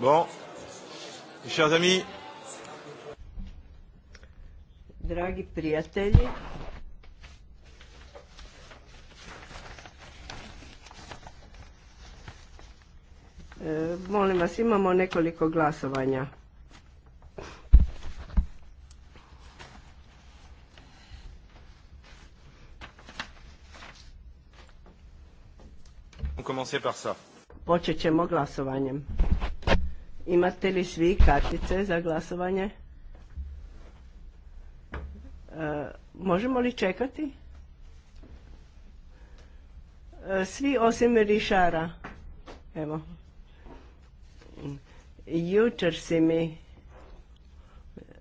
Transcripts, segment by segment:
Bon, chers amis. Dragi prijatelji, e, molim vas, imamo nekoliko glasovanja. On commençait par ça. Počet ćemo glasovanjem. Imate li svi kartice za glasovanje? E, možemo li čekati? E, svi osim Rišara. Evo. Jučer si mi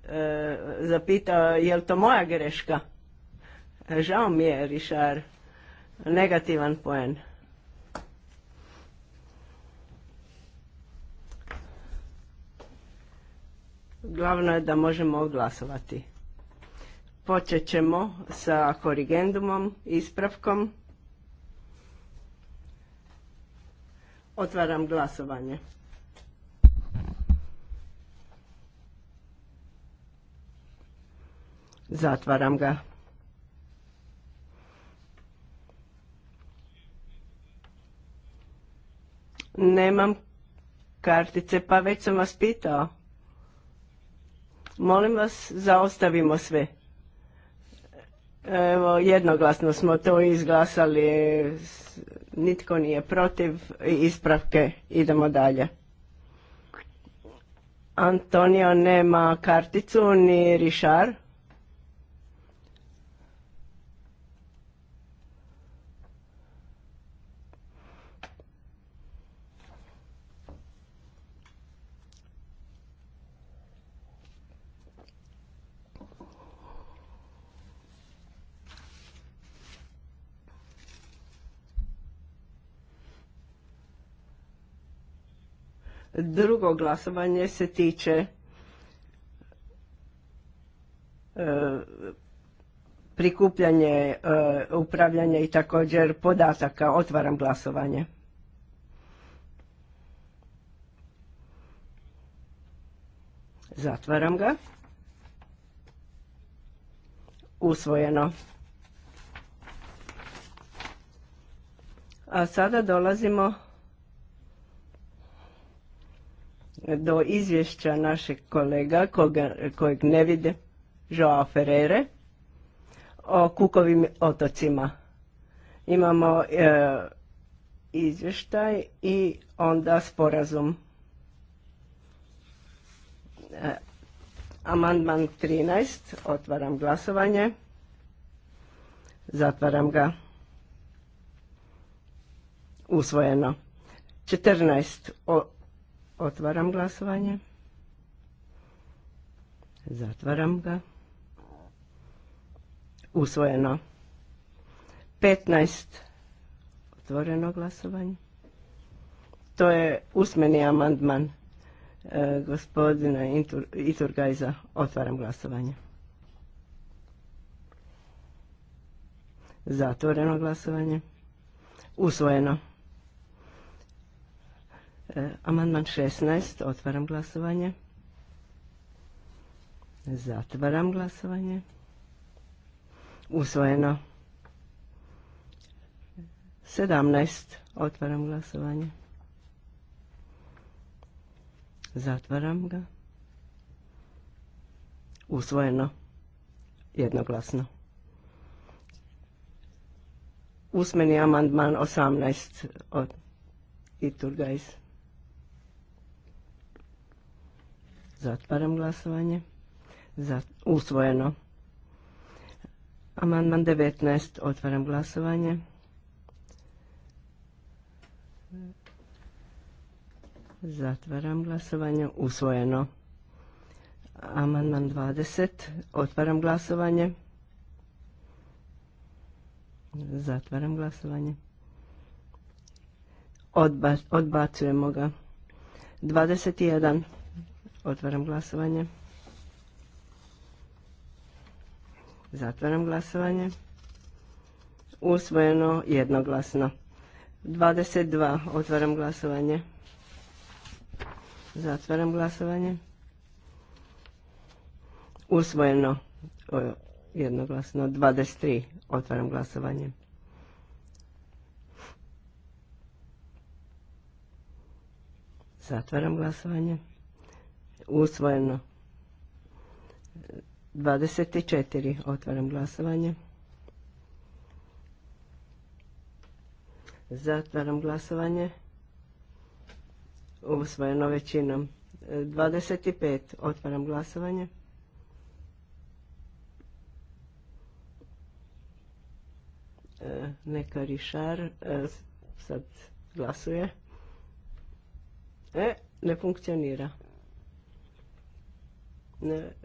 e, zapitao je li to moja greška. Žao mi je Rišar. Negativan poen. Glavno je da možemo glasovati. Počet ćemo sa korigendumom, ispravkom. Otvaram glasovanje. Zatvaram ga. Nemam kartice, pa već sam vas pitao. Molim vas, zaostavimo sve. Evo, jednoglasno smo to izglasali, nitko nije protiv ispravke, idemo dalje. Antonio nema karticu, ni Rišar. Drugo glasovanje se tiče e, prikupljanje, e, upravljanje i također podataka. Otvaram glasovanje. Zatvaram ga. Usvojeno. A sada dolazimo do izvješća našeg kolega kojeg ne vide, Joao Ferreira, o kukovim otocima. Imamo e, izvještaj i onda sporazum. E, amandman 13, otvaram glasovanje, zatvaram ga, usvojeno. 14, o, Otvaram glasovanje. Zatvaram ga. Usvojeno. 15. Otvoreno glasovanje. To je usmeni amandman e, gospodina Iturgaiza, Iturgajza. Otvaram glasovanje. Zatvoreno glasovanje. Usvojeno. E, amandman 16. Otvaram glasovanje. Zatvaram glasovanje. Usvojeno. 17. Otvaram glasovanje. Zatvaram ga. Usvojeno. Jednoglasno. Usmeni amandman 18 od Iturgajs. Zatvaram glasovanje. usvojeno. Amandman 19. Otvaram glasovanje. Zatvaram glasovanje. Usvojeno. Amandman 20. Otvaram glasovanje. Zatvaram glasovanje. odbacujemo ga. 21. Otvaram glasovanje. Zatvaram glasovanje. Usvojeno jednoglasno. 22. Otvaram glasovanje. Zatvaram glasovanje. Usvojeno jednoglasno. 23. Otvaram glasovanje. Zatvaram glasovanje usvojeno 24 otvaram glasovanje zatvaram glasovanje usvojeno većinom 25 otvaram glasovanje e, neka Rišar e, sad glasuje. E, ne funkcionira.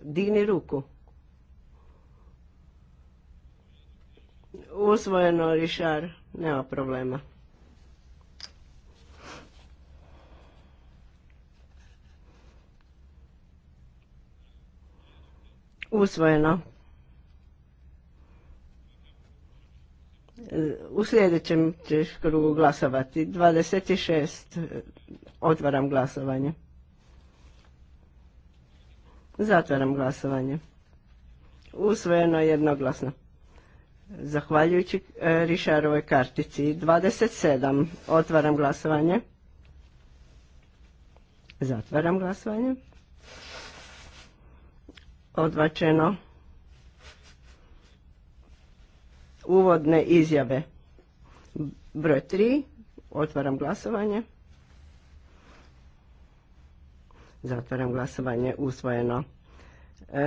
Digni ruku. Usvojeno, Rišar. Nema problema. Usvojeno. U sljedećem ćeš krugu glasovati. 26. Otvaram glasovanje. Zatvaram glasovanje. Usvojeno jednoglasno. Zahvaljujući e, Rišarovoj kartici. 27. Otvaram glasovanje. Zatvaram glasovanje. Odvačeno. Uvodne izjave. Broj 3. Otvaram glasovanje. Zatvaram glasovanje. Usvojeno. E,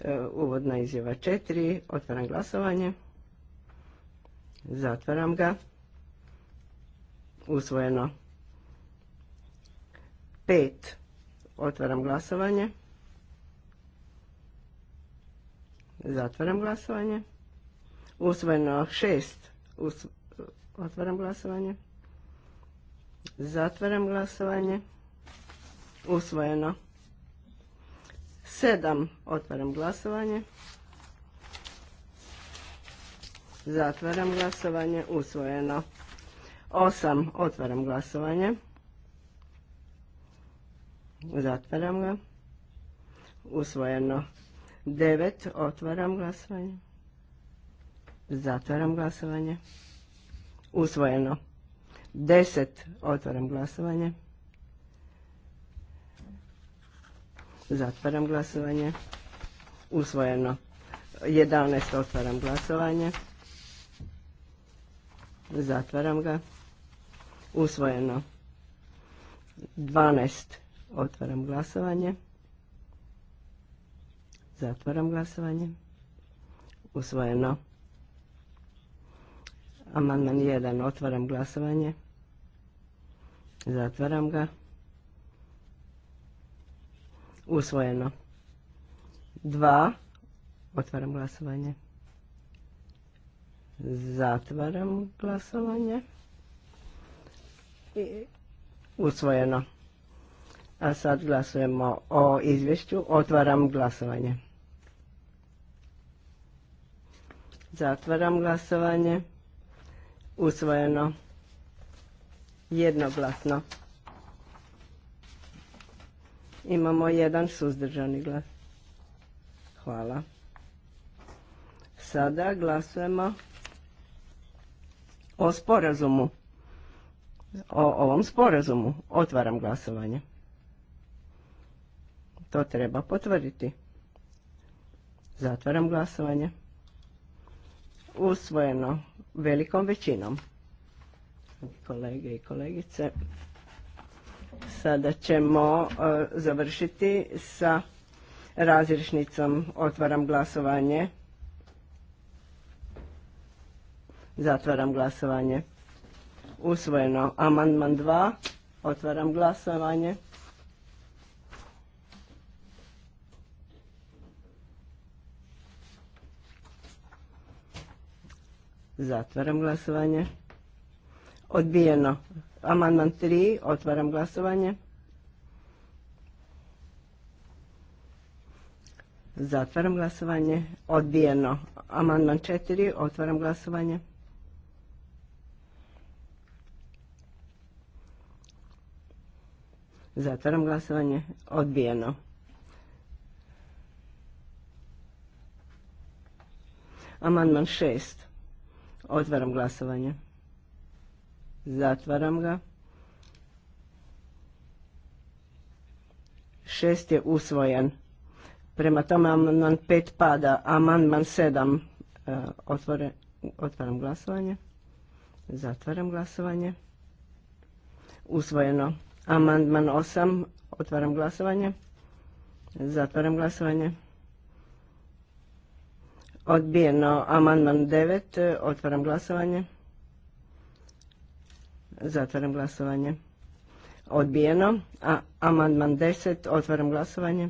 e, uvodna izjava četiri. Otvaram glasovanje. Zatvaram ga. Usvojeno. 5. Otvaram glasovanje. Zatvaram glasovanje. Usvojeno šest. Otvaram glasovanje. Zatvaram glasovanje. Usvojeno. Sedam. Otvaram glasovanje. Zatvaram glasovanje. Usvojeno. Osam. Otvaram glasovanje. Zatvaram ga. Usvojeno. devet Otvaram glasovanje. Zatvaram glasovanje. Usvojeno. Deset. Otvaram glasovanje. Zatvaram glasovanje. Usvojeno. 11. Otvaram glasovanje. Zatvaram ga. Usvojeno. 12. Otvaram glasovanje. Zatvaram glasovanje. Usvojeno. Amandman 1. Otvaram glasovanje. Zatvaram ga. Usvojeno. Dva. Otvaram glasovanje. Zatvaram glasovanje. I usvojeno. A sad glasujemo o izvješću. Otvaram glasovanje. Zatvaram glasovanje. Usvojeno. Jednoglasno. Imamo jedan suzdržani glas. Hvala. Sada glasujemo o sporazumu. O ovom sporazumu. Otvaram glasovanje. To treba potvrditi. Zatvaram glasovanje. Usvojeno velikom većinom. Kolege i kolegice. Sada ćemo e, završiti sa razrišnicom. Otvaram glasovanje. Zatvaram glasovanje. Usvojeno. Amandman 2. Otvaram glasovanje. Zatvaram glasovanje. Odbijeno. Amandman 3. Otvaram glasovanje. Zatvaram glasovanje. Odbijeno. Amandman 4. Otvaram glasovanje. Zatvaram glasovanje. Odbijeno. Amandman 6. Otvaram glasovanje. Zatvaram ga. Šest je usvojen. Prema tome amandman pet pada. Amandman sedam. E, otvaram glasovanje. Zatvaram glasovanje. Usvojeno. Amandman osam. Otvaram glasovanje. Zatvaram glasovanje. Odbijeno. Amandman devet, e, Otvaram glasovanje. Zatvaram glasovanje. Odbijeno. A amandman 10. Otvaram glasovanje.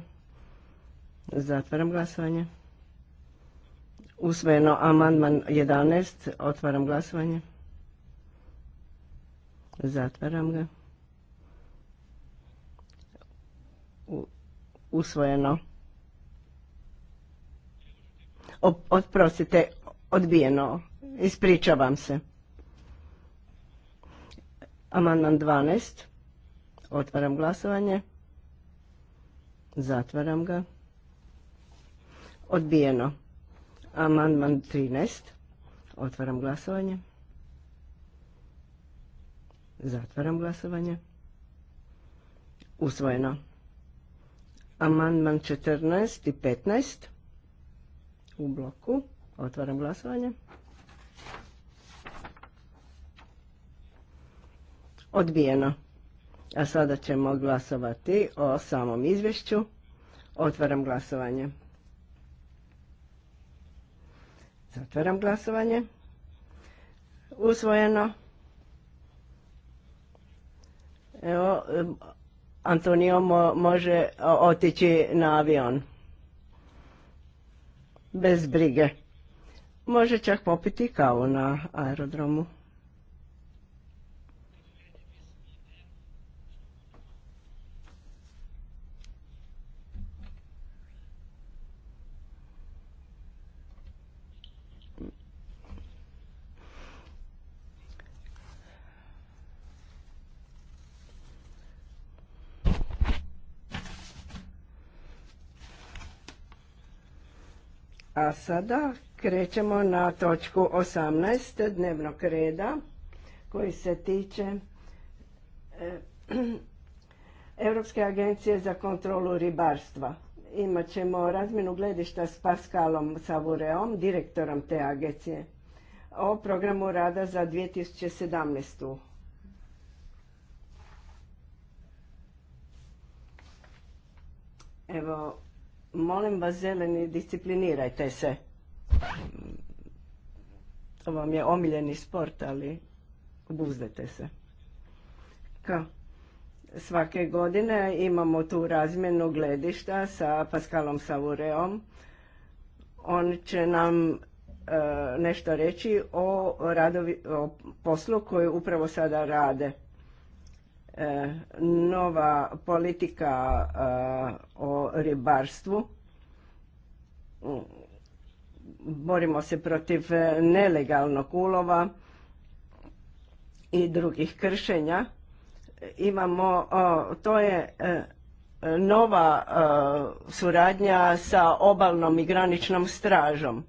Zatvaram glasovanje. Usvojeno amandman 11. Otvaram glasovanje. Zatvaram ga. Usvojeno. Oprostite, odbijeno. Ispričavam se. Amandman 12. Otvaram glasovanje. Zatvaram ga. Odbijeno. Amandman 13. Otvaram glasovanje. Zatvaram glasovanje. Usvojeno. Amandman 14 i 15 u bloku. Otvaram glasovanje. Odbijeno. A sada ćemo glasovati o samom izvješću. Otvaram glasovanje. Zatvaram glasovanje. Usvojeno. Evo, Antonio mo može otići na avion. Bez brige. Može čak popiti kao na aerodromu. sada krećemo na točku 18 dnevnog reda koji se tiče eh, Europske agencije za kontrolu ribarstva. Imat ćemo razminu gledišta s Pascalom Savureom, direktorom te agencije, o programu rada za 2017. Evo, Molim vas, zeleni, disciplinirajte se. To vam je omiljeni sport, ali obuzdajte se. Kao? Svake godine imamo tu razmjenu gledišta sa Paskalom Savureom. On će nam e, nešto reći o, o poslu koju upravo sada rade E, nova politika e, o ribarstvu. Borimo se protiv nelegalnog ulova i drugih kršenja. Imamo, to je e, nova suradnja sa obalnom i graničnom stražom.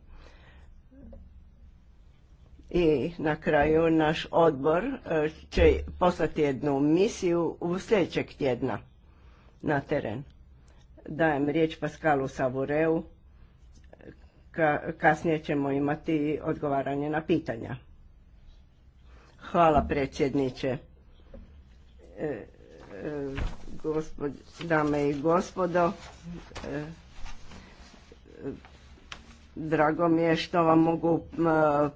I na kraju naš odbor e, će poslati jednu misiju u sljedećeg tjedna na teren. Dajem riječ Paskalu Savureu, kasnije ćemo imati odgovaranje na pitanja. Hvala predsjedniče. E, e, dame i gospodo, Drago mi je što vam mogu e,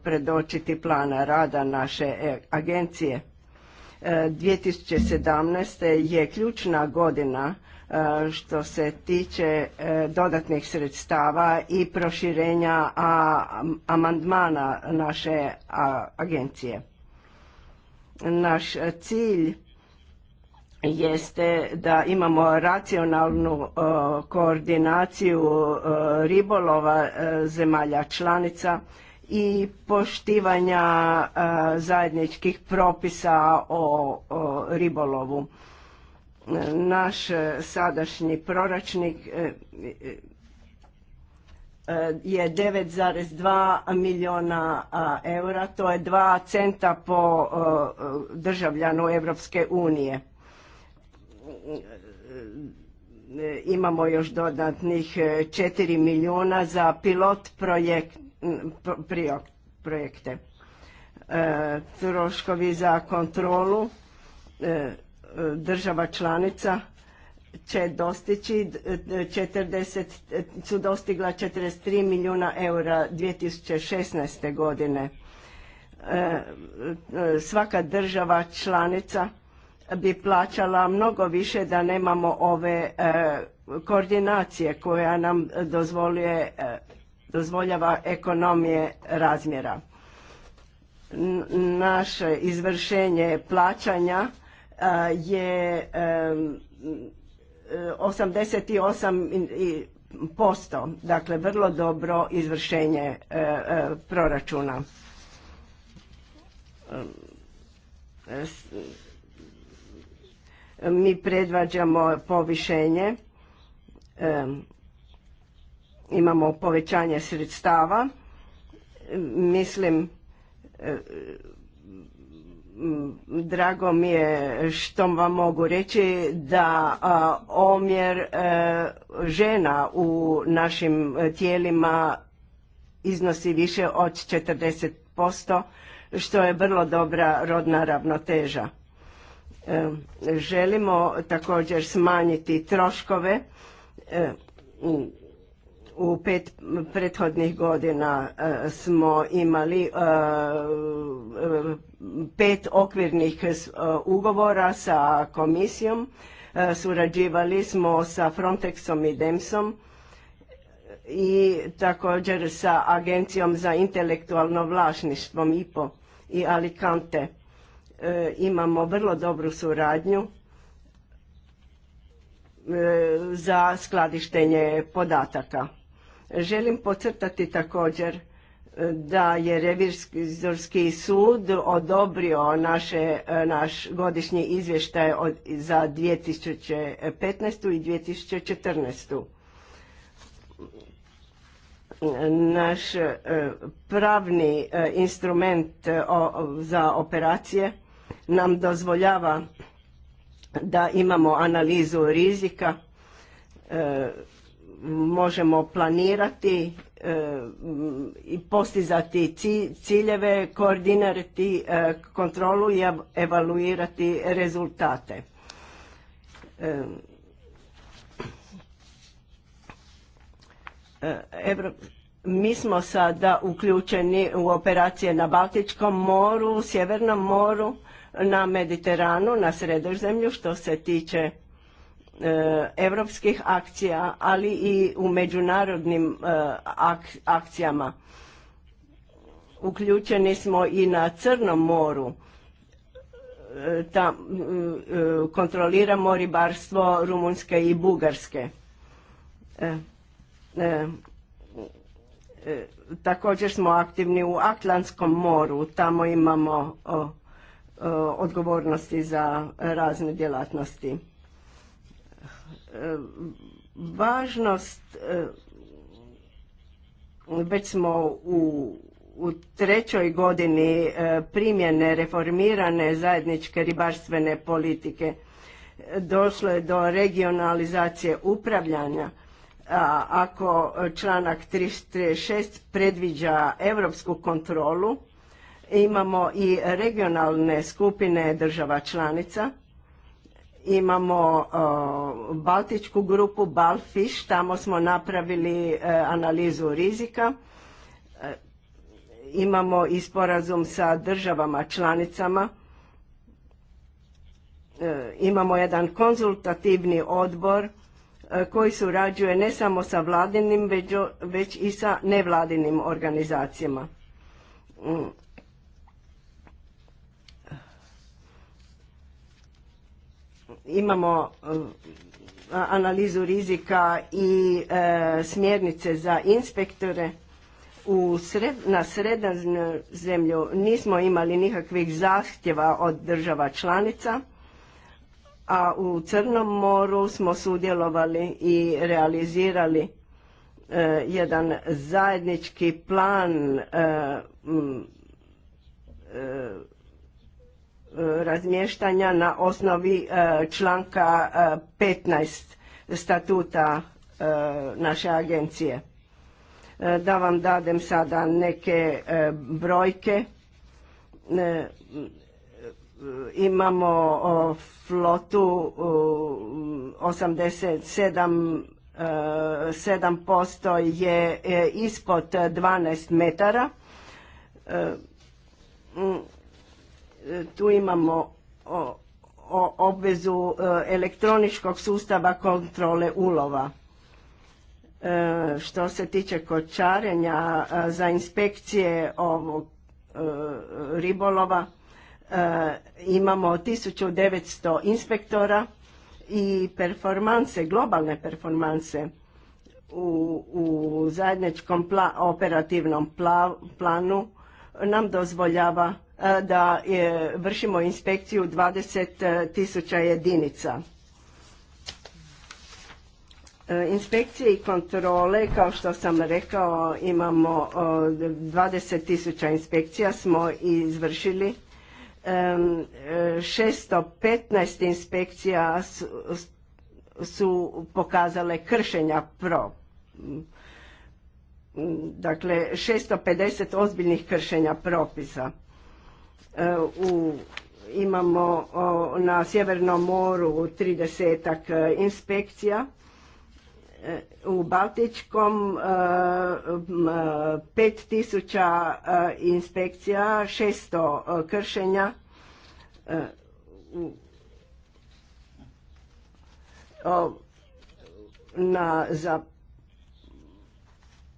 predočiti plana rada naše e, agencije. 2017. E, je ključna godina što se tiče dodatnih sredstava i proširenja amandmana naše agencije. Naš cilj jeste da imamo racionalnu e, koordinaciju e, ribolova e, zemalja članica i poštivanja zajedničkih propisa o ribolovu. Naš sadašnji proračnik je 9,2 milijuna eura, to je 2 centa po državljanu Europske unije imamo još dodatnih 4 e, milijuna za pilot projekt, projekte. E, troškovi za kontrolu e, država članica će dostići su dostigla 43 milijuna eura 2016. godine. svaka država članica bi plaćala mnogo više da nemamo ove e, koordinacije koja nam dozvoljuje, e, dozvoljava ekonomije razmjera. naše izvršenje plaćanja e, je 88 posto, dakle vrlo dobro izvršenje proračuna mi predvađamo povišenje, imamo povećanje sredstava, mislim drago mi je što vam mogu reći da omjer e, žena u našim tijelima iznosi više od 40%, što je vrlo dobra rodna ravnoteža. Želimo također smanjiti troškove u pet prethodnih godina smo imali pet okvirnih ugovora sa komisijom. Surađivali smo sa Frontexom i Demsom i također sa Agencijom za intelektualno vlasništvo IPO i Alicante. E, imamo vrlo dobru suradnju e, za skladištenje podataka. Želim podcrtati također e, da je revizorski sud odobrio naše, naš godišnji izvještaj od, za 2015. i 2014. Naš pravni instrument za operacije nam dozvoljava da imamo analizu rizika, e, možemo planirati e, i postizati ciljeve, koordinirati e, kontrolu i evaluirati rezultate. Mi smo sada uključeni u operacije na Baltičkom moru, Sjevernom moru, na Mediteranu, na sredozemlju što se tiče europskih akcija, ali i u međunarodnim e, akcijama. Uključeni smo i na Crnom moru. E, e, kontroliramo ribarstvo rumunske i Bugarske. Također smo aktivni u Atlantskom moru. Tamo imamo E, odgovornosti za razne djelatnosti. E, važnost, e, već smo u, u trećoj godini primjene reformirane zajedničke ribarstvene politike, došlo je do regionalizacije upravljanja, a ako članak 36 predviđa europsku kontrolu, Imamo i regionalne skupine država članica. Imamo Baltičku grupu Balfish, tamo smo napravili e, analizu rizika. E, imamo i sporazum sa državama članicama. E, imamo jedan konzultativni odbor koji surađuje ne samo sa vladinim, već, i sa nevladinim organizacijama. Mm. imamo eh, analizu rizika i eh, smjernice za inspektore u sred, na zemlju nismo imali nikakvih zahtjeva od država članica, a u Crnom moru smo sudjelovali i realizirali eh, jedan zajednički plan razmještanja na osnovi e, članka 15 e, statuta e, naše agencije. Da vam dadem sada neke brojke. Imamo flotu 87 7% je ispod 12 metara tu imamo obvezu e, elektroničkog sustava kontrole ulova. E, što se tiče kočarenja e, za inspekcije ovog ribolova, imamo 1900 inspektora i performanse, globalne performanse u, zajedničkom operativnom planu nam dozvoljava da e, vršimo inspekciju 20.000 e, tisuća jedinica. E, inspekcije i kontrole, kao što sam rekao, imamo 20.000 tisuća inspekcija smo izvršili. 615 inspekcija su, pokazale kršenja pro dakle 650 ozbiljnih kršenja propisa. E, u imamo na Sjevernom moru tridesetak e, inspekcija, e, u Baltičkom pet tisuća inspekcija, šesto kršenja, na, za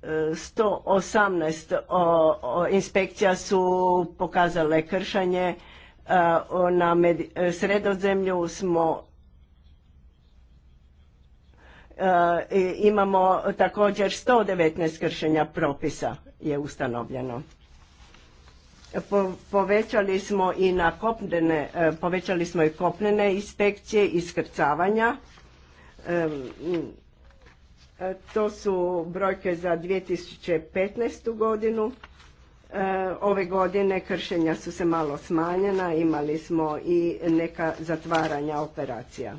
118 inspekcija su pokazale kršanje e, na e, sredozemlju smo e, imamo također 119 kršenja propisa je ustanovljeno povećali smo i na kopnene povećali smo i kopnene inspekcije iskrcavanja E, to su brojke za 2015. godinu. E, ove godine kršenja su se malo smanjena, imali smo i neka zatvaranja operacija.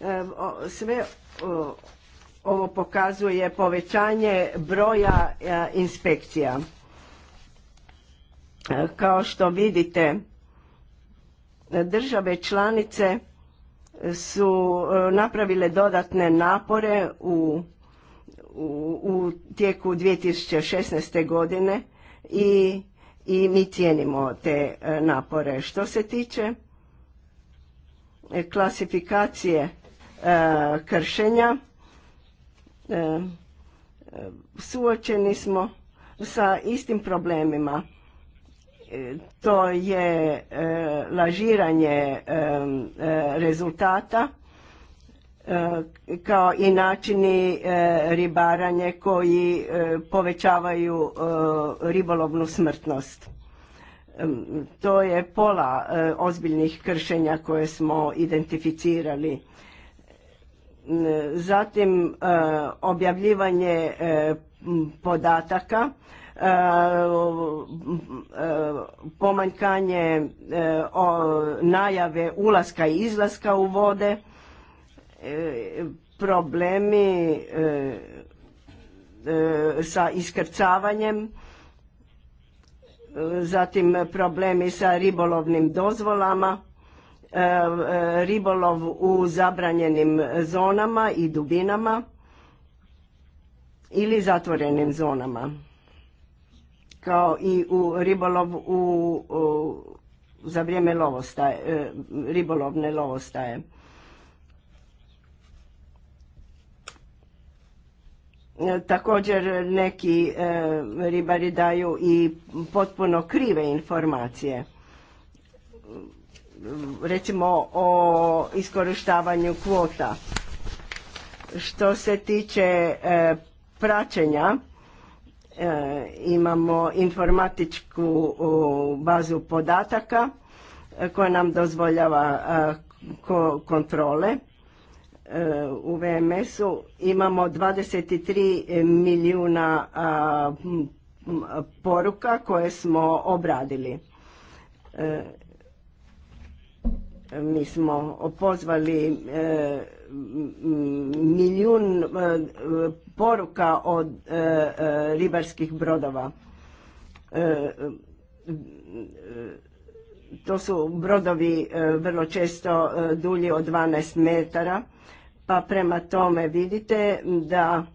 E, sve ovo pokazuje povećanje broja inspekcija. Kao što vidite, države članice su e, napravile dodatne napore u, u, u tijeku 2016. godine i, i mi cijenimo te e, napore. Što se tiče e, klasifikacije kršenja, suočeni smo sa istim problemima to je e, lažiranje e, e, rezultata kao i načini ribaranje koji povećavaju ribolovnu smrtnost. To je pola ozbiljnih kršenja koje smo identificirali. Zatim objavljivanje podataka E, pomanjkanje e, najave ulaska i izlaska u vode, e, problemi sa iskrcavanjem, zatim problemi sa ribolovnim dozvolama, ribolov u zabranjenim zonama i dubinama ili zatvorenim zonama kao i u ribolov u, za vrijeme lovostaje, e, ribolovne lovostaje. E, također neki e, ribari daju i potpuno krive informacije. Recimo o iskorištavanju kvota. Što se tiče praćenja E, imamo informatičku bazu podataka e, koja nam dozvoljava e, kontrole. U VMS-u imamo 23 milijuna poruka koje smo obradili. Mi smo opozvali milijun e, poruka od e, e, ribarskih brodova. To su brodovi vrlo često dulji od 12 metara, pa prema tome vidite da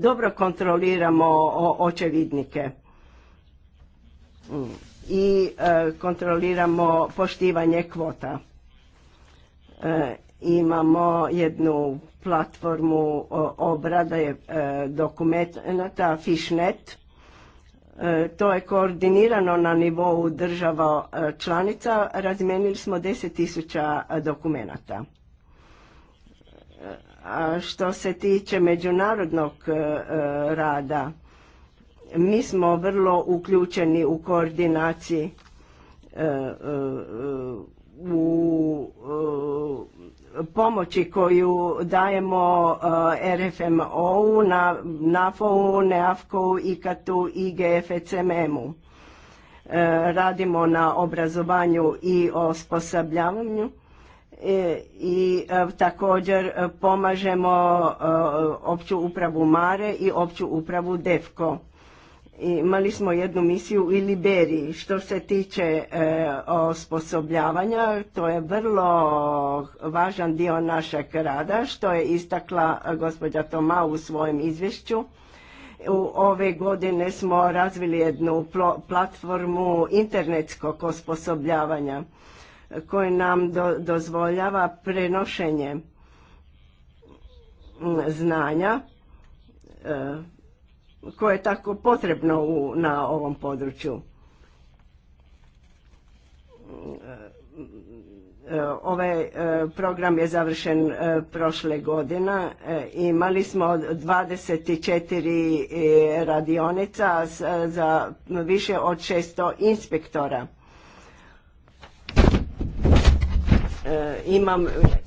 dobro kontroliramo očevidnike i kontroliramo poštivanje kvota. Imamo jednu platformu obrada e, dokumenta Fishnet. E, to je koordinirano na nivou država e, članica. Razmijenili smo 10.000 dokumenata. A što se tiče međunarodnog rada, mi smo vrlo uključeni u koordinaciji u pomoći koju dajemo e, RFMO-u, NAFO-u, neafko u IKAT-u i GFCM-u. E e radimo na obrazovanju i osposabljavanju i također pomažemo opću upravu MARE i opću upravu DEFKO-u. Imali smo jednu misiju u Liberiji. Što se tiče e, osposobljavanja, to je vrlo važan dio našeg rada, što je istakla gospođa Toma u svojem izvješću. U ove godine smo razvili jednu platformu internetskog osposobljavanja koja nam dozvoljava prenošenje znanja, e, koje je tako potrebno u, na ovom području. E, ovaj e, program je završen e, prošle godine. Imali smo 24 radionica za više od 600 inspektora. E,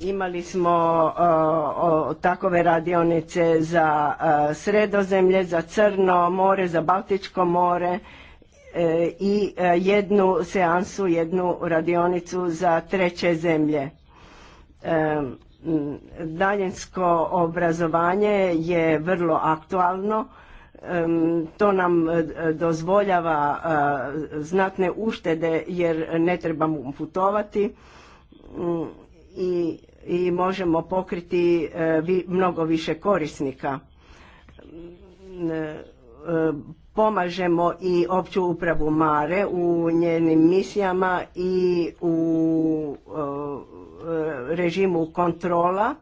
imali smo e, takove radionice za e, sredozemlje, za Crno more, za Baltičko more i jednu seansu, jednu radionicu za treće zemlje. Daljinsko obrazovanje je vrlo aktualno. To nam dozvoljava znatne uštede jer ne trebamo putovati i, i možemo pokriti e, vi, mnogo više korisnika. E, e, pomažemo i opću upravu Mare u njenim misijama i u režimu kontrola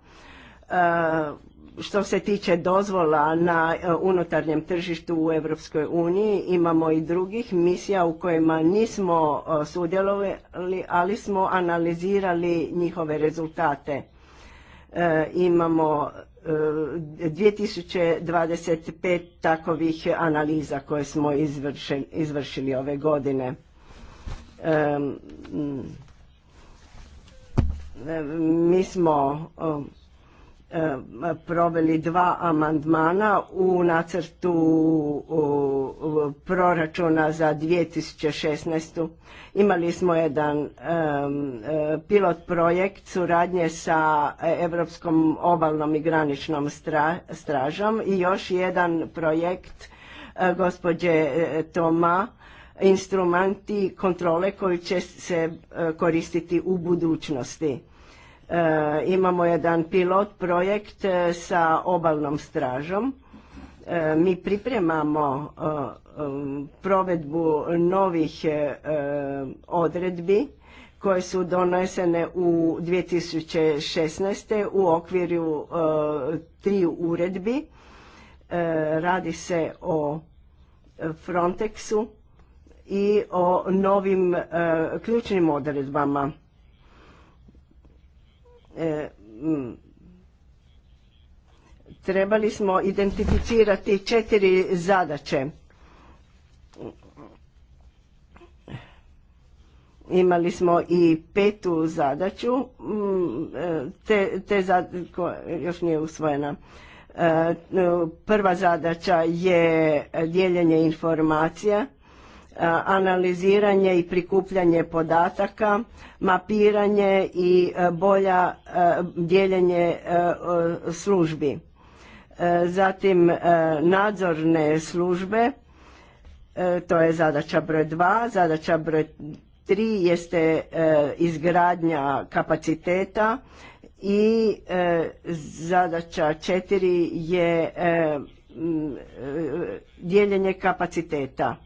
što se tiče dozvola na e, unutarnjem tržištu u Europskoj uniji, imamo i drugih misija u kojima nismo e, sudjelovali, ali smo analizirali njihove rezultate. E, imamo 2025 takovih analiza koje smo izvršili, ove godine. mi smo proveli dva amandmana u nacrtu proračuna za 2016. Imali smo jedan eh, pilot projekt suradnje sa Europskom obalnom i graničnom stražom i još jedan projekt eh, gospođe eh, Toma instrumenti kontrole koji će se koristiti u budućnosti Eh, imamo jedan pilot projekt eh, sa obalnom stražom. Eh, mi pripremamo um, provedbu novih odredbi koje su donesene u 2016. u okviru tri uredbi. Radi se o Frontexu i o novim ključnim odredbama E, trebali smo identificirati četiri zadaće. Imali smo i petu zadaću, e, te, te još nije usvojena. E, prva zadaća je dijeljenje informacija analiziranje i prikupljanje podataka, mapiranje i e, bolja e, dijeljenje e, službi. Zatim nadzorne službe, to je zadaća broj 2, zadaća broj 3 jeste izgradnja kapaciteta i zadaća 4 je dijeljenje kapaciteta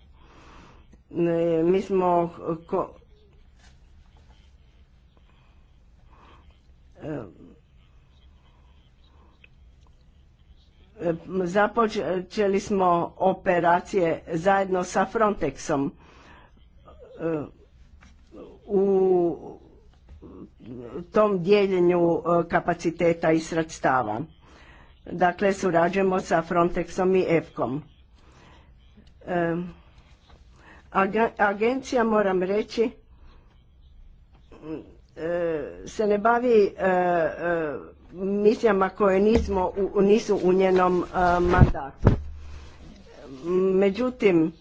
mi smo započeli smo operacije zajedno sa Frontexom u tom dijeljenju kapaciteta i sredstava. Dakle, surađujemo sa Frontexom i EFKom. Agencija, moram reći, e, se ne bavi e, e, misijama koje nisu u njenom mandatu. Međutim,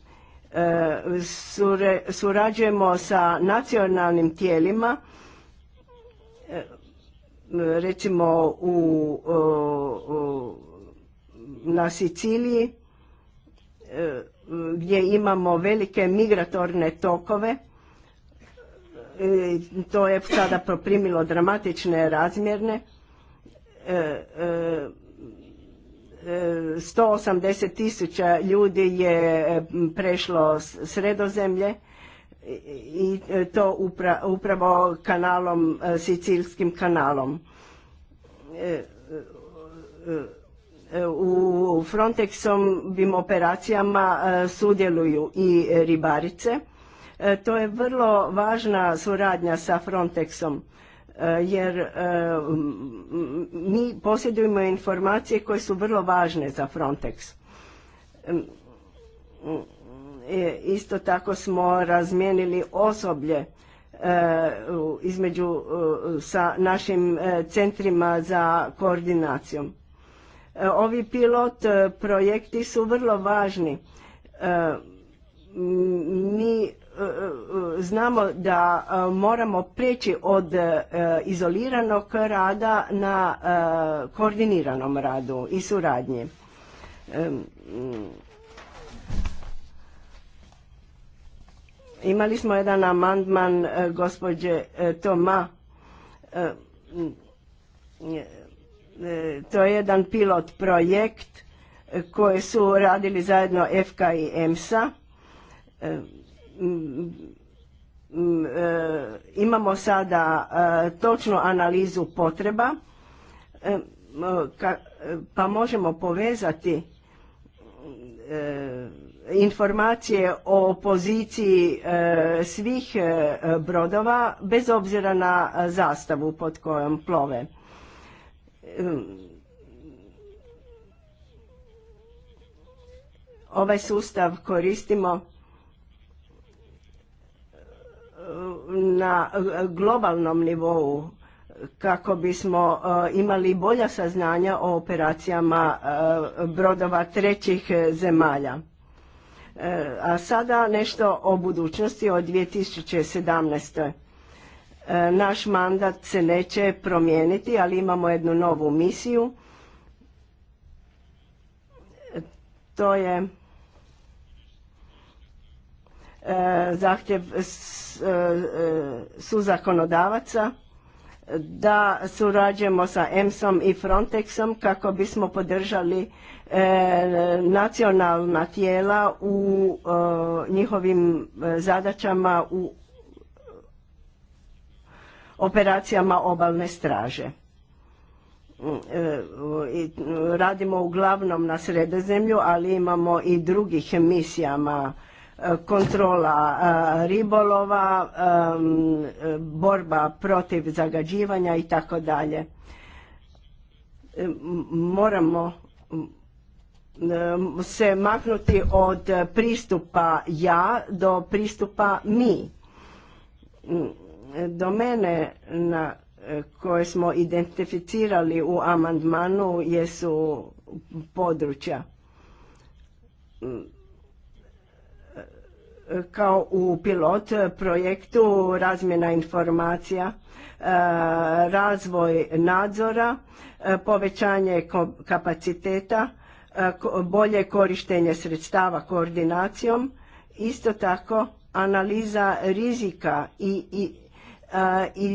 surađujemo sa nacionalnim tijelima, recimo na Siciliji, gdje imamo velike migratorne tokove, e, to je sada poprimilo dramatične razmjerne, 180 e, e, tisuća ljudi je prešlo sredozemlje i to upravo kanalom, sicilskim kanalom u Frontexom operacijama e, sudjeluju i ribarice. E, to je vrlo važna suradnja sa Frontexom e, jer mi posjedujemo informacije koje su vrlo važne za Frontex. Isto tako smo razmijenili osoblje između sa našim centrima za koordinacijom E, ovi pilot e, projekti su vrlo važni. E, mi znamo da moramo preći od izoliranog rada na koordiniranom radu i suradnji. Imali smo jedan amandman gospođe Toma E, to je jedan pilot projekt e, koji su radili zajedno FK i EMSA. E, imamo sada točnu analizu potreba pa možemo povezati informacije o poziciji svih brodova bez obzira na zastavu pod kojom plove ovaj sustav koristimo na globalnom nivou kako bismo e, imali bolja saznanja o operacijama e, brodova trećih zemalja. E, a sada nešto o budućnosti od 2017. E, naš mandat se neće promijeniti, ali imamo jednu novu misiju. E, to je e, zahtjev su zakonodavaca da surađujemo sa EMSom i Frontexom kako bismo podržali nacionalna tijela u njihovim zadaćama u operacijama obalne straže. Mm, e, radimo uglavnom na sredozemlju, ali imamo i drugih misijama e, kontrola e, ribolova, borba protiv zagađivanja i tako dalje. Moramo se maknuti od pristupa ja do pristupa mi. Mm, domene na koje smo identificirali u amandmanu jesu područja kao u pilot projektu razmjena informacija, razvoj nadzora, povećanje kapaciteta, bolje korištenje sredstava koordinacijom, isto tako analiza rizika i, i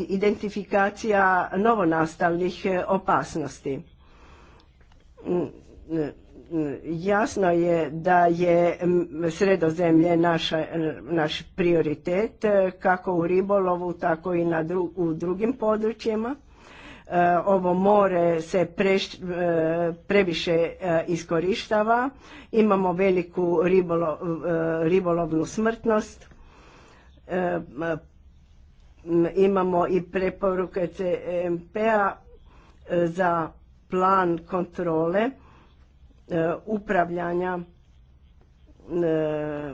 identifikacija novonastalih e, opasnosti. Jasno je da je sredozemlje naša, e, naš prioritet e, kako u ribolovu tako i na u drugim područjima. Ovo more se previše iskorištava, imamo veliku ribolo, ribolovnu smrtnost imamo i preporuke CMP-a e, za plan kontrole e, upravljanja e,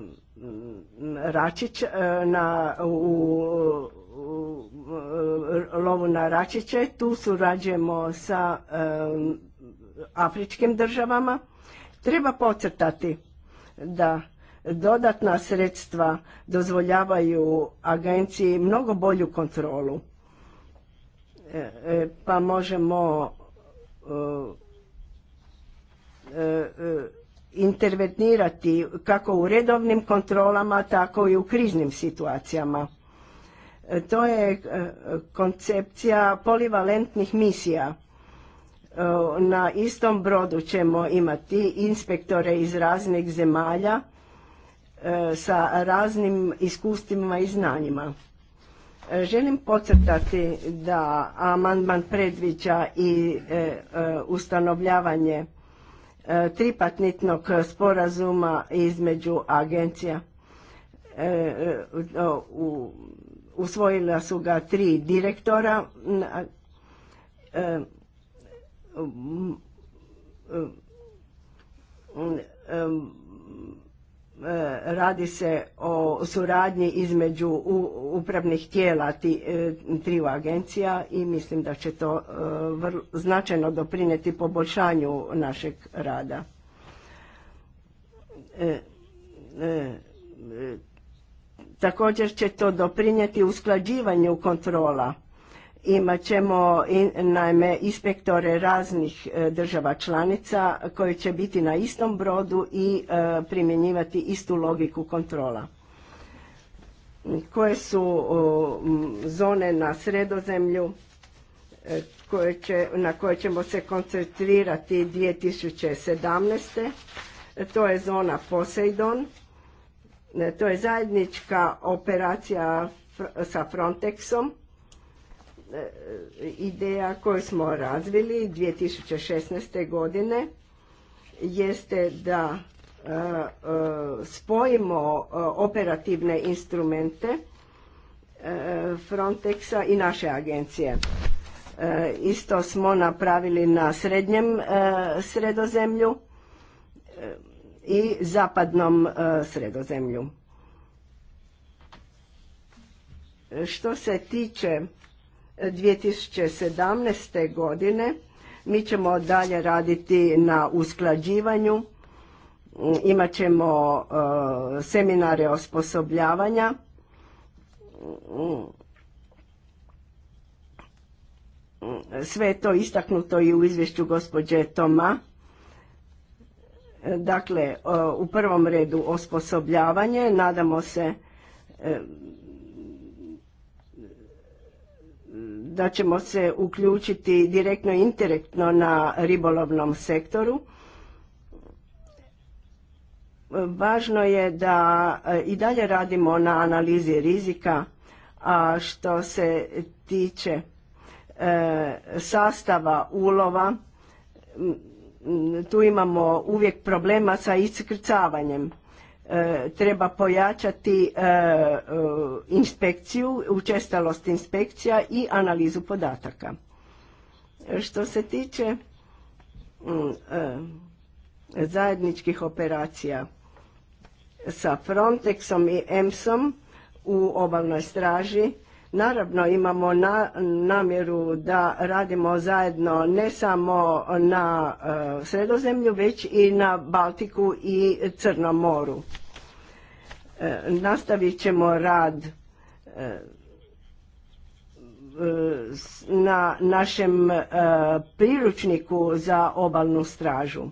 u, lovu na račiće tu surađujemo sa afričkim državama treba pocrtati da Dodatna sredstva dozvoljavaju agenciji mnogo bolju kontrolu. E, e, pa možemo e, intervenirati kako u redovnim kontrolama, tako i u kriznim situacijama. To je koncepcija polivalentnih misija. Na istom brodu ćemo imati inspektore iz raznih zemalja E, sa raznim iskustvima i znanjima. E, želim podcrtati da amandman predviđa i e, ustanovljavanje tripatnitnog sporazuma između agencija. Usvojila su ga tri direktora. E, radi se o suradnji između upravnih tijela e, triju agencija i mislim da će to e, značajno doprinijeti poboljšanju našeg rada. također će to doprinijeti usklađivanju kontrola Imat ćemo naime inspektore raznih e, država članica koji će biti na istom brodu i e, primjenjivati istu logiku kontrola. Koje su zone na sredozemlju e, na koje ćemo se koncentrirati 2017. To je zona Poseidon. To je zajednička operacija sa Frontexom ideja koju smo razvili 2016. godine jeste da e, e, spojimo e, operativne instrumente Frontexa i naše agencije. Isto smo napravili na srednjem sredozemlju i zapadnom sredozemlju. Što se tiče 2017. godine mi ćemo dalje raditi na usklađivanju, imat ćemo e, seminare osposobljavanja, sve je to istaknuto i u izvješću gospođe Toma. Dakle, e, u prvom redu osposobljavanje, nadamo se e, da ćemo se uključiti direktno i indirektno na ribolovnom sektoru. Važno je da e, i dalje radimo na analizi rizika, a što se tiče e, sastava ulova, tu imamo uvijek problema sa iskrcavanjem E, treba pojačati e, e, inspekciju, učestalost inspekcija i analizu podataka. Što se tiče mm, zajedničkih operacija sa Frontexom i EMSom u obalnoj straži, Naravno imamo namjeru da radimo zajedno ne samo na Sredozemlju, već i na Baltiku i Crnom moru. E, nastavit ćemo rad e, e, na našem priručniku za obalnu stražu.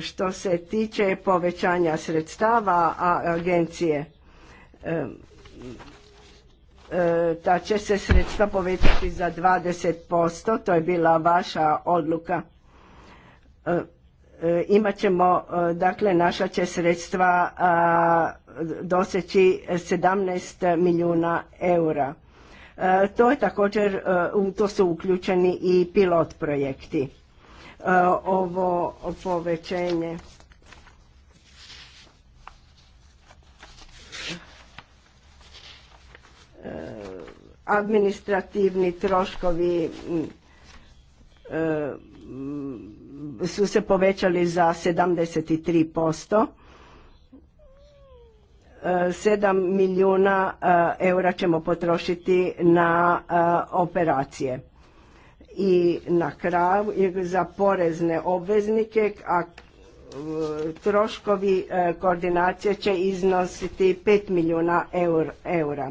Što se tiče povećanja sredstava agencije, ta će se sredstva povećati za 20%, to je bila vaša odluka. E, imat ćemo, e, dakle naša će sredstva doseći 17 milijuna eura. E, to je također, u to su uključeni i pilot projekti. Ovo povećenje administrativni troškovi su se povećali za 73%. 7 eh, milijuna eh, eura ćemo potrošiti na eh, operacije. I na kraju za porezne obveznike, a troškovi koordinacije će iznositi 5 milijuna eura.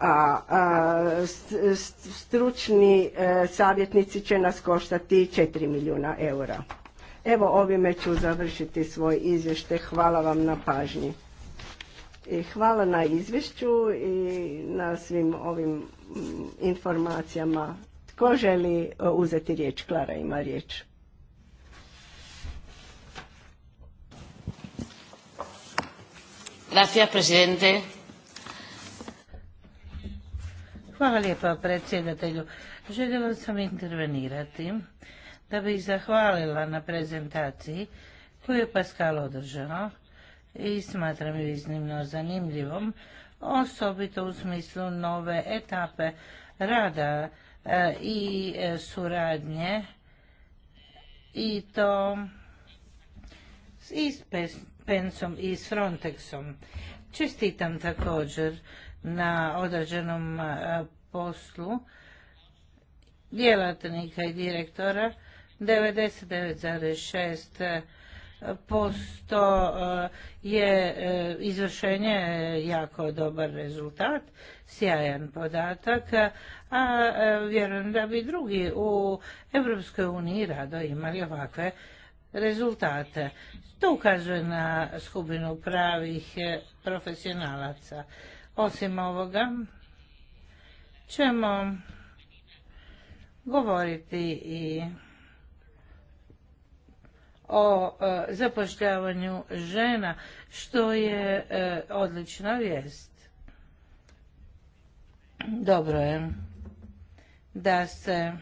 a stručni e, savjetnici će nas koštati 4 milijuna eura. Evo ovime ću završiti svoj izvještaj. Hvala vam na pažnji. I hvala na izvješću i na svim ovim mm, informacijama. Tko želi e, uzeti riječ? Klara ima riječ. Gracias, presidente. Hvala lijepa predsjedatelju. Željela sam intervenirati da bih zahvalila na prezentaciji koju je Pascal održao i smatram ju iznimno zanimljivom, osobito u smislu nove etape rada e, i e, suradnje i to i s Pensom i s Frontexom. Čestitam također na određenom e, poslu djelatnika i direktora 99,6% e, je e, izvršenje jako dobar rezultat, sjajan podatak, a vjerujem da bi drugi u Europskoj uniji rado imali ovakve rezultate. To ukazuje na skupinu pravih profesionalaca. Osim ovoga ćemo govoriti i o e, zapošljavanju žena, što je e, odlična vijest. Dobro je da se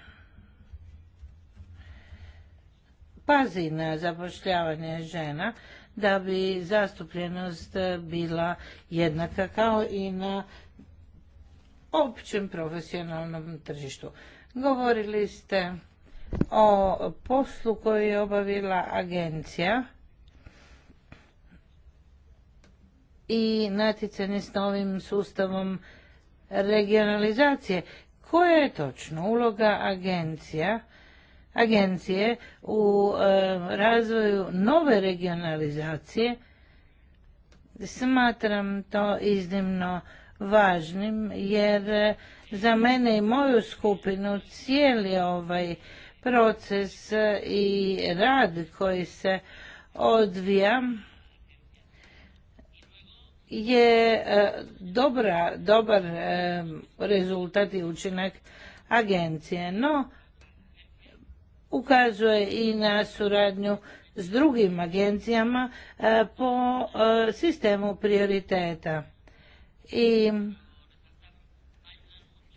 pazi na zapošljavanje žena da bi zastupljenost bila jednaka kao i na općem profesionalnom tržištu. Govorili ste o poslu koju je obavila agencija i natjecanje s novim sustavom regionalizacije. Koja je točno uloga agencija agencije u e, razvoju nove regionalizacije smatram to iznimno važnim jer e, za mene i moju skupinu cijeli ovaj proces e, i rad koji se odvija je dobar rezultat i učinak agencije. No, ukazuje i na suradnju s drugim agencijama e, po e, sistemu prioriteta. I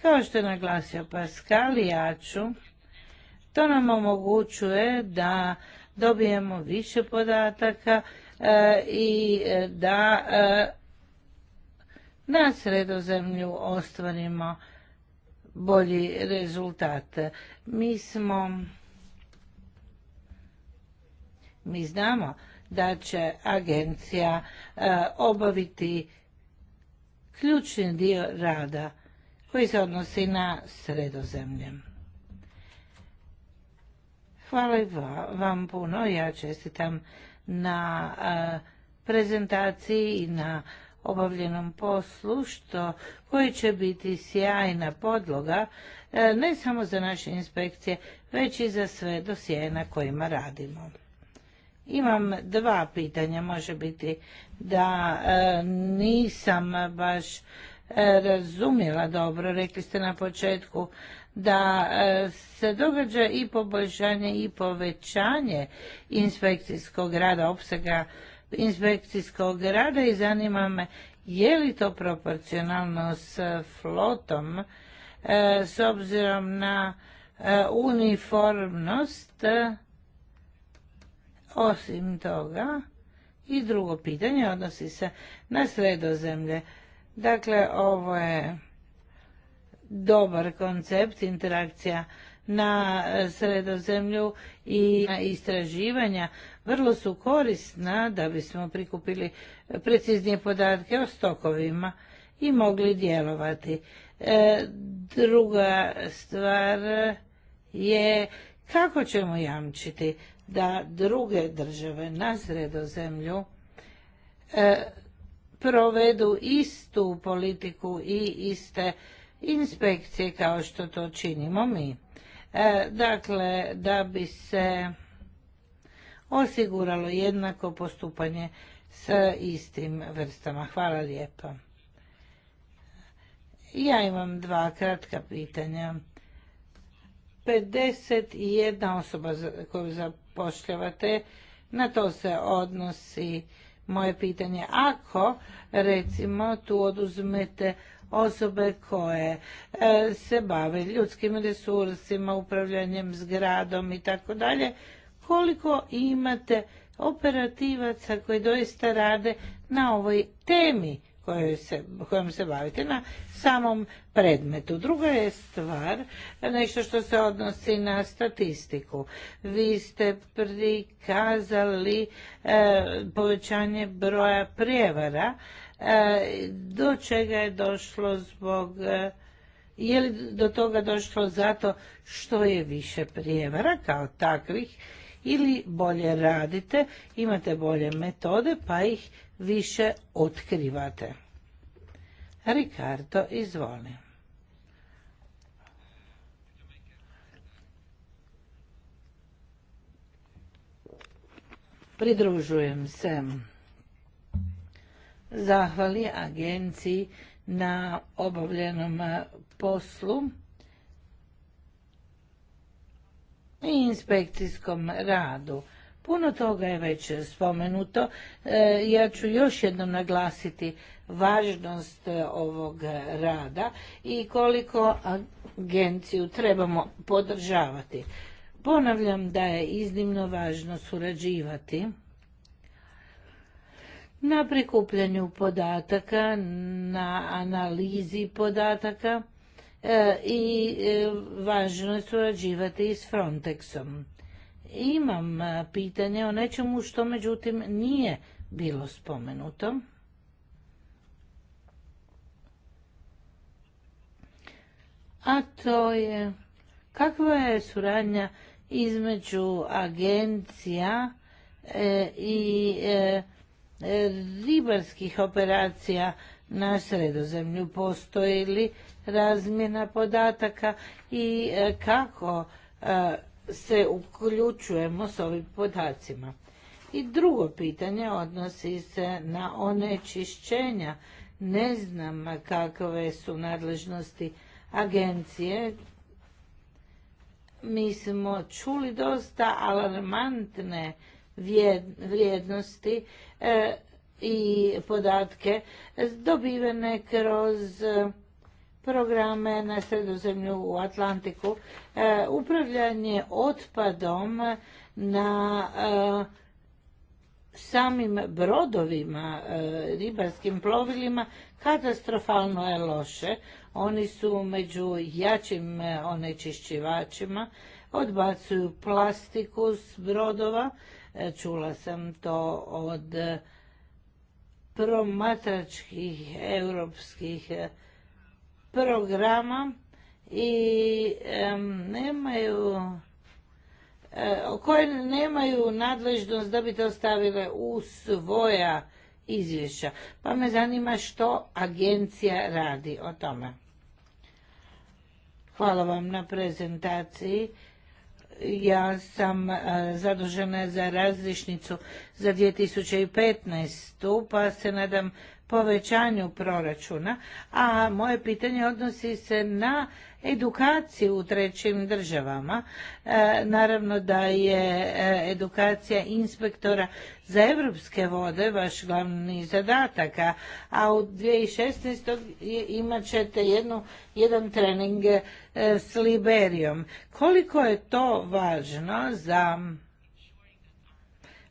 kao što je naglasio Pascal i Aču, to nam omogućuje da dobijemo više podataka e, i da na sredozemlju ostvarimo bolji rezultat. Mi smo mi znamo da će agencija e, obaviti ključni dio rada koji se odnosi na sredozemlje. Hvala vam puno, ja čestitam na e, prezentaciji i na obavljenom poslu, što koji će biti sjajna podloga e, ne samo za naše inspekcije, već i za sve dosije na kojima radimo. Imam dva pitanja, može biti da e, nisam baš e, razumjela dobro, rekli ste na početku da e, se događa i poboljšanje i povećanje inspekcijskog rada, opsega inspekcijskog rada i zanima me je li to proporcionalno s flotom s obzirom na uniformnost osim toga, i drugo pitanje odnosi se na sredozemlje. Dakle, ovo je dobar koncept interakcija na sredozemlju i na istraživanja vrlo su korisna da bismo prikupili preciznije podatke o stokovima i mogli djelovati. E, druga stvar je kako ćemo jamčiti da druge države na sredozemlju e, provedu istu politiku i iste inspekcije kao što to činimo mi. E, dakle, da bi se osiguralo jednako postupanje s istim vrstama. Hvala lijepa. Ja imam dva kratka pitanja. 51 osoba koju zapošljavate. Na to se odnosi moje pitanje. Ako, recimo, tu oduzmete osobe koje e, se bave ljudskim resursima, upravljanjem zgradom i tako dalje, koliko imate operativaca koji doista rade na ovoj temi kojom se, kojom bavite na samom predmetu. Druga je stvar nešto što se odnosi na statistiku. Vi ste prikazali e, povećanje broja prijevara e, do čega je došlo zbog e, je li do toga došlo zato što je više prijevara kao takvih ili bolje radite, imate bolje metode pa ih više otkrivate. Ricardo, izvoli. Pridružujem se zahvali agenciji na obavljenom poslu i inspekcijskom radu. Puno toga je već spomenuto. E, ja ću još jednom naglasiti važnost e, ovog rada i koliko agenciju trebamo podržavati. Ponavljam da je iznimno važno surađivati na prikupljanju podataka, na analizi podataka E, i e, važno je surađivati i s Frontexom. Imam e, pitanje o nečemu što međutim nije bilo spomenuto. A to je kakva je suradnja između agencija i ribarskih operacija na sredozemlju. Postoji li razmjena podataka i e, kako e, se uključujemo s ovim podacima? I drugo pitanje odnosi se na onečišćenja. Ne znam kakve su nadležnosti agencije. Mi smo čuli dosta alarmantne vrijednosti e, i podatke dobivene kroz e, programe na sredozemlju u Atlantiku. E, upravljanje otpadom na e, samim brodovima, ribarskim plovilima, katastrofalno je loše. Oni su među jačim onečišćivačima, odbacuju plastiku s brodova. Čula sam to od promatračkih europskih eh, programa i nemaju eh, koje nemaju nadležnost da bi to stavile u svoja izvješća. Pa me zanima što agencija radi o tome. Hvala vam na prezentaciji ja sam e, zadužena za različnicu za 2015. pa se nadam povećanju proračuna, a moje pitanje odnosi se na edukaciju u trećim državama. E, naravno da je e, edukacija inspektora za evropske vode vaš glavni zadatak, a u 2016. imat ćete jedan trening E, s Liberijom. Koliko je to važno za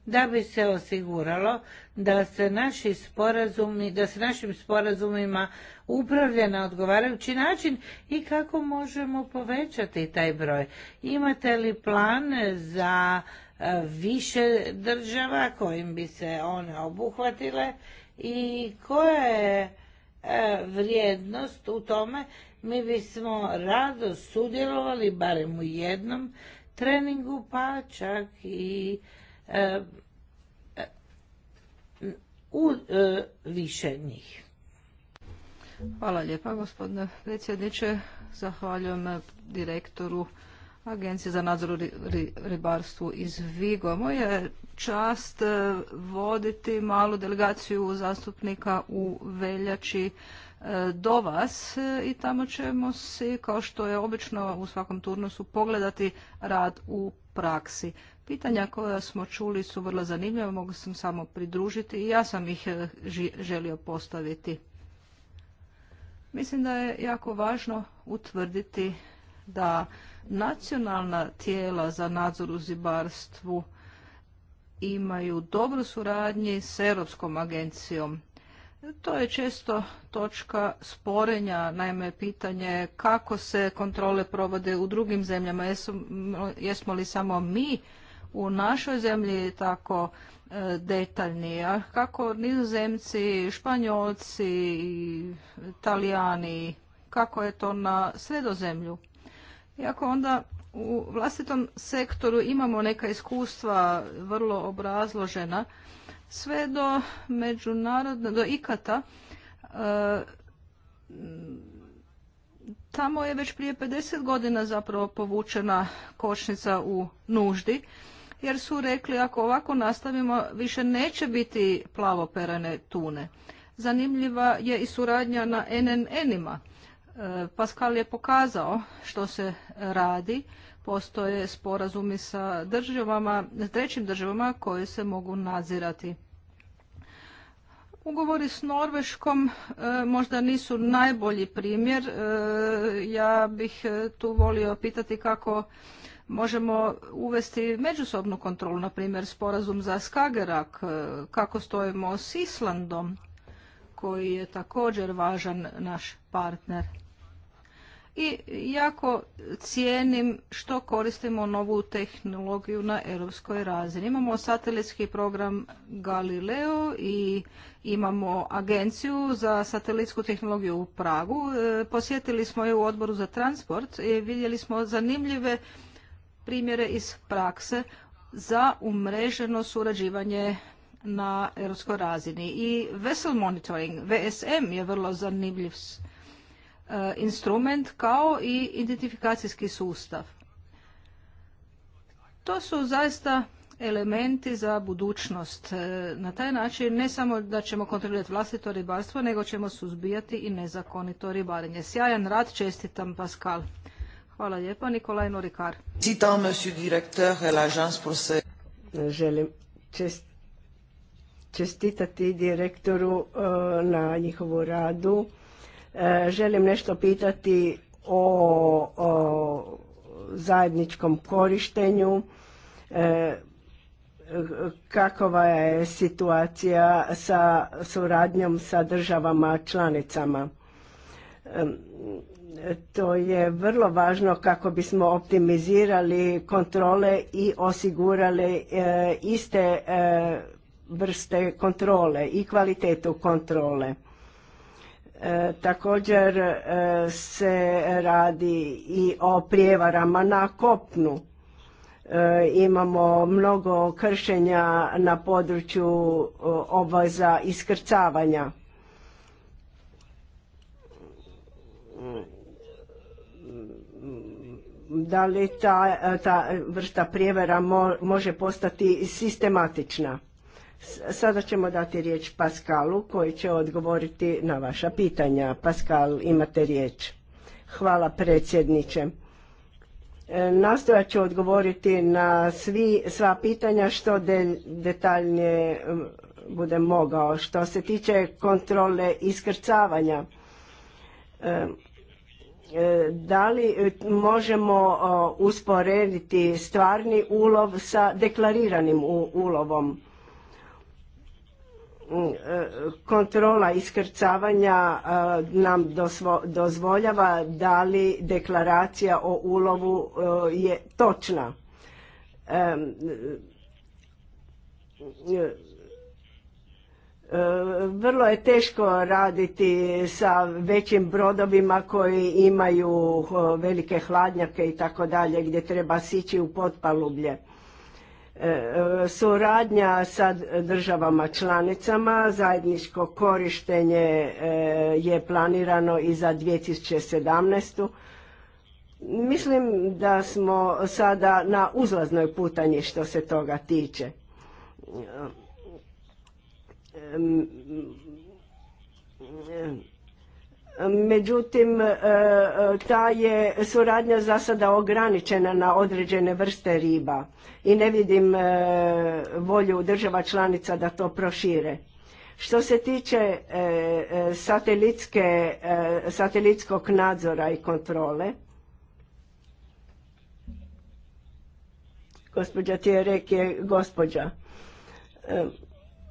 da bi se osiguralo da se naši sporazumi, da se našim sporazumima upravlja na odgovarajući način i kako možemo povećati taj broj. Imate li plan za e, više država kojim bi se one obuhvatile i koje je E, vrijednost u tome, mi bismo rado sudjelovali barem u jednom treningu, pa čak i e, e, u više njih. Hvala lijepa gospodine predsjedniče. Zahvaljujem direktoru Agencije za nadzor ribarstvu iz Vigo. Moje čast e, voditi malu delegaciju zastupnika u veljači e, do vas e, i tamo ćemo si, kao što je obično u svakom turnosu pogledati rad u praksi. Pitanja koja smo čuli su vrlo zanimljiva, mogu sam samo pridružiti i ja sam ih želio postaviti. Mislim da je jako važno utvrditi da nacionalna tijela za nadzor u zibarstvu imaju dobru suradnji s Europskom agencijom. To je često točka sporenja, naime pitanje kako se kontrole provode u drugim zemljama, jesmo li samo mi u našoj zemlji tako e, detaljni, a kako nizozemci, španjolci, Talijani, kako je to na sredozemlju. Iako onda u vlastitom sektoru imamo neka iskustva vrlo obrazložena sve do međunarodne, do ikata e, tamo je već prije 50 godina zapravo povučena kočnica u nuždi jer su rekli ako ovako nastavimo više neće biti plavoperane tune. Zanimljiva je i suradnja na NNN-ima. Pascal je pokazao što se radi. Postoje sporazumi sa državama, trećim državama koje se mogu nadzirati. Ugovori s Norveškom e, možda nisu najbolji primjer. E, ja bih e, tu volio pitati kako možemo uvesti međusobnu kontrolu, na primjer sporazum za Skagerak, kako stojimo s Islandom, koji je također važan naš partner i jako cijenim što koristimo novu tehnologiju na europskoj razini. Imamo satelitski program Galileo i imamo agenciju za satelitsku tehnologiju u Pragu. E, posjetili smo je u odboru za transport i vidjeli smo zanimljive primjere iz prakse za umreženo surađivanje na europskoj razini. I Vessel Monitoring, VSM, je vrlo zanimljiv E, instrument kao i identifikacijski sustav. To su zaista elementi za budućnost. E, na taj način ne samo da ćemo kontrolirati vlastito ribarstvo, nego ćemo suzbijati i nezakonito ribarenje. Sjajan rad, čestitam Pascal. Hvala lijepa, Nikolaj Norikar. Citam, monsieur e, Želim čestitati direktoru na njihovu radu E, želim nešto pitati o, zajedničkom korištenju, e, kakova je situacija sa suradnjom sa državama članicama. E, to je vrlo važno kako bismo optimizirali kontrole i osigurali iste vrste kontrole i kvalitetu kontrole također e, se radi i o prijevarama na kopnu. E, imamo mnogo kršenja na području e, obveza iskrcavanja. Da li ta, vrsta prijevara može postati sistematična? Sada ćemo dati riječ Paskalu koji će odgovoriti na vaša pitanja. Paskal, imate riječ. Hvala predsjedniče. E, nastojat ću odgovoriti na svi, sva pitanja što detaljnije budem mogao. Što se tiče kontrole iskrcavanja, e, e, da li možemo usporediti stvarni ulov sa deklariranim ulovom kontrola iskrcavanja e, nam dozvoljava da li deklaracija o ulovu e, je točna. E, vrlo je teško raditi sa većim brodovima koji imaju velike hladnjake i tako dalje gdje treba sići u potpalublje suradnja sa državama članicama, zajedničko korištenje eh, je planirano i za 2017. Mislim da smo sada na uzlaznoj putanji što se toga tiče. Međutim, e, e, ta je suradnja za sada ograničena na određene vrste riba i ne vidim e, volju država članica da to prošire. Što se tiče satelitskog nadzora i kontrole, gospođa ti je gospođa.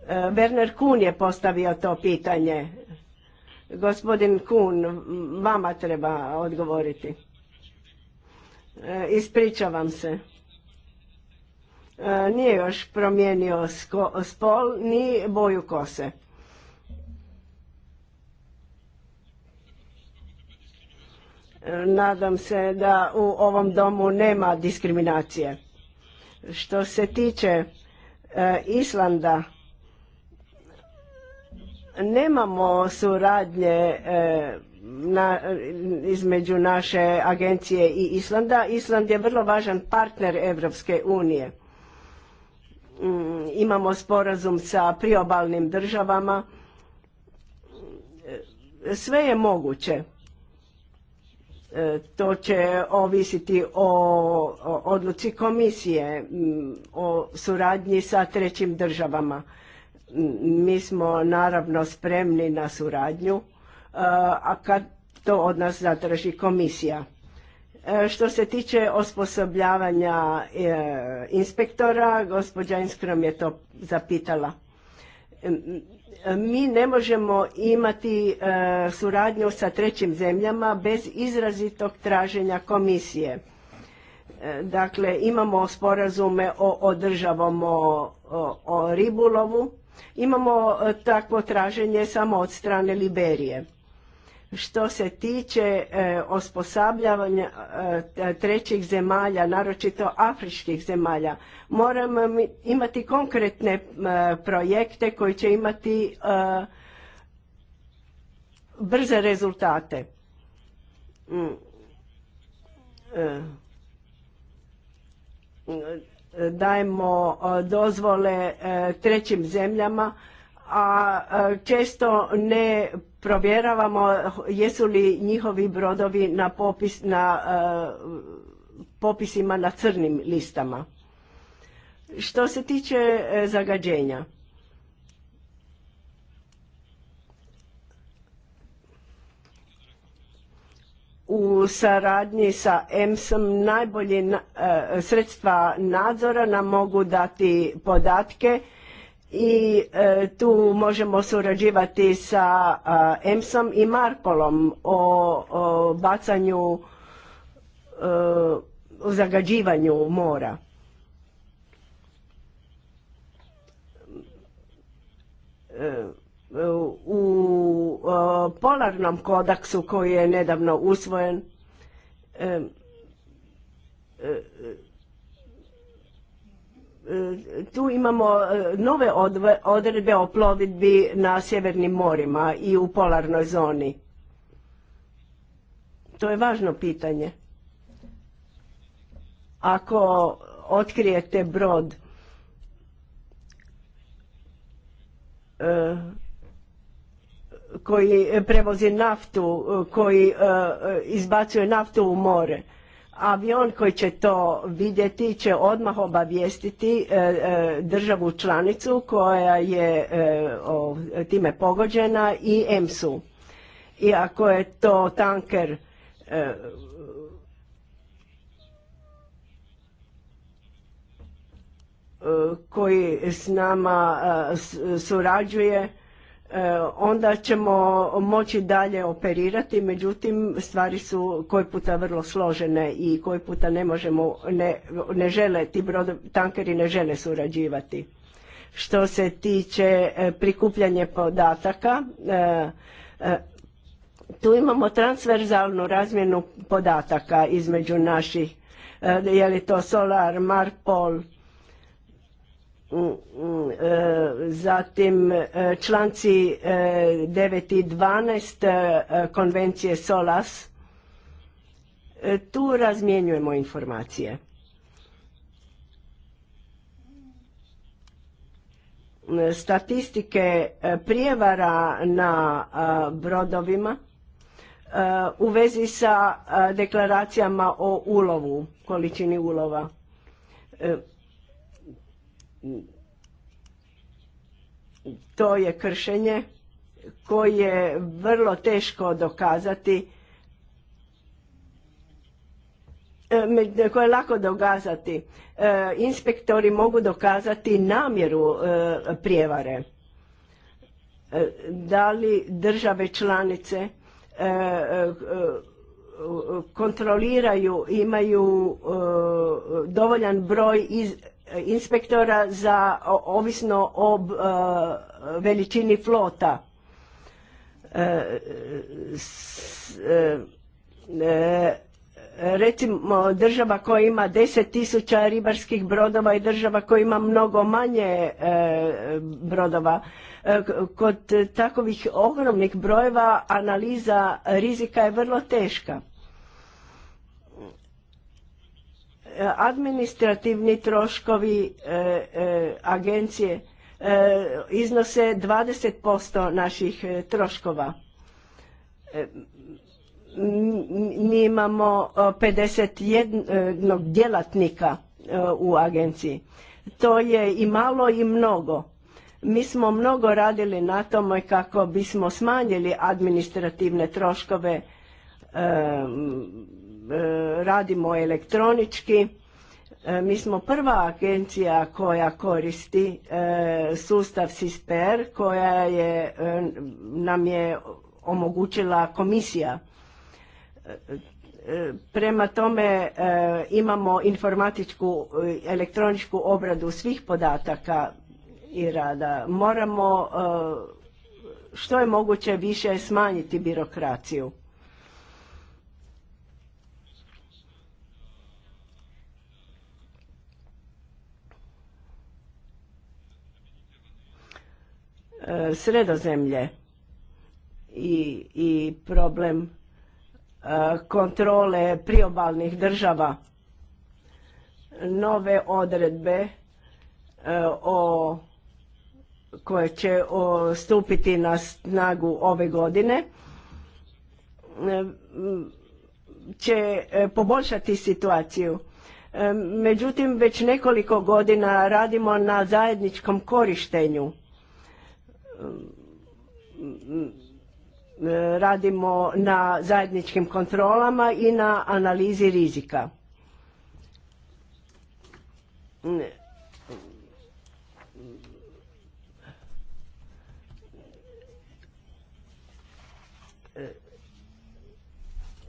Werner Kuhn je postavio to pitanje. Gospodin Kun, vama treba odgovoriti. E, ispričavam se. E, nije još promijenio spol ni boju kose. E, nadam se da u ovom domu nema diskriminacije. Što se tiče Islanda, nemamo suradnje e, na, između naše agencije i Islanda. Island je vrlo važan partner Evropske unije. Mm, imamo sporazum sa priobalnim državama. E, sve je moguće. E, to će ovisiti o odluci komisije, mm, o suradnji sa trećim državama. Mi smo naravno spremni na suradnju, e, a kad to od nas zatraži komisija. E, što se tiče osposobljavanja e, inspektora, gospođa Inskrom je to zapitala. Mi ne možemo imati suradnju sa trećim zemljama bez izrazitog traženja komisije. Dakle, imamo sporazume o državom o, ribulovu, o ribolovu Imamo e, takvo traženje samo od strane Liberije. Što se tiče e, osposabljavanja e, trećih zemalja, naročito afričkih zemalja, moramo imati konkretne projekte koji će imati brze rezultate. Mm dajemo e, dozvole e, trećim zemljama, a e, često ne provjeravamo jesu li njihovi brodovi na, popis, na popisima na crnim listama. Što se tiče zagađenja, u saradnji sa EMS-om najbolje e, sredstva nadzora nam mogu dati podatke i e, tu možemo surađivati sa e, EMS-om i Marpolom o, bacanju o zagađivanju mora u e, polarnom kodaksu koji je nedavno usvojen e, e, tu imamo nove odredbe o plovidbi na sjevernim morima i u polarnoj zoni. To je važno pitanje. Ako otkrijete brod koji prevozi naftu, koji e, izbacuje naftu u more. Avion koji će to vidjeti će odmah obavijestiti e, e, državu članicu koja je time pogođena i EMSU. I ako je to tanker koji s nama surađuje E, onda ćemo moći dalje operirati, međutim stvari su koji puta vrlo složene i koji puta ne možemo, ne, ne žele, ti brodo, tankeri ne žele surađivati. Što se tiče e, prikupljanje podataka, e, tu imamo transverzalnu razmjenu podataka između naših, je li to Solar, Marpol, Mm, mm, e, zatim e, članci 9 e, i 12 konvencije SOLAS, tu razmjenjujemo informacije. Statistike prijevara na brodovima u vezi sa deklaracijama o ulovu, količini ulova to je kršenje koje je vrlo teško dokazati e, koje je lako dokazati. E, inspektori mogu dokazati namjeru e, prijevare. Da li države članice kontroliraju, imaju dovoljan broj iz inspektora za ovisno o e, veličini flota. E, e, recimo država koja ima 10.000 ribarskih brodova i država koja ima mnogo manje brodova. Kod takovih ogromnih brojeva analiza rizika je vrlo teška. administrativni troškovi e, e, agencije e, iznose 20% naših troškova. Mi imamo 51 djelatnika u agenciji. To je i malo i mnogo. Mi smo mnogo radili na tome kako bismo smanjili administrativne troškove E, radimo elektronički. E, mi smo prva agencija koja koristi e, sustav SISPER koja je, nam je omogućila komisija. Prema tome imamo informatičku, elektroničku obradu svih podataka i rada. Moramo što je moguće više smanjiti birokraciju. E, sredozemlje i, i problem e, kontrole priobalnih država nove odredbe e, o koje će stupiti na snagu ove godine će poboljšati situaciju. Međutim, već nekoliko godina radimo na zajedničkom korištenju E, radimo na zajedničkim kontrolama i na analizi rizika.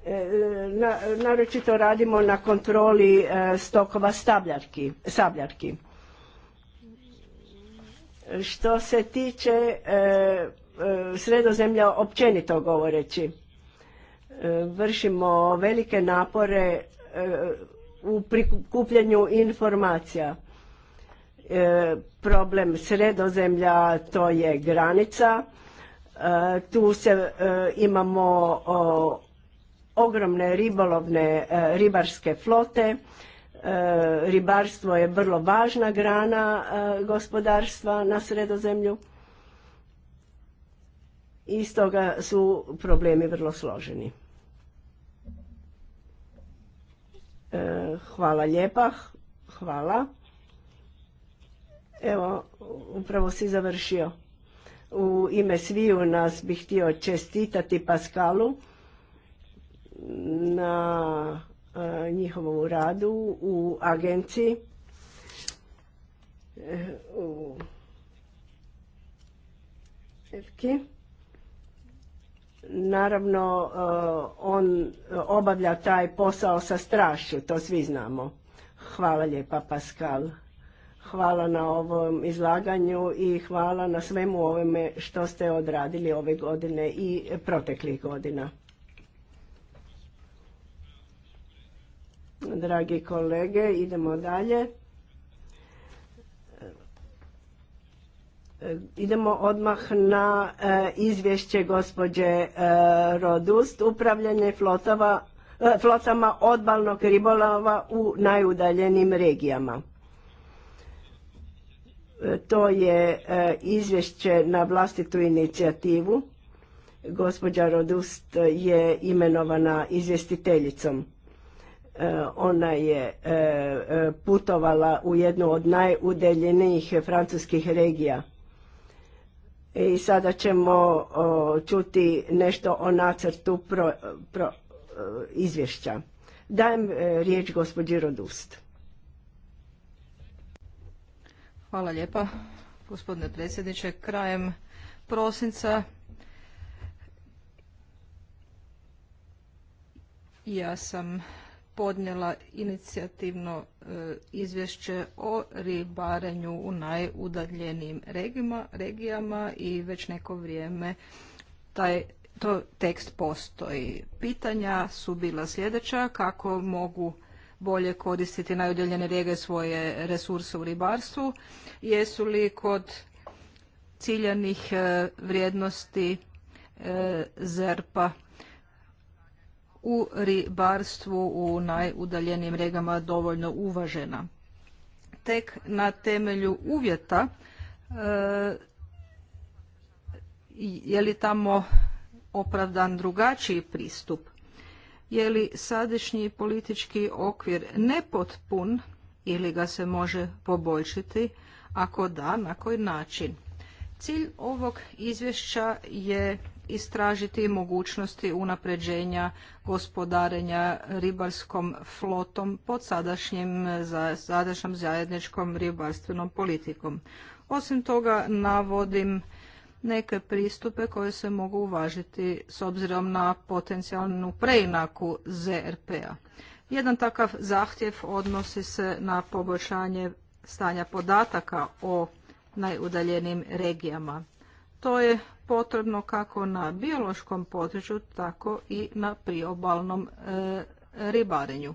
E, naročito radimo na kontroli e, stokova stabljarki, sabljarki. Što se tiče e, e, sredozemlja općenito govoreći, e, vršimo velike napore u prikupljanju informacija. Problem sredozemlja to je granica. Tu se imamo ogromne ribolovne ribarske flote E, ribarstvo je vrlo važna grana e, gospodarstva na sredozemlju i stoga su problemi vrlo složeni. E, hvala lijepa, hvala. Evo, upravo si završio. U ime sviju nas bih htio čestitati Paskalu na E, njihovom radu u agenciji. E, u Naravno, e, on obavlja taj posao sa strašću, to svi znamo. Hvala lijepa, Pascal. Hvala na ovom izlaganju i hvala na svemu ovome što ste odradili ove godine i proteklih godina. Dragi kolege, idemo dalje. Idemo odmah na e, izvješće gospođe e, Rodust, upravljanje e, flotama odbalnog ribolova u najudaljenim regijama. To je izvješće na vlastitu inicijativu. Gospođa Rodust je imenovana izvjestiteljicom. E, ona je e, e, putovala u jednu od najudeljenijih francuskih regija. I sada ćemo čuti nešto o nacrtu pro, izvješća. Dajem riječ gospođi Rodust. Hvala lijepa gospodine predsjedniče. Krajem prosinca ja sam podnijela inicijativno e, izvješće o ribarenju u najudaljenijim regijama i već neko vrijeme taj to tekst postoji. Pitanja su bila sljedeća kako mogu bolje koristiti najudaljene rijege svoje resurse u ribarstvu, jesu li kod ciljanih e, vrijednosti e, ZERPA u ribarstvu u najudaljenim regama dovoljno uvažena. Tek na temelju uvjeta e, je li tamo opravdan drugačiji pristup? Je li sadašnji politički okvir nepotpun ili ga se može poboljšiti? Ako da, na koji način? Cilj ovog izvješća je istražiti mogućnosti unapređenja gospodarenja ribarskom flotom pod sadašnjim, sadašnjom zajedničkom ribarstvenom politikom. Osim toga navodim neke pristupe koje se mogu uvažiti s obzirom na potencijalnu preinaku ZRP-a. Jedan takav zahtjev odnosi se na poboljšanje stanja podataka o najudaljenim regijama. To je potrebno kako na biološkom području, tako i na priobalnom e, ribarenju.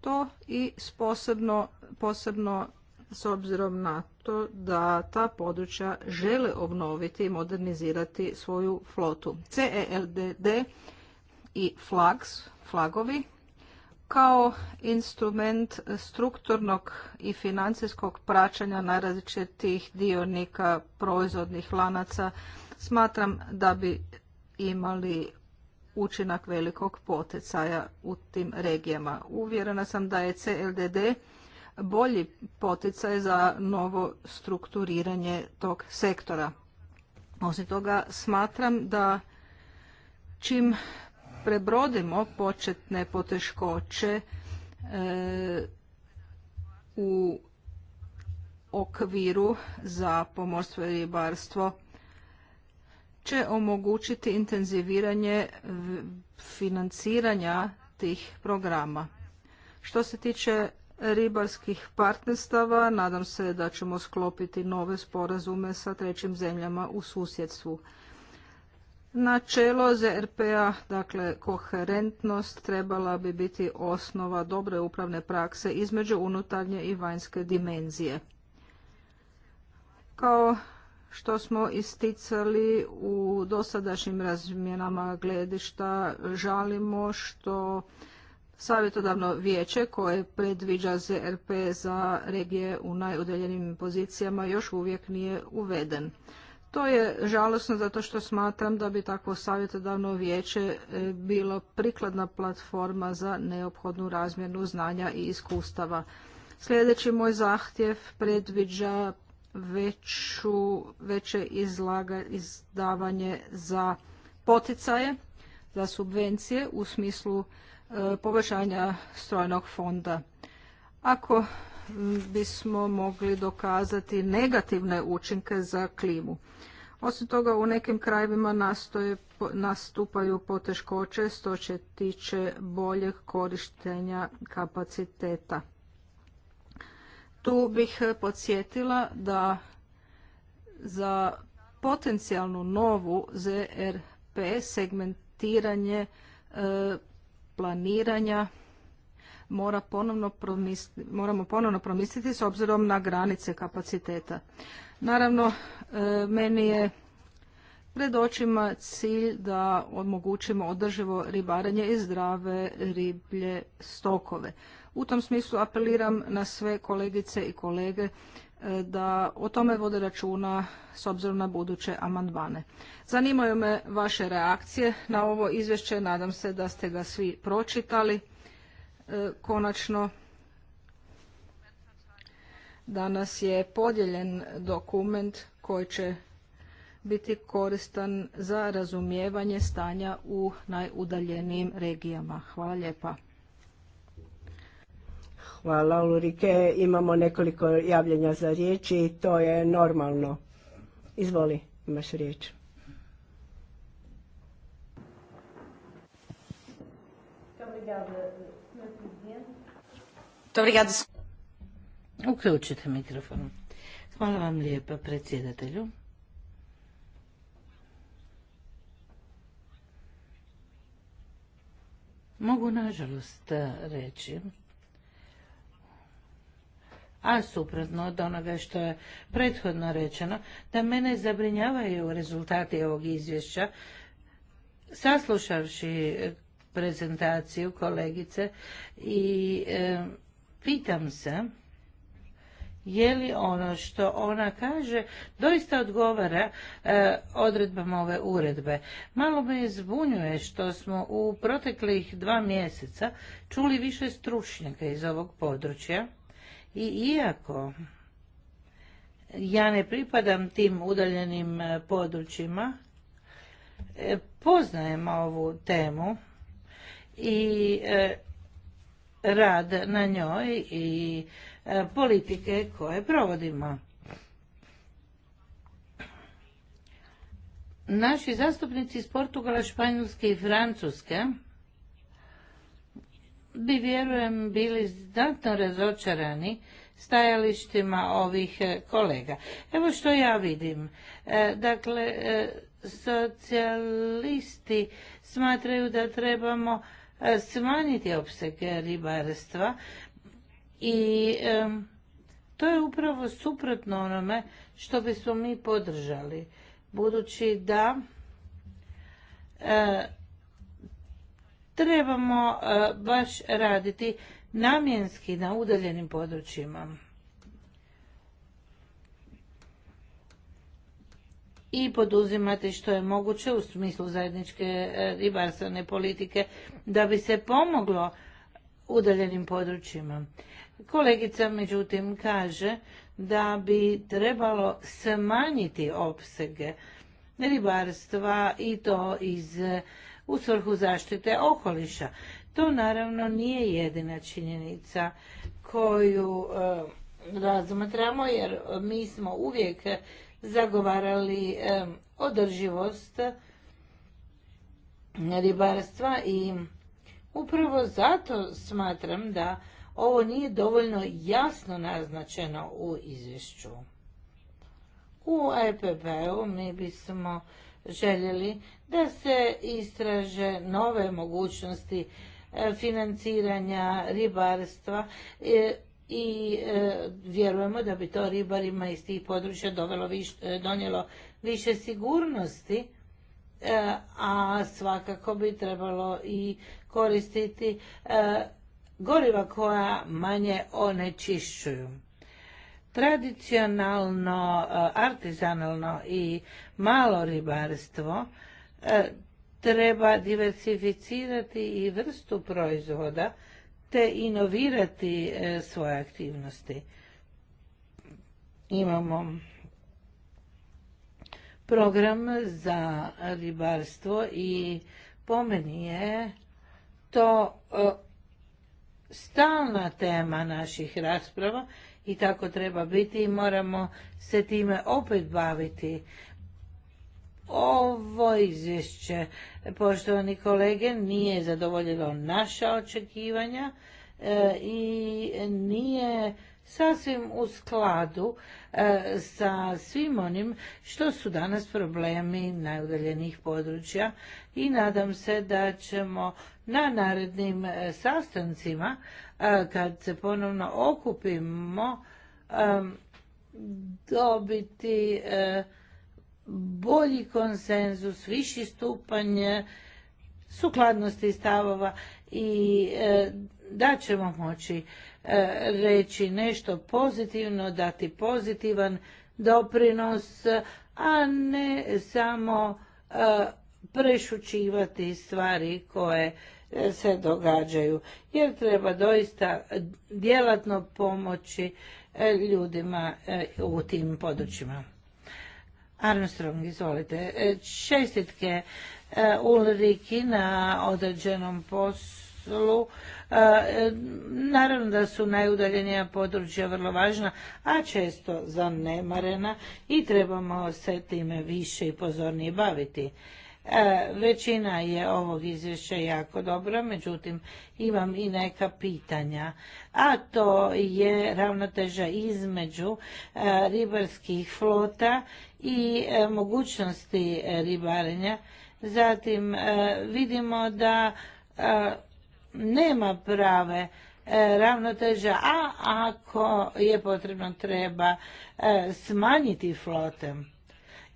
To i posebno, posebno s obzirom na to da ta područja žele obnoviti i modernizirati svoju flotu. CELDD i flags, flagovi kao instrument strukturnog i financijskog praćanja najrazličitih dionika proizvodnih lanaca smatram da bi imali učinak velikog poticaja u tim regijama. Uvjerena sam da je CLDD bolji poticaj za novo strukturiranje tog sektora. Osim toga smatram da čim prebrodimo početne poteškoće e, u okviru za pomorstvo i ribarstvo će omogućiti intenziviranje financiranja tih programa. Što se tiče ribarskih partnerstava, nadam se da ćemo sklopiti nove sporazume sa trećim zemljama u susjedstvu. Načelo ZRP-a, dakle koherentnost, trebala bi biti osnova dobre upravne prakse između unutarnje i vanjske dimenzije. Kao što smo isticali u dosadašnjim razmjenama gledišta, žalimo što savjetodavno vijeće koje predviđa ZRP za regije u najudeljenim pozicijama još uvijek nije uveden. To je žalosno zato što smatram da bi takvo savjetodavno vijeće e, bilo prikladna platforma za neophodnu razmjenu znanja i iskustava. Sljedeći moj zahtjev predviđa veću, veće izlaga, izdavanje za poticaje, za subvencije u smislu e, povećanja strojnog fonda. Ako bismo mogli dokazati negativne učinke za klimu. Osim toga, u nekim krajevima nastoje, nastupaju poteškoće što se tiče boljeg korištenja kapaciteta. Tu bih podsjetila da za potencijalnu novu ZRP segmentiranje e, planiranja mora ponovno moramo ponovno promisliti s obzirom na granice kapaciteta. Naravno, e, meni je pred očima cilj da omogućimo održivo ribarenje i zdrave riblje stokove. U tom smislu apeliram na sve kolegice i kolege e, da o tome vode računa s obzirom na buduće amandmane. Zanimaju me vaše reakcije na ovo izvješće, nadam se da ste ga svi pročitali. E, konačno danas je podijeljen dokument koji će biti koristan za razumijevanje stanja u najudaljenijim regijama. Hvala lijepa. Hvala Ulrike. Imamo nekoliko javljenja za riječ i to je normalno. Izvoli, imaš riječ obrigada. Uključite mikrofon. Hvala vam lijepa predsjedatelju. Mogu nažalost eh, reći, a suprotno od onoga što je prethodno rečeno, da mene zabrinjavaju rezultati ovog izvješća. Saslušavši prezentaciju kolegice i eh, Pitam se je li ono što ona kaže doista odgovara e, odredbama ove uredbe. Malo me zbunjuje što smo u proteklih dva mjeseca čuli više stručnjaka iz ovog područja i iako ja ne pripadam tim udaljenim e, područjima, e, poznajem ovu temu i rad na njoj i e, politike koje provodimo. Naši zastupnici iz Portugala, Španjolske i Francuske bi vjerujem bili znatno razočarani stajalištima ovih e, kolega. Evo što ja vidim. E, dakle, socijalisti smatraju da trebamo E, smanjiti opseke ribarstva i e, to je upravo suprotno onome što bismo mi podržali, budući da e, trebamo baš raditi namjenski na udaljenim područjima. i poduzimati što je moguće u smislu zajedničke e, ribarstvene politike da bi se pomoglo udaljenim područjima. Kolegica međutim kaže da bi trebalo smanjiti opsege ribarstva i to iz e, u svrhu zaštite okoliša. To naravno nije jedina činjenica koju e, razmatramo jer mi smo uvijek zagovarali održivost ribarstva i upravo zato smatram da ovo nije dovoljno jasno naznačeno u izvješću. U EPP-u mi bismo željeli da se istraže nove mogućnosti e, financiranja ribarstva e, i e, vjerujemo da bi to ribarima iz tih područja e, donijelo više sigurnosti, e, a svakako bi trebalo i koristiti goriva koja manje onečišćuju. Tradicionalno, artizanalno i malo ribarstvo treba diversificirati i vrstu proizvoda, te inovirati e, svoje aktivnosti. Imamo program za ribarstvo i po meni je to e, stalna tema naših rasprava i tako treba biti i moramo se time opet baviti ovo izvješće, poštovani kolege, nije zadovoljilo naša očekivanja e, i nije sasvim u skladu e, sa svim onim što su danas problemi najudaljenijih područja i nadam se da ćemo na narednim e, sastancima kad se ponovno okupimo dobiti bolji konsenzus, viši stupanj e, sukladnosti stavova i e, da ćemo moći e, reći nešto pozitivno, dati pozitivan doprinos, a ne samo prešućivati stvari koje se događaju. Jer treba doista djelatno pomoći ljudima u tim područjima. Armstrong, izvolite. E, čestitke e, Ulriki na određenom poslu. E, naravno da su najudaljenija područja vrlo važna, a često zanemarena i trebamo se time više i pozornije baviti. Većina je ovog izvješća jako dobra, međutim imam i neka pitanja, a to je ravnoteža između ribarskih flota i e, mogućnosti e, ribarenja. Zatim e, vidimo da nema prave ravnoteža, a ako je potrebno treba smanjiti flote.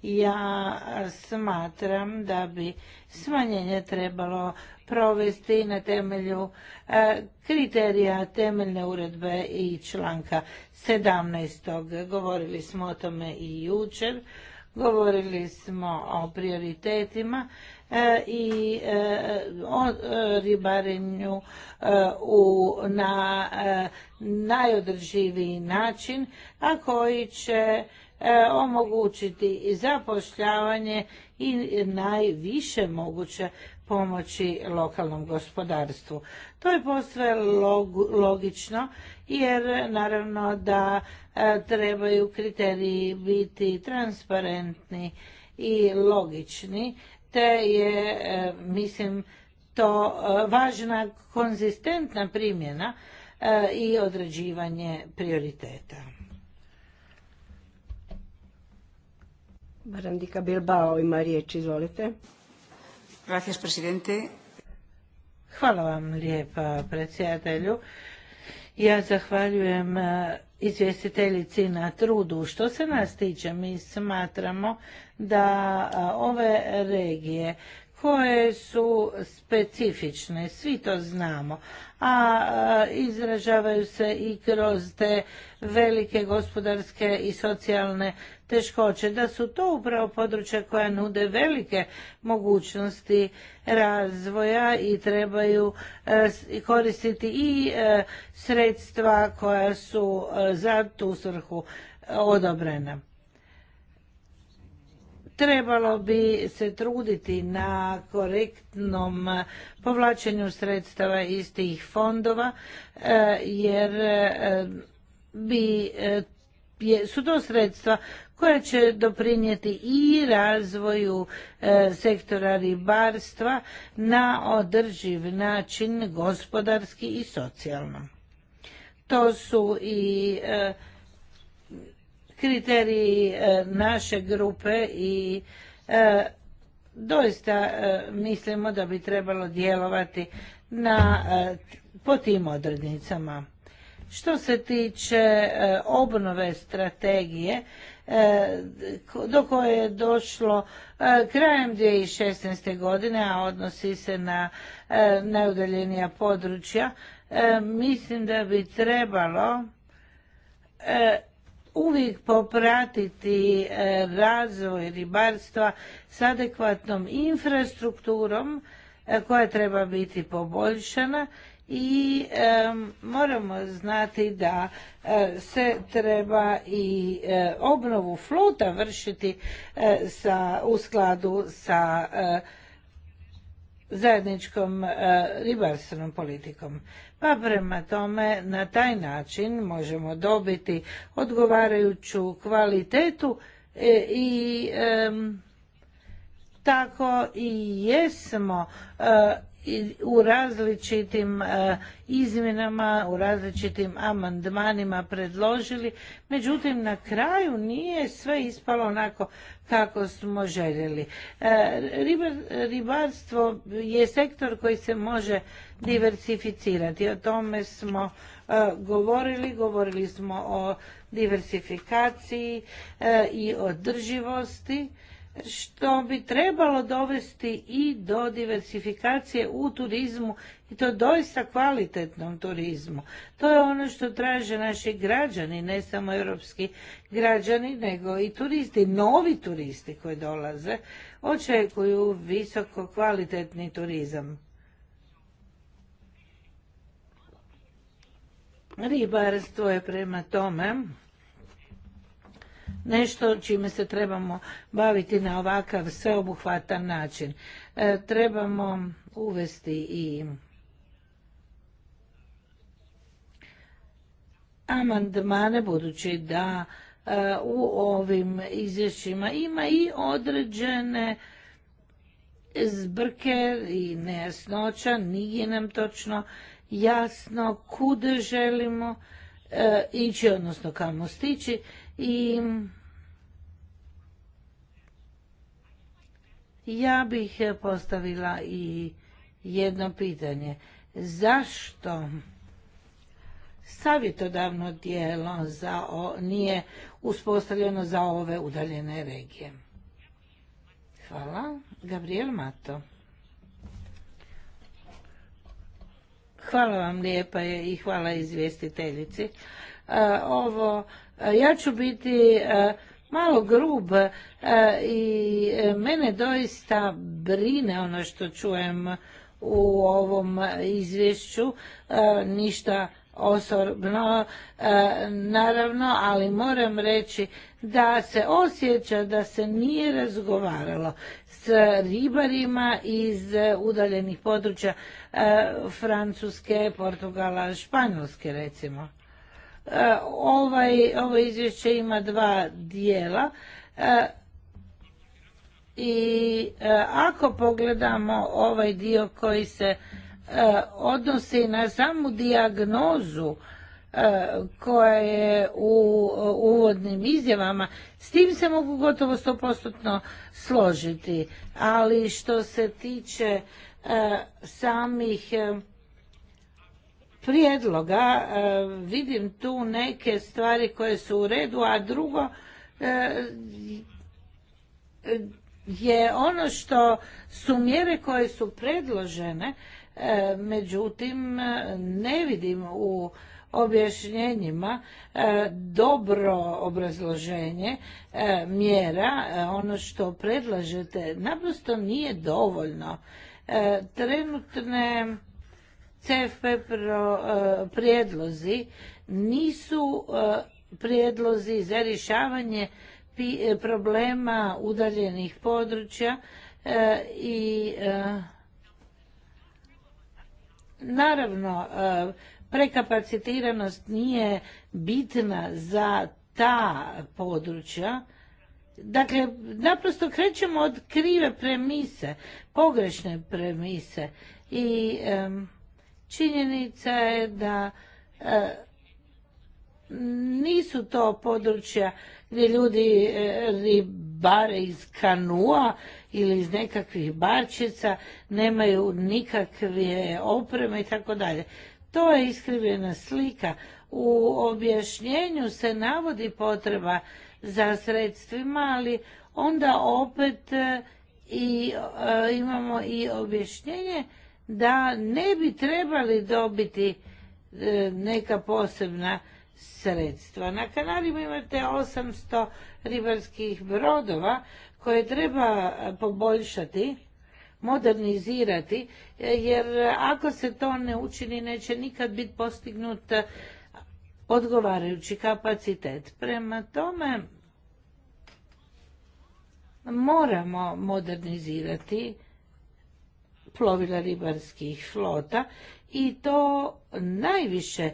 Ja smatram da bi smanjenje trebalo provesti na temelju e, kriterija temeljne uredbe i članka 17. Govorili smo o tome i jučer, govorili smo o prioritetima e, i e, o ribarenju na najodrživiji način, a koji će E, omogućiti i zapošljavanje i najviše moguće pomoći lokalnom gospodarstvu. To je posve logično jer naravno da e, trebaju kriteriji biti transparentni i logični te je e, mislim to važna konzistentna primjena i određivanje prioriteta. Barandika Bilbao ima riječ, izvolite. Gracias, presidente. Hvala vam lijepa predsjedatelju. Ja zahvaljujem e, izvjestiteljici na trudu. Što se nas tiče, mi smatramo da e, ove regije koje su specifične, svi to znamo, a e, izražavaju se i kroz te velike gospodarske i socijalne teškoće, da su to upravo područja koja nude velike mogućnosti razvoja i trebaju e, koristiti i e, sredstva koja su e, za tu svrhu odobrena trebalo bi se truditi na korektnom povlačenju sredstava iz tih fondova jer bi su to sredstva koja će doprinijeti i razvoju e, sektora ribarstva na održiv način gospodarski i socijalno. To su i e, kriteriji e, naše grupe i doista mislimo da bi trebalo djelovati na, po tim odrednicama. Što se tiče e, obnove strategije, e, do koje je došlo e, krajem 2016. godine, a odnosi se na neudaljenija područja, mislim da bi trebalo uvijek popratiti razvoj ribarstva s adekvatnom infrastrukturom koja treba biti poboljšana i moramo znati da e, se treba i e, obnovu flota vršiti e, sa, u skladu sa zajedničkom ribarstvenom politikom. Pa prema tome na taj način možemo dobiti odgovarajuću kvalitetu i tako i jesmo u različitim e, izmjenama, u različitim amandmanima predložili. Međutim, na kraju nije sve ispalo onako kako smo željeli. E, ribarstvo je sektor koji se može diversificirati. O tome smo e, govorili. Govorili smo o diversifikaciji i održivosti što bi trebalo dovesti i do diversifikacije u turizmu i to doista kvalitetnom turizmu. To je ono što traže naši građani, ne samo europski građani, nego i turisti, novi turisti koji dolaze, očekuju visoko kvalitetni turizam. Ribarstvo je prema tome nešto čime se trebamo baviti na ovakav sveobuhvatan način. E, trebamo uvesti i amandmane budući da e, u ovim izvješćima ima i određene zbrke i nejasnoća, nije nam točno jasno kude želimo E, ići, odnosno kamo stići i ja bih postavila i jedno pitanje. Zašto savjetodavno tijelo za nije uspostavljeno za ove udaljene regije? Hvala. Gabriel Mato. Hvala vam lijepa i hvala izvjestiteljici. E, ovo, e, ja ću biti e, malo grub i mene doista brine ono što čujem u ovom izvješću. Ništa osobno e, naravno, ali moram reći da se osjeća da se nije razgovaralo s ribarima iz udaljenih područja e, Francuske, Portugala, Španjolske recimo. E, ovaj, ovo izvješće ima dva dijela e, i ako pogledamo ovaj dio koji se E, odnosi na samu dijagnozu e, koja je u uvodnim izjavama, s tim se mogu gotovo 100% složiti. Ali što se tiče e, samih prijedloga, vidim tu neke stvari koje su u redu, a drugo je ono što su mjere koje su predložene E, međutim ne vidim u objašnjenjima e, dobro obrazloženje e, mjera, ono što predlažete naprosto nije dovoljno. Trenutne CFP prijedlozi nisu prijedlozi za rješavanje problema udaljenih područja i Naravno, e, prekapacitiranost nije bitna za ta područja. Dakle, naprosto krećemo od krive premise, pogrešne premise i činjenica je da e, nisu to područja gdje ljudi e, ribare iz kanua ili iz nekakvih barčica, nemaju nikakve opreme i tako dalje. To je iskrivljena slika. U objašnjenju se navodi potreba za sredstvima, ali onda opet e, i e, imamo i objašnjenje da ne bi trebali dobiti e, neka posebna sredstva. Na Kanarima imate 800 ribarskih brodova koje treba eh, poboljšati, modernizirati, eh, jer ako se to ne učini neće nikad biti postignut eh, odgovarajući kapacitet. Prema tome moramo modernizirati plovila ribarskih flota i to najviše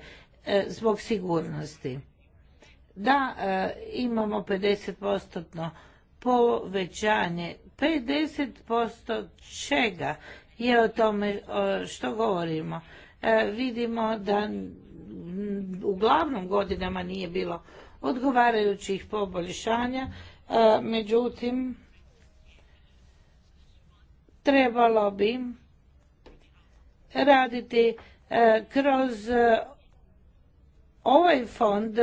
zbog sigurnosti. Da imamo 50% povećanje 50% čega je o tome što govorimo. E, vidimo da uglavnom godinama nije bilo odgovarajućih poboljšanja, e, međutim trebalo bi raditi e, kroz ovaj fond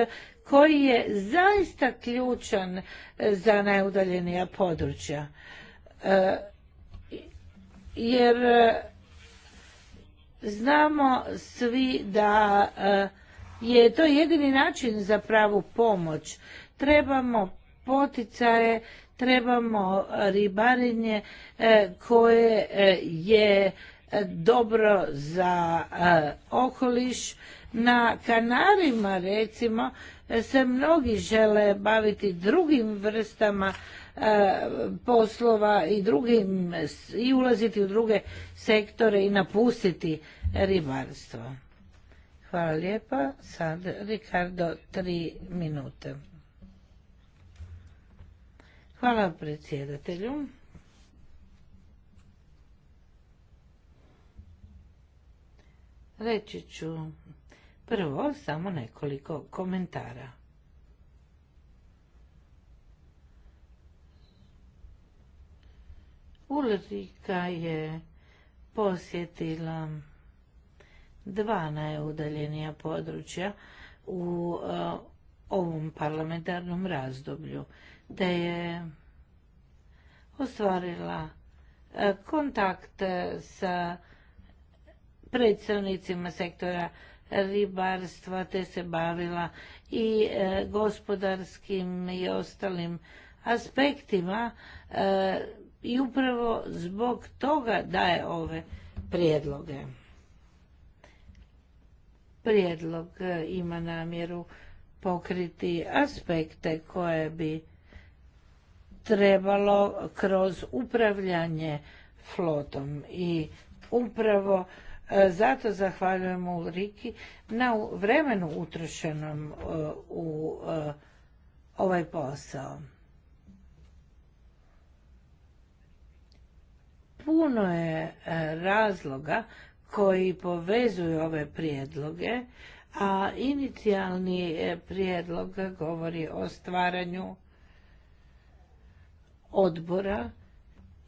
koji je zaista ključan e, za najudaljenija područja. E, jer e, znamo svi da je to jedini način za pravu pomoć. Trebamo poticaje, trebamo ribarenje koje je dobro za okoliš. Na Kanarima recimo se mnogi žele baviti drugim vrstama e, poslova i drugim i ulaziti u druge sektore i napustiti ribarstvo. Hvala lijepa. Sad Ricardo, tri minute. Hvala predsjedatelju. Reći ću Prvo, samo nekoliko komentara. Ulrika je posjetila dva najudaljenija područja u e, ovom parlamentarnom razdoblju, te je ostvarila e, kontakt sa predstavnicima sektora ribarstva te se bavila i e, gospodarskim i ostalim aspektima e, i upravo zbog toga daje ove prijedloge. Prijedlog e, ima namjeru pokriti aspekte koje bi trebalo kroz upravljanje flotom i upravo E, zato zahvaljujemo Ulriki na vremenu utrošenom e, u e, ovaj posao. Puno je razloga koji povezuju ove prijedloge, a inicijalni prijedlog govori o stvaranju odbora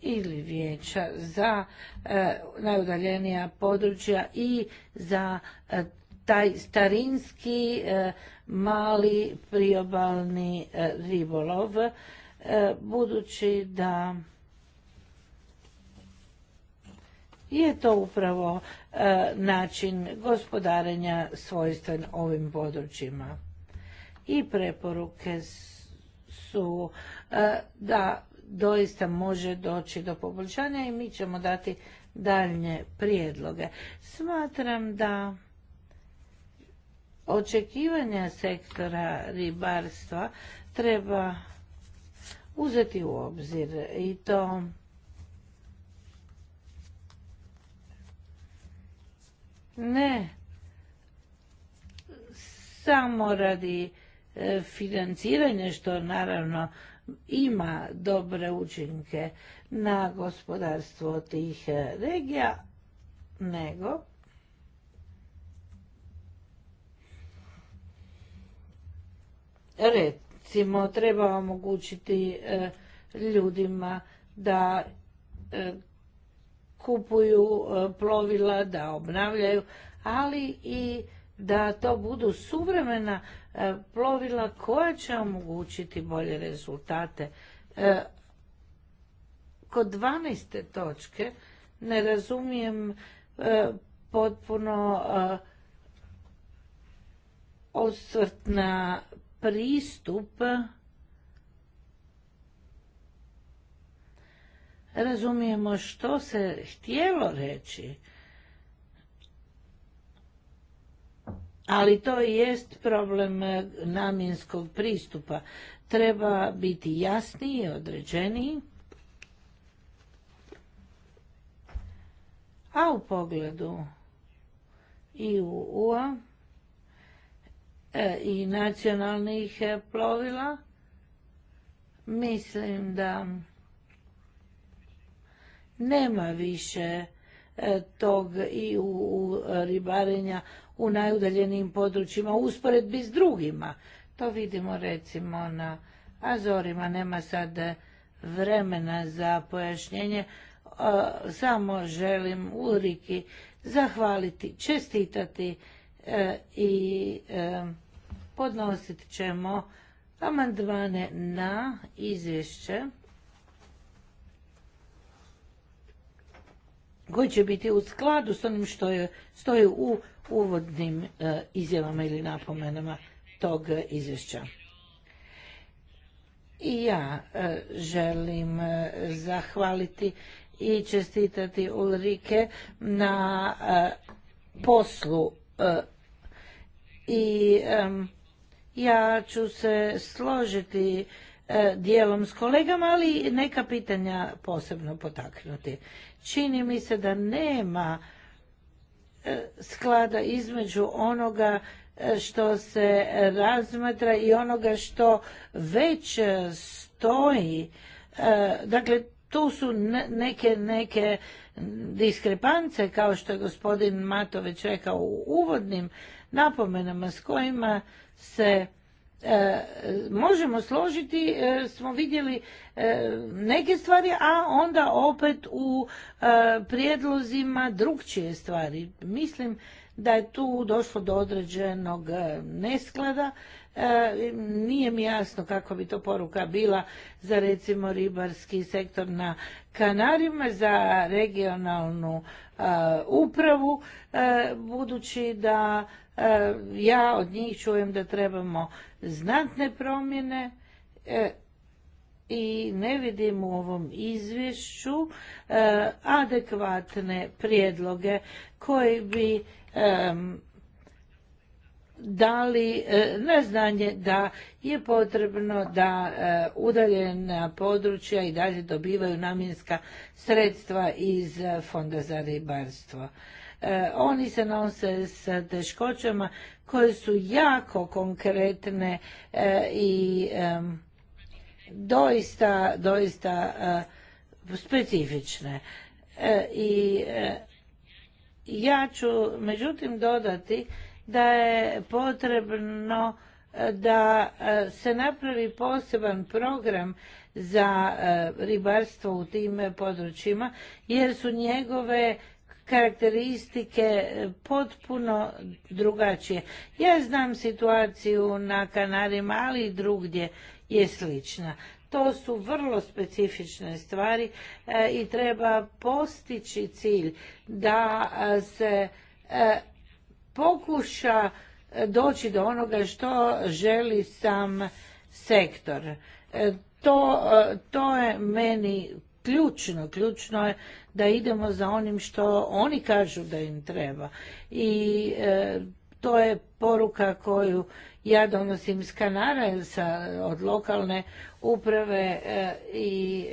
ili vijeća za e, najudaljenija područja i za e, taj starinski e, mali priobalni ribolov budući da je to upravo način gospodarenja svojstven ovim područjima i preporuke su da doista može doći do poboljšanja i mi ćemo dati daljnje prijedloge. Smatram da očekivanja sektora ribarstva treba uzeti u obzir i to ne samo radi e, financiranja što naravno ima dobre učinke na gospodarstvo tih e, regija, nego recimo treba omogućiti e, ljudima da e, kupuju plovila, da obnavljaju, ali i da to budu suvremena e, plovila koja će omogućiti bolje rezultate. E, kod 12. točke ne razumijem e, potpuno osvrt na pristup razumijemo što se htjelo reći ali to jest problem eh, namjenskog pristupa. Treba biti jasniji, određeniji, a u pogledu i u a eh, i nacionalnih eh, plovila, mislim da nema više tog i u ribarenja u najudaljenijim područjima u usporedbi s drugima. To vidimo recimo na Azorima, nema sad vremena za pojašnjenje, e, samo želim uriki zahvaliti, čestitati e, i e, podnosit ćemo amandmane na izvješće koji će biti u skladu s onim što je, stoji u uvodnim e, izjavama ili napomenama tog izvješća. I ja e, želim e, zahvaliti i čestitati Ulrike na poslu i ja ću se složiti dijelom s kolegama, ali neka pitanja posebno potaknuti. Čini mi se da nema E, sklada između onoga e, što se razmatra i onoga što već stoji. E, dakle, tu su neke, neke diskrepance, kao što je gospodin Mato već rekao u uvodnim napomenama, s kojima se E, možemo složiti, e, smo vidjeli e, neke stvari, a onda opet u prijedlozima drugčije stvari. Mislim da je tu došlo do određenog nesklada E, nije mi jasno kako bi to poruka bila za recimo ribarski sektor na Kanarima, za regionalnu e, upravu, e, budući da ja od njih čujem da trebamo znatne promjene i ne vidim u ovom izvješću adekvatne prijedloge koji bi dali e, naznanje da je potrebno da e, udaljena područja i dalje dobivaju namjenska sredstva iz e, Fonda za ribarstvo. Oni se nose s teškoćama koje su jako konkretne i doista, doista specifične. I ja ću međutim dodati da je potrebno eh, da eh, se napravi poseban program za eh, ribarstvo u tim područjima jer su njegove karakteristike potpuno drugačije. Ja znam situaciju na Kanarima, ali i drugdje je slična. To su vrlo specifične stvari i treba postići cilj da se pokuša e, doći do onoga što želi sam sektor. E, to, e, to je meni ključno. Ključno je da idemo za onim što oni kažu da im treba. I to je poruka koju ja donosim s Kanara sa, od lokalne uprave i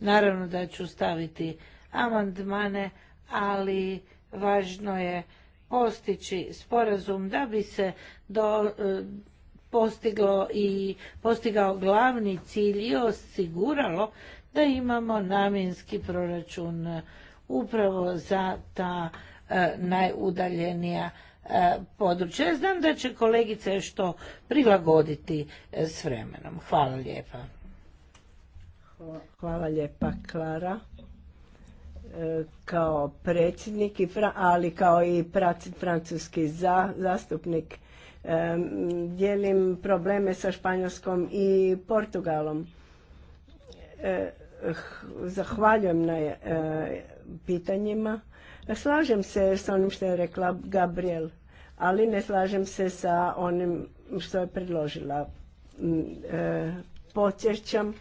naravno da ću staviti amandmane, ali važno je postići sporazum da bi se do, e, postiglo i postigao glavni cilj i osiguralo da imamo namjenski proračun e, upravo za ta e, najudaljenija e, područja. Znam da će kolegice što prilagoditi s vremenom. Hvala lijepa. Hvala, hvala lijepa Klara kao predsjednik, ali kao i francuski zastupnik. Dijelim probleme sa Španjolskom i Portugalom. E, zahvaljujem na e, pitanjima. Slažem se s onim što je rekla Gabriel, ali ne slažem se sa onim što je predložila. E, podsjećam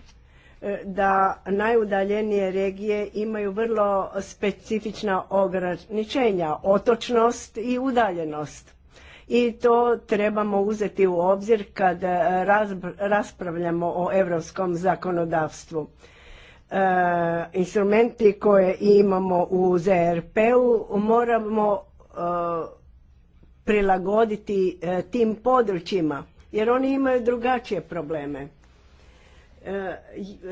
E, da najudaljenije regije imaju vrlo specifična ograničenja, otočnost i udaljenost. I to trebamo uzeti u obzir kad e, raspravljamo o europskom zakonodavstvu. E, instrumenti koje imamo u ZRP-u moramo prilagoditi tim područjima jer oni imaju drugačije probleme Eh,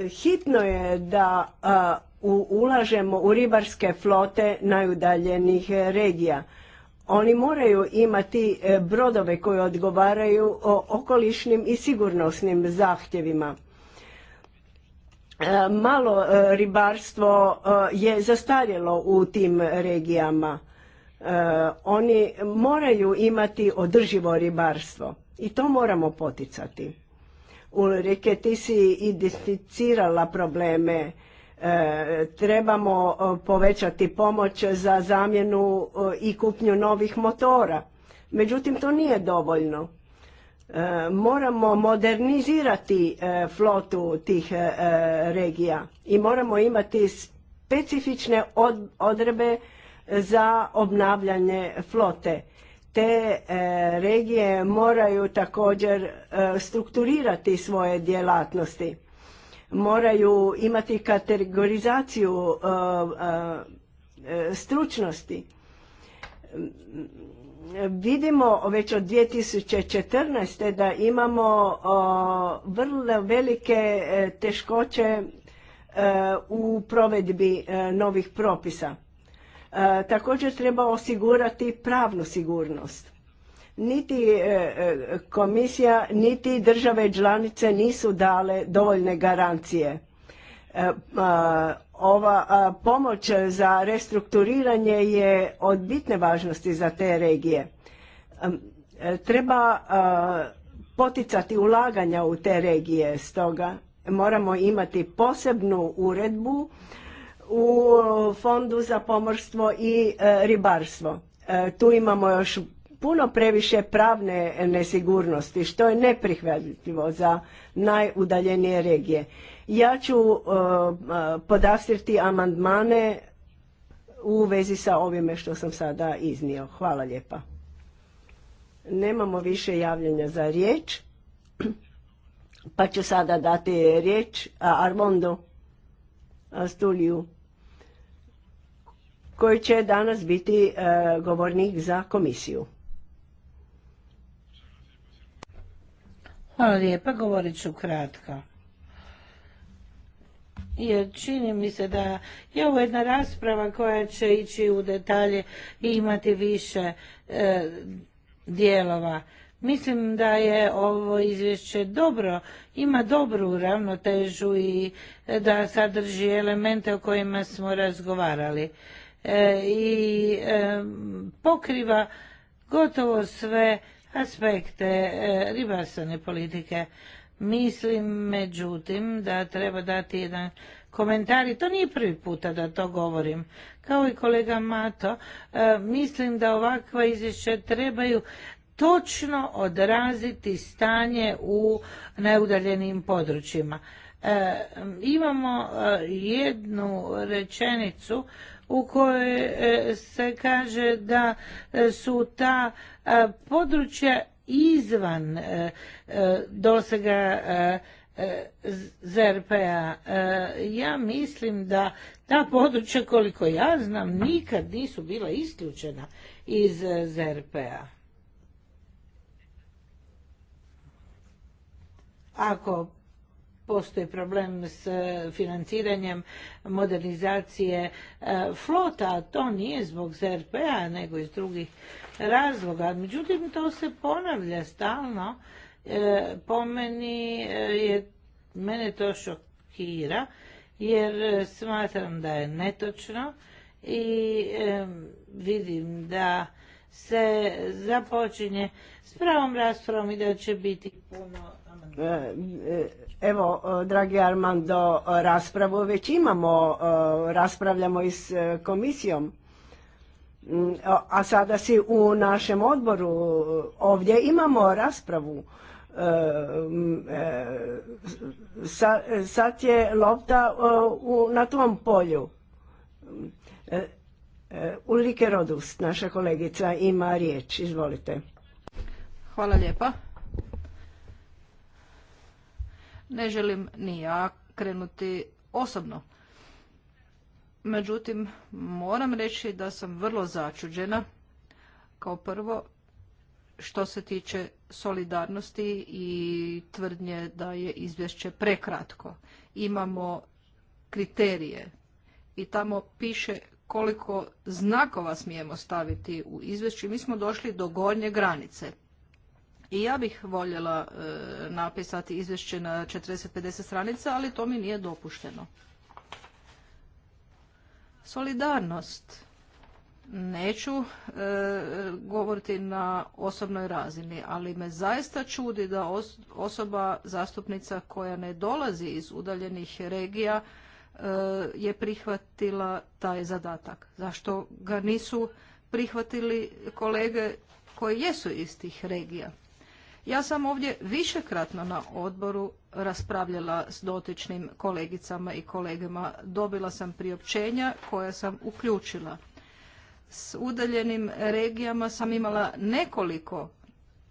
hitno je da eh, ulažemo u ribarske flote najudaljenih regija. Oni moraju imati eh, brodove koji odgovaraju o okolišnim i sigurnosnim zahtjevima. Malo ribarstvo je zastarjelo u tim regijama. Oni moraju imati održivo ribarstvo i to moramo poticati. Ulrike, ti si identificirala probleme. E, trebamo povećati pomoć za zamjenu i kupnju novih motora. Međutim, to nije dovoljno. E, moramo modernizirati e, flotu tih regija i moramo imati specifične odrebe za obnavljanje flote te e, regije moraju također e, strukturirati svoje djelatnosti moraju imati kategorizaciju e, stručnosti vidimo već od 2014. da imamo vrlo velike teškoće u provedbi novih propisa E, također treba osigurati pravnu sigurnost. Niti e, e, komisija, niti države članice nisu dale dovoljne garancije. Ova pomoć za restrukturiranje je od bitne važnosti za te regije. Treba poticati ulaganja u te regije, stoga moramo imati posebnu uredbu u Fondu za pomorstvo i e, ribarstvo. E, tu imamo još puno previše pravne nesigurnosti, što je neprihvatljivo za najudaljenije regije. Ja ću e, podastriti amandmane u vezi sa ovime što sam sada iznio. Hvala lijepa. Nemamo više javljanja za riječ, pa ću sada dati riječ Armondu Stuliju koji će danas biti e, govornik za komisiju. Hvala lijepa, govorit ću kratko. Jer čini mi se da je ovo jedna rasprava koja će ići u detalje i imati više e, dijelova. Mislim da je ovo izvješće dobro, ima dobru ravnotežu i e, da sadrži elemente o kojima smo razgovarali. E, i e, pokriva gotovo sve aspekte e, ribarstvene politike. Mislim, međutim, da treba dati jedan komentar i to nije prvi puta da to govorim. Kao i kolega Mato, mislim da ovakva izvješća trebaju točno odraziti stanje u neudaljenim područjima. Imamo jednu rečenicu u kojoj e, se kaže da e, su ta e, područja izvan dosega ZRP-a. Ja mislim da ta područja, koliko ja znam, nikad nisu bila isključena iz ZRP-a. Ako postoji problem s e, financiranjem modernizacije e, flota, a to nije zbog ZRP-a nego iz drugih razloga. Međutim, to se ponavlja stalno. E, po meni je, mene to šokira jer smatram da je netočno i vidim da se započinje s pravom raspravom i da će biti puno Eh, eh, evo, eh, dragi Armando, raspravu već imamo, raspravljamo i s komisijom, mm, a sada si u našem odboru ovdje imamo raspravu. Mm, sad je lopta na tom polju. Ulike Rodust, naša kolegica, ima riječ. Izvolite. Hvala lijepa ne želim ni ja krenuti osobno. Međutim, moram reći da sam vrlo začuđena kao prvo što se tiče solidarnosti i tvrdnje da je izvješće prekratko. Imamo kriterije i tamo piše koliko znakova smijemo staviti u izvješću. Mi smo došli do gornje granice. I ja bih voljela e, napisati izvješće na 40-50 stranica, ali to mi nije dopušteno. Solidarnost. Neću e, govoriti na osobnoj razini, ali me zaista čudi da osoba zastupnica koja ne dolazi iz udaljenih regija e, je prihvatila taj zadatak. Zašto ga nisu prihvatili kolege koji jesu iz tih regija? Ja sam ovdje višekratno na odboru raspravljala s dotičnim kolegicama i kolegama. Dobila sam priopćenja koja sam uključila. S udaljenim regijama sam imala nekoliko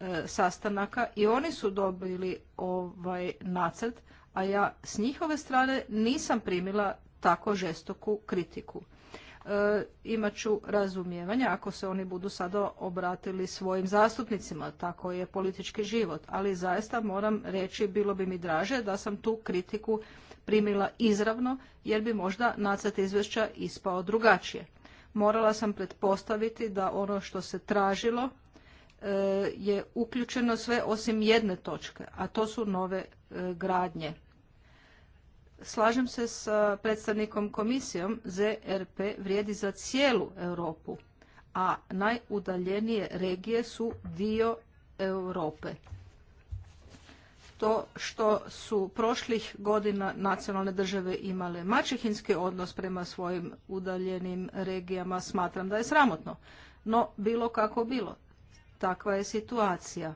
e, sastanaka i oni su dobili ovaj nacrt, a ja s njihove strane nisam primila tako žestoku kritiku. E, imat ću razumijevanja ako se oni budu sada obratili svojim zastupnicima. Tako je politički život. Ali zaista moram reći, bilo bi mi draže da sam tu kritiku primila izravno, jer bi možda nacrt izvješća ispao drugačije. Morala sam pretpostaviti da ono što se tražilo e, je uključeno sve osim jedne točke, a to su nove e, gradnje Slažem se s eh, predstavnikom komisijom, ZRP vrijedi za cijelu Europu, a najudaljenije regije su dio Europe. To što su prošlih godina nacionalne države imale mačehinski odnos prema svojim udaljenim regijama smatram da je sramotno. No, bilo kako bilo, takva je situacija.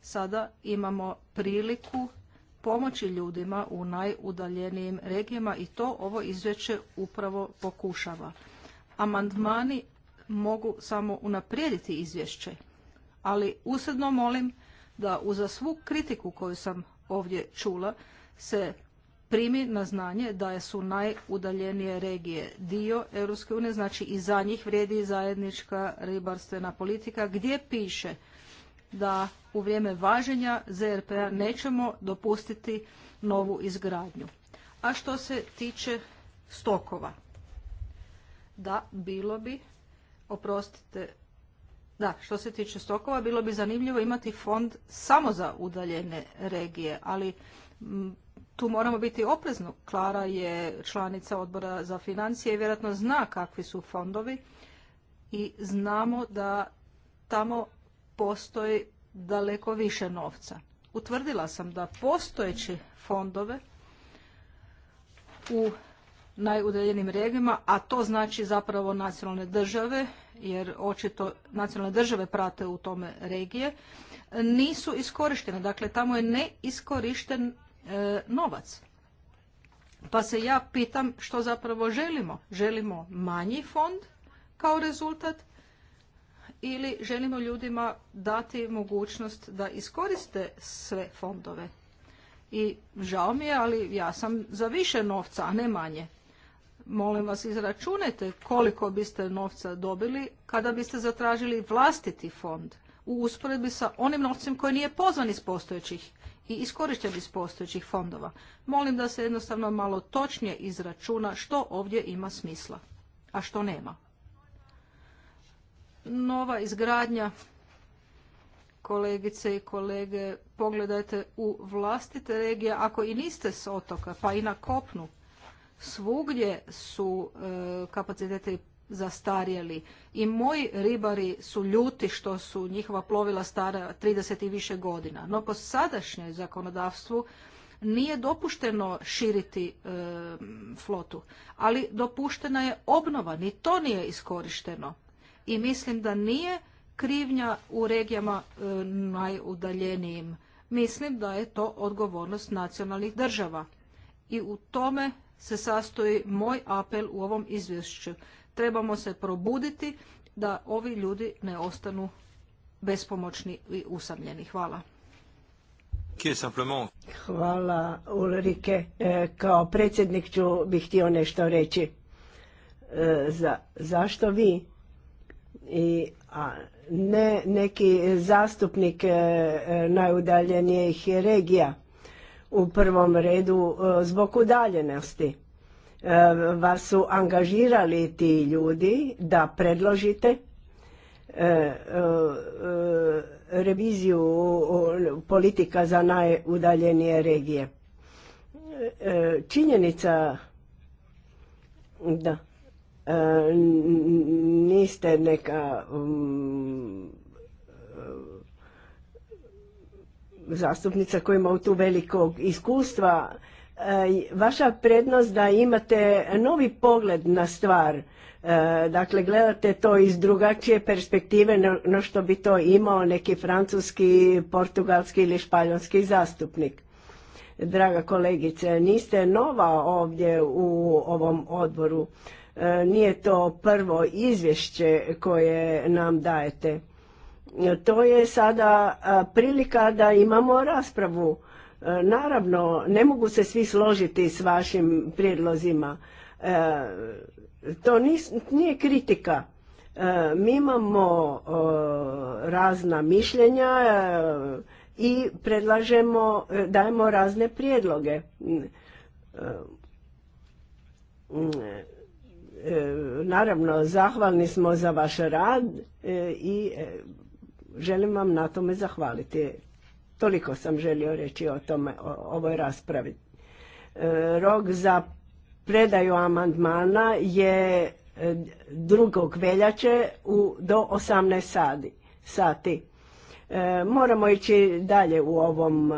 Sada imamo priliku pomoći ljudima u najudaljenijim regijama i to ovo izvješće upravo pokušava. Amandmani mogu samo unaprijediti izvješće, ali usredno molim da uza svu kritiku koju sam ovdje čula se primi na znanje da su najudaljenije regije dio Europske unije, znači i za njih vrijedi zajednička ribarstvena politika gdje piše da u vrijeme važenja ZRP-a nećemo dopustiti novu izgradnju. A što se tiče stokova, da, bilo bi, oprostite, da, što se tiče stokova, bilo bi zanimljivo imati fond samo za udaljene regije, ali tu moramo biti oprezno. Klara je članica odbora za financije i vjerojatno zna kakvi su fondovi i znamo da tamo postoji daleko više novca. Utvrdila sam da postojeći fondove u najudeljenim regijama, a to znači zapravo nacionalne države, jer očito nacionalne države prate u tome regije, nisu iskorištene. Dakle, tamo je neiskorišten e, novac. Pa se ja pitam što zapravo želimo. Želimo manji fond kao rezultat ili želimo ljudima dati mogućnost da iskoriste sve fondove. I žao mi je, ali ja sam za više novca, a ne manje. Molim vas, izračunajte koliko biste novca dobili kada biste zatražili vlastiti fond u usporedbi sa onim novcem koji nije pozvan iz postojećih i iskorišten iz postojećih fondova. Molim da se jednostavno malo točnije izračuna što ovdje ima smisla, a što nema nova izgradnja kolegice i kolege, pogledajte u vlastite regije, ako i niste s otoka, pa i na kopnu, svugdje su e, kapaciteti zastarjeli. I moji ribari su ljuti što su njihova plovila stara 30 i više godina. No po sadašnjoj zakonodavstvu nije dopušteno širiti e, flotu, ali dopuštena je obnova, ni to nije iskorišteno i mislim da nije krivnja u regijama e, najudaljenijim. Mislim da je to odgovornost nacionalnih država. I u tome se sastoji moj apel u ovom izvješću. Trebamo se probuditi da ovi ljudi ne ostanu bespomoćni i usamljeni. Hvala. Hvala Ulrike. E, kao predsjednik ću bih htio nešto reći. E, za, zašto vi i a ne neki zastupnik e, najudaljenijih regija u prvom redu e, zbog udaljenosti. E, vas su angažirali ti ljudi da predložite reviziju politika za najudaljenije regije. Činjenica da E, niste neka mm, e, zastupnica koja ima tu velikog iskustva. E, vaša prednost da imate novi pogled na stvar, dakle gledate to iz drugačije perspektive no što bi to imao neki francuski, portugalski ili španjolski zastupnik. Draga kolegice, niste nova ovdje u ovom odboru. Nije to prvo izvješće koje nam dajete. To je sada prilika da imamo raspravu. Naravno, ne mogu se svi složiti s vašim prijedlozima. To nije kritika. Mi imamo razna mišljenja i predlažemo, dajemo razne prijedloge. E, naravno zahvalni smo za vaš rad e, i e, želim vam na tome zahvaliti. Toliko sam želio reći o tome, o ovoj raspravi. Rok za predaju amandmana je 2. veljače u, do 18 sati. moramo ići dalje u ovom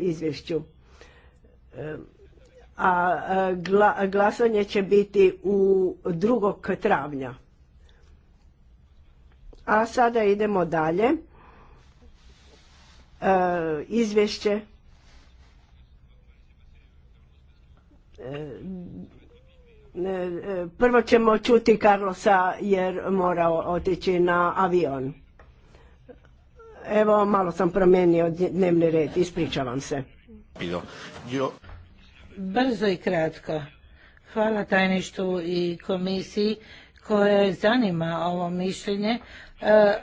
izvješću. E, a glasanje će biti u 2. travnja. A sada idemo dalje. E, izvješće e, e, prvo ćemo čuti Carlosa jer mora otići na avion. Evo, malo sam promijenio dnevni red, ispričavam se brzo i kratko. Hvala tajništu i komisiji koje zanima ovo mišljenje, e,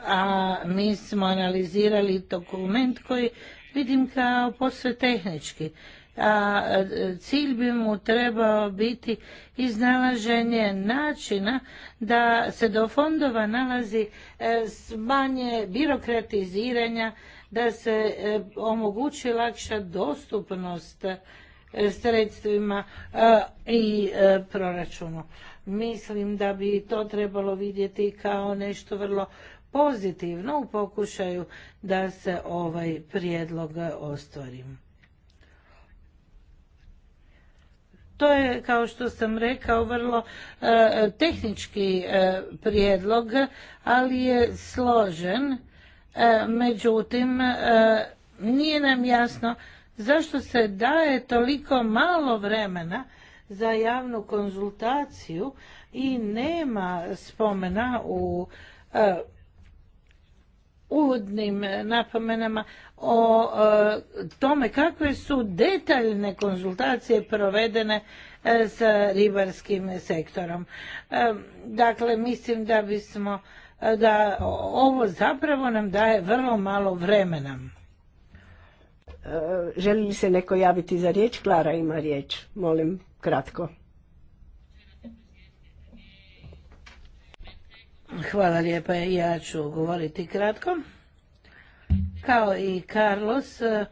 a mi smo analizirali dokument koji vidim kao posve tehnički. A e, cilj bi mu trebao biti iznalaženje načina da se do fondova nalazi e, manje birokratiziranja, da se omogući lakša dostupnost E, sredstvima e, i e, proračunu. Mislim da bi to trebalo vidjeti kao nešto vrlo pozitivno u pokušaju da se ovaj prijedlog ostvari. To je, kao što sam rekao, vrlo tehnički prijedlog, ali je složen. međutim, nije nam jasno zašto se daje toliko malo vremena za javnu konzultaciju i nema spomena u e, uvodnim napomenama o e, tome kakve su detaljne konzultacije provedene e, sa ribarskim sektorom. Dakle, mislim da bismo da ovo zapravo nam daje vrlo malo vremena. E, želi li se neko javiti za riječ? Klara ima riječ. Molim, kratko. Hvala lijepa. Ja ću govoriti kratko. Kao i Carlos, e,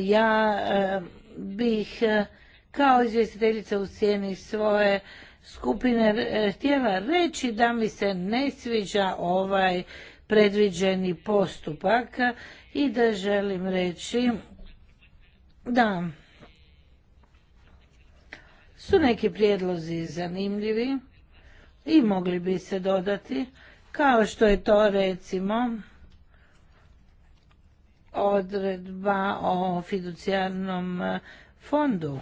ja e, bih kao izvjestiteljica u sjeni svoje skupine htjela reći da mi se ne sviđa ovaj predviđeni postupak i da želim reći da su neki prijedlozi zanimljivi i mogli bi se dodati, kao što je to recimo odredba o fiducijarnom e, fondu.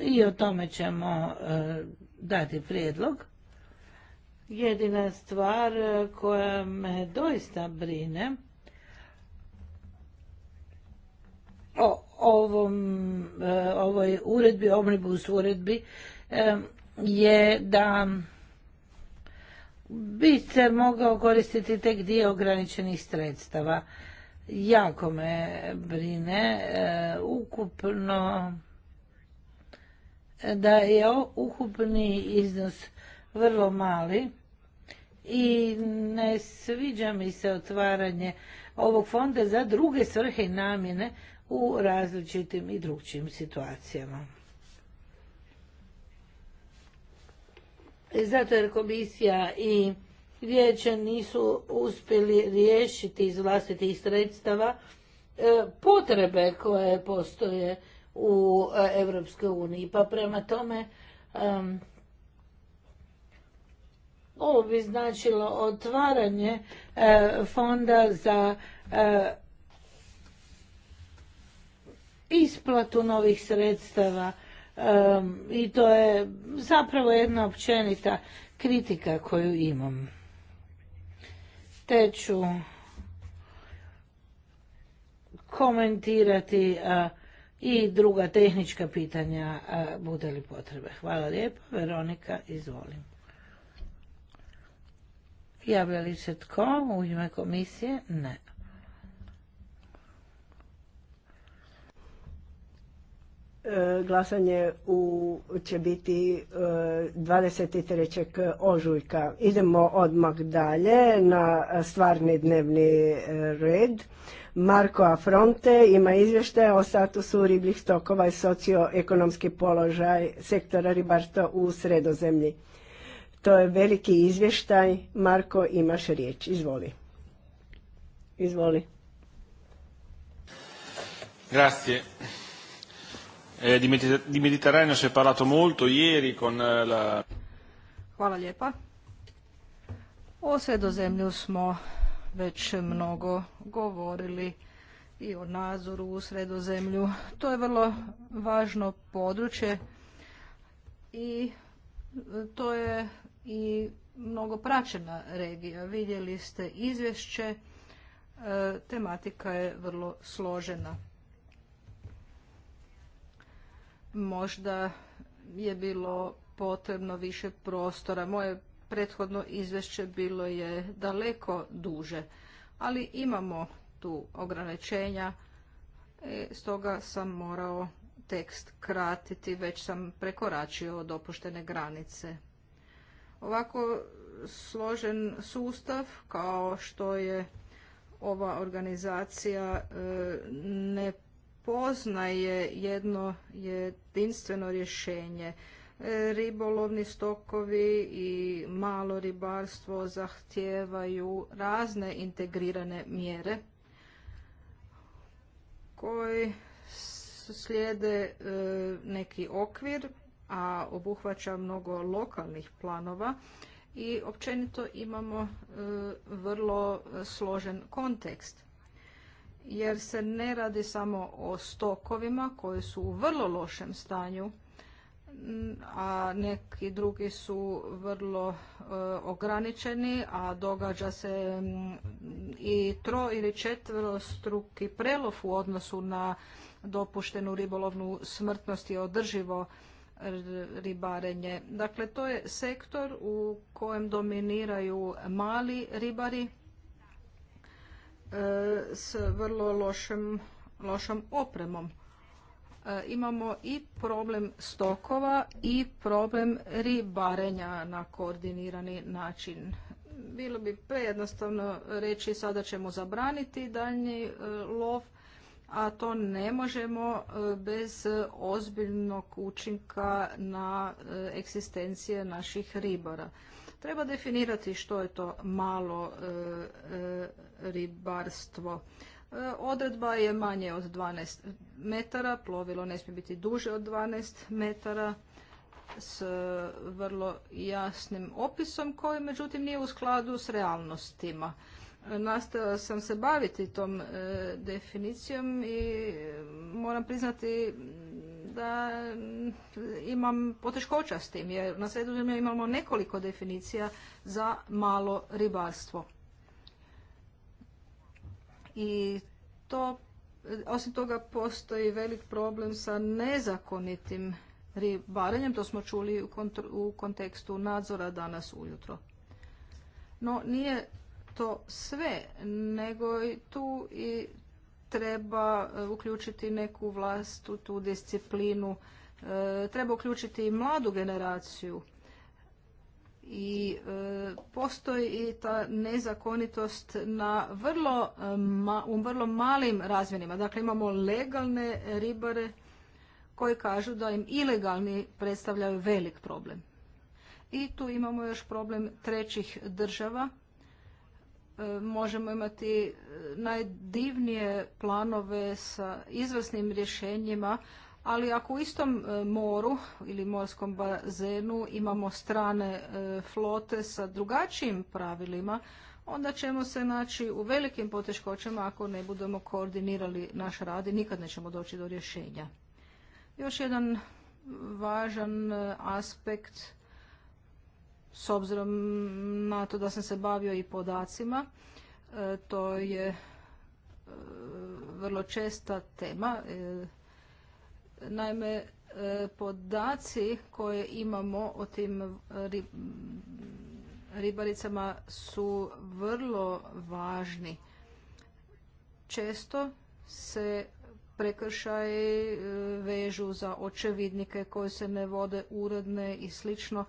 I o tome ćemo e, dati prijedlog. Jedina stvar e, koja me doista brine o ovom, e, ovoj uredbi, omnibus uredbi, e, je da bi se mogao koristiti tek dio ograničenih sredstava. Jako me brine e, ukupno da je ukupni iznos vrlo mali i ne sviđa mi se otvaranje ovog fonda za druge svrhe i namjene u različitim i drugčijim situacijama. Zato jer komisija i vijeće nisu uspjeli riješiti iz vlastitih sredstava e, potrebe koje postoje u Europskoj uniji. Pa prema tome ovo bi značilo otvaranje e, fonda za e, isplatu novih sredstava i to je zapravo jedna općenita kritika koju imam. Te ću komentirati i druga tehnička pitanja bude li potrebe. Hvala lijepo. Veronika, izvolim. Javlja li se tko u ime komisije? Ne. E, glasanje u, će biti 23. E, ožujka. Idemo odmah dalje na stvarni dnevni e, red. Marko Afronte ima izvještaje o statusu ribljih stokova i socioekonomski položaj sektora ribarstva u sredozemlji. To je veliki izvještaj. Marko, imaš riječ. Izvoli. Izvoli. Grazie. Eh, di, molto eh, Hvala lijepa. O sredozemlju smo već mnogo govorili i o nazoru u sredozemlju. To je vrlo važno područje i to je i mnogo praćena regija. Vidjeli ste izvješće, eh, tematika je vrlo složena možda je bilo potrebno više prostora. Moje prethodno izvješće bilo je daleko duže, ali imamo tu ograničenja, e, stoga sam morao tekst kratiti, već sam prekoračio dopuštene granice. Ovako složen sustav kao što je ova organizacija e, ne poznaje jedno jedinstveno rješenje. E, ribolovni stokovi i malo ribarstvo zahtijevaju razne integrirane mjere koji slijede e, neki okvir, a obuhvaća mnogo lokalnih planova i općenito imamo e, vrlo složen kontekst jer se ne radi samo o stokovima koji su u vrlo lošem stanju, a neki drugi su vrlo e, ograničeni, a događa se i tro ili četvrostruki prelov u odnosu na dopuštenu ribolovnu smrtnost i održivo ribarenje. Dakle, to je sektor u kojem dominiraju mali ribari E, s vrlo lošem, lošom opremom. E, imamo i problem stokova i problem ribarenja na koordinirani način. Bilo bi prejednostavno reći sada ćemo zabraniti daljnji e, lov, a to ne možemo bez ozbiljnog učinka na egzistencije naših ribara. Treba definirati što je to malo e, e, ribarstvo. E, odredba je manje od 12 metara, plovilo ne smije biti duže od 12 metara s vrlo jasnim opisom koji međutim nije u skladu s realnostima nastojao sam se baviti tom e, definicijom i e, moram priznati da imam poteškoća s tim jer na sredozemlju imamo nekoliko definicija za malo ribarstvo. I to, osim toga postoji velik problem sa nezakonitim ribarenjem, to smo čuli u kontekstu nadzora danas ujutro. No nije to sve, nego i tu i treba e, uključiti neku vlast u tu disciplinu, e, treba uključiti i mladu generaciju. I e, postoji i ta nezakonitost na vrlo, u vrlo malim razmjenima. Dakle, imamo legalne ribare koji kažu da im ilegalni predstavljaju velik problem. I tu imamo još problem trećih država možemo imati e, najdivnije planove sa izvrsnim rješenjima, ali ako u istom e, moru ili morskom bazenu imamo strane e, flote sa drugačijim pravilima, onda ćemo se naći u velikim poteškoćama ako ne budemo koordinirali naš rad i nikad nećemo doći do rješenja. Još jedan važan aspekt s obzirom na to da sam se bavio i podacima, e, to je e, vrlo česta tema. E, naime, podaci koje imamo o tim ribaricama su vrlo važni. Često se prekršaj vežu za očevidnike koje se ne vode uredne i slično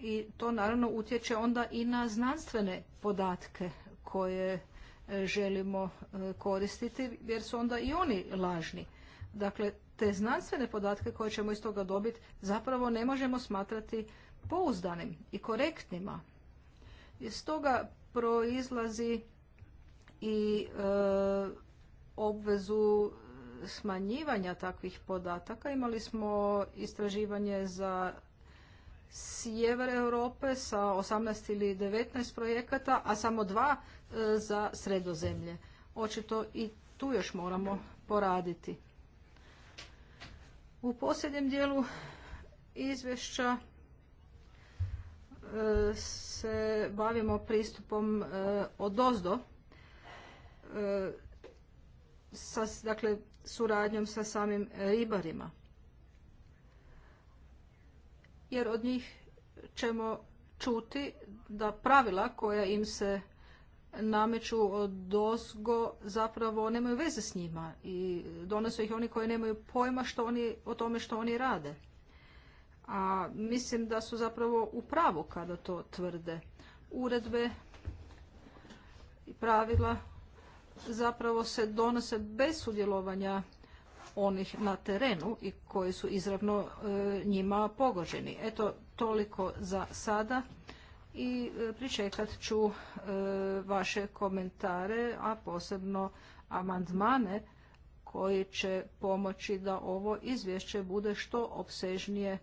i to naravno utječe onda i na znanstvene podatke koje e, želimo e, koristiti jer su onda i oni lažni. Dakle, te znanstvene podatke koje ćemo iz toga dobiti zapravo ne možemo smatrati pouzdanim i korektnima. Iz toga proizlazi i e, obvezu smanjivanja takvih podataka. Imali smo istraživanje za sjever Europe sa 18 ili 19 projekata, a samo dva e, za sredozemlje. Očito i tu još moramo poraditi. U posljednjem dijelu izvješća e, se bavimo pristupom e, odozdo sa dakle, suradnjom sa samim ribarima jer od njih ćemo čuti da pravila koja im se nameću od dosgo zapravo nemaju veze s njima i donose ih oni koji nemaju pojma što oni, o tome što oni rade. A mislim da su zapravo u pravu kada to tvrde. Uredbe i pravila zapravo se donose bez sudjelovanja onih na terenu i koji su izravno e, njima pogođeni. Eto, toliko za sada i e, pričekat ću e, vaše komentare, a posebno amandmane koji će pomoći da ovo izvješće bude što opsežnije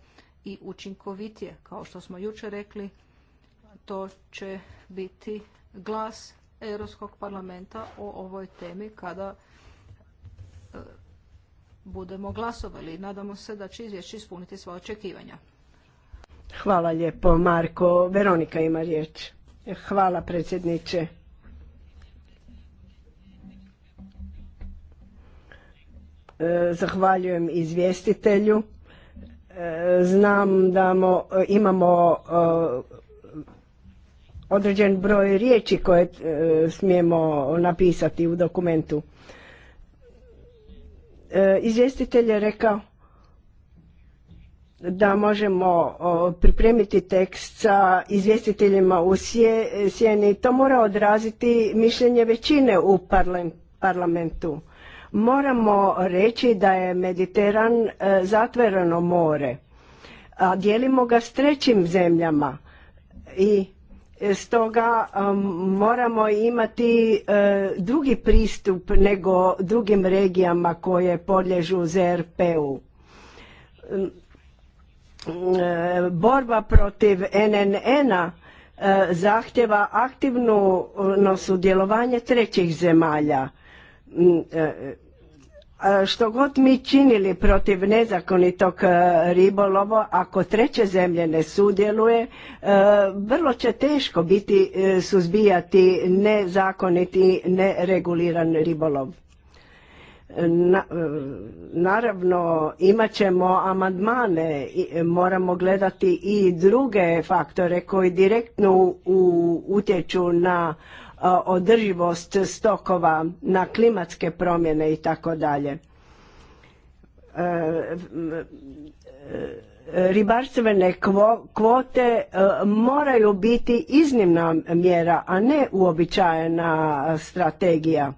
i učinkovitije. Kao što smo jučer rekli, to će biti glas Europskog parlamenta o ovoj temi kada budemo glasovali. Nadamo se da će izvješće ispuniti svoje očekivanja. Hvala lijepo Marko. Veronika ima riječ. Hvala predsjedniče. E, zahvaljujem izvjestitelju. E, znam da e, imamo određen broj riječi koje smijemo napisati u dokumentu. E, izvjestitelj je rekao da možemo pripremiti tekst sa izvjestiteljima u sjeni. To mora odraziti mišljenje većine u parlamentu. Moramo reći da je Mediteran e, zatvoreno more, a dijelimo ga s trećim zemljama i Stoga um, moramo imati e, drugi pristup nego drugim regijama koje podlježu ZRP-u. Mm, e, borba protiv NNN-a e, zahtjeva aktivno sudjelovanje trećih zemalja mm, što god mi činili protiv nezakonitog e, ribolova, ako treće zemlje ne sudjeluje, e, vrlo će teško biti e, suzbijati nezakoniti, nereguliran ribolov. naravno imat ćemo amandmane, moramo gledati i druge faktore koji direktno u, utječu na održivost stokova, na klimatske promjene i tako dalje. E, e, ribarstvene kvote e, moraju biti iznimna mjera, a ne uobičajena strategija.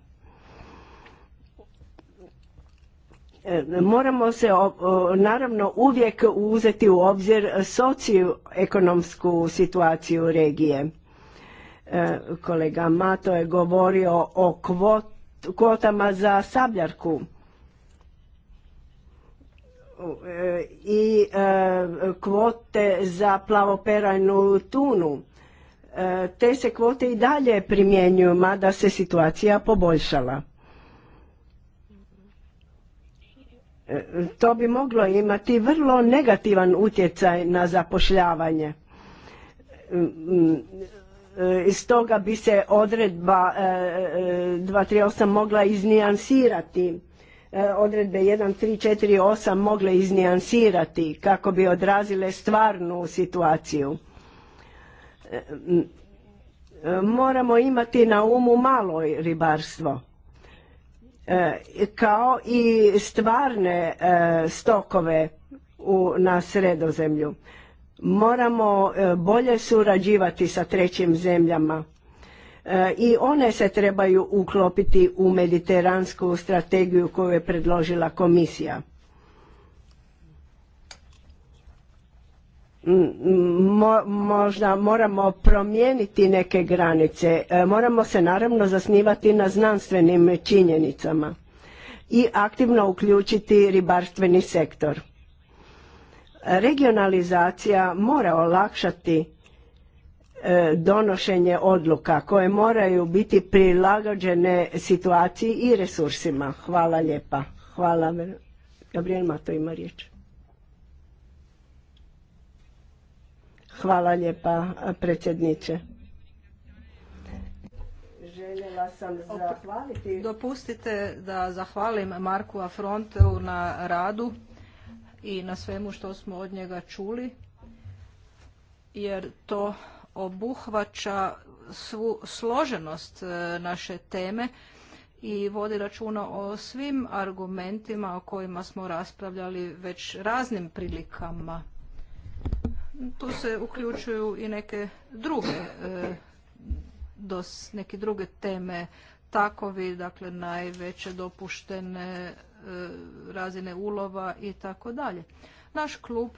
Moramo se naravno uvijek uzeti u obzir socioekonomsku situaciju regije E, kolega Mato je govorio o kvotama za sabljarku e, i e, kvote za plavoperajnu tunu. Te se kvote i dalje primjenjuju, mada se situacija poboljšala. To bi moglo imati vrlo negativan utjecaj na zapošljavanje mm, mm, E, iz toga bi se odredba 238 e, e, mogla iznijansirati odredbe 1.3.4.8. mogle iznijansirati kako bi odrazile stvarnu situaciju. Moramo imati na umu malo ribarstvo kao i stvarne stokove u, na sredozemlju. Moramo e, bolje surađivati sa trećim zemljama e, i one se trebaju uklopiti u mediteransku strategiju koju je predložila komisija. možda moramo promijeniti neke granice. E, moramo se naravno zasnivati na znanstvenim činjenicama i aktivno uključiti ribarstveni sektor. Regionalizacija mora olakšati e, donošenje odluka koje moraju biti prilagođene situaciji i resursima. Hvala lijepa. Hvala. Gabriel Mato ima riječ. Hvala lijepa predsjedniče. Željela sam zahvaliti. Dopustite da zahvalim Marku Afrontu na radu i na svemu što smo od njega čuli jer to obuhvaća svu složenost e, naše teme i vodi računa o svim argumentima o kojima smo raspravljali već raznim prilikama. Tu se uključuju i neke druge e, dos, druge teme takovi, dakle najveće dopuštene E, razine ulova i tako dalje. Naš klub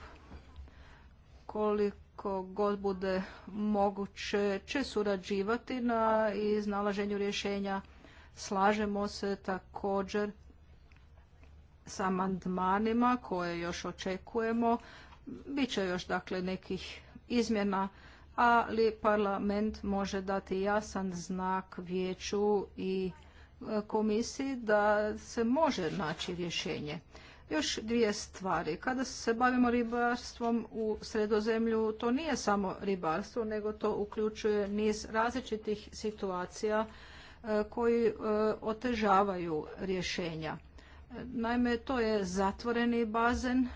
koliko god bude moguće će surađivati na iznalaženju rješenja. Slažemo se također sa amandmanima koje još očekujemo. Biće još dakle nekih izmjena, ali parlament može dati jasan znak vijeću i komisiji da se može naći rješenje. Još dvije stvari. Kada se bavimo ribarstvom u sredozemlju, to nije samo ribarstvo, nego to uključuje niz različitih situacija e, koji e, otežavaju rješenja. Naime, to je zatvoreni bazen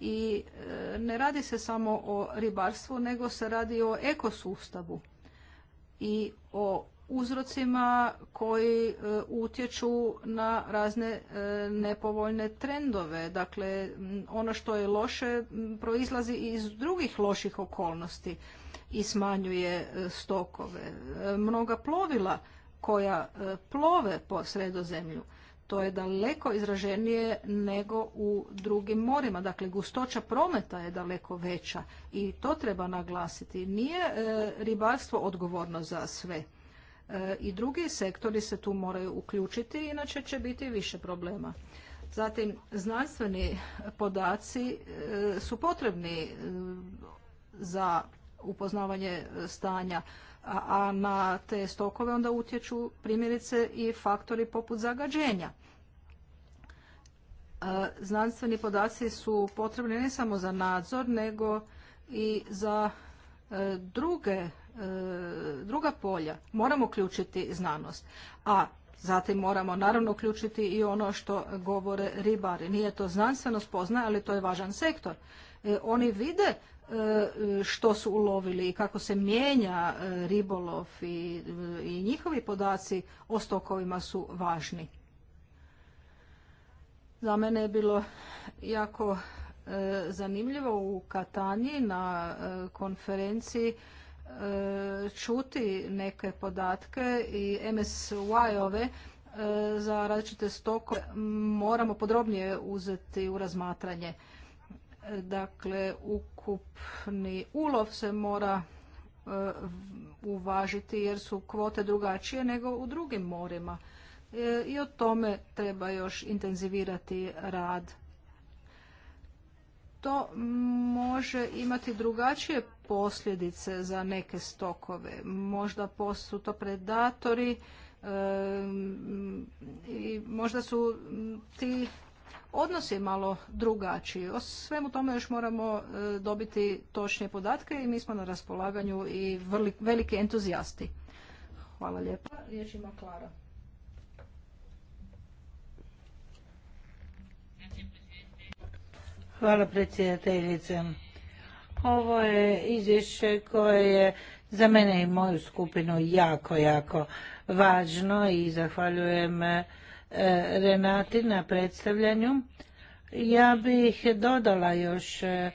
i e, ne radi se samo o ribarstvu, nego se radi o ekosustavu i o uzrocima koji e, utječu na razne e, nepovoljne trendove. Dakle, ono što je loše proizlazi iz drugih loših okolnosti i smanjuje e, stokove. Mnoga plovila koja plove po sredozemlju, to je daleko izraženije nego u drugim morima. Dakle, gustoća prometa je daleko veća i to treba naglasiti. Nije ribarstvo odgovorno za sve E, i drugi sektori se tu moraju uključiti, inače će biti više problema. Zatim, znanstveni podaci e, su potrebni e, za upoznavanje stanja, a na te stokove onda utječu primjerice i faktori poput zagađenja. Znanstveni podaci su potrebni ne samo za nadzor, nego i za druge druga polja. Moramo uključiti znanost. A zatim moramo naravno uključiti i ono što govore ribari. Nije to znanstveno spoznaje, ali to je važan sektor. E, oni vide e, što su ulovili i kako se mijenja e, ribolov i, i njihovi podaci o stokovima su važni. Za mene je bilo jako zanimljivo u Katanji na konferenciji čuti neke podatke i MSY-ove e, za različite stokove moramo podrobnije uzeti u razmatranje. E, dakle, ukupni ulov se mora e, uvažiti jer su kvote drugačije nego u drugim morima. I o tome treba još intenzivirati rad. To može imati drugačije posljedice za neke stokove. Možda su to predatori i možda su ti odnosi malo drugačiji. O svemu tome još moramo e, dobiti točnije podatke i mi smo na raspolaganju i veliki entuzijasti. Hvala lijepa. Riječ ima Klara. Hvala predsjedateljice. Ovo je izvješće koje je za mene i moju skupinu jako, jako važno i zahvaljujem e, Renati na predstavljanju. Ja bih dodala još e,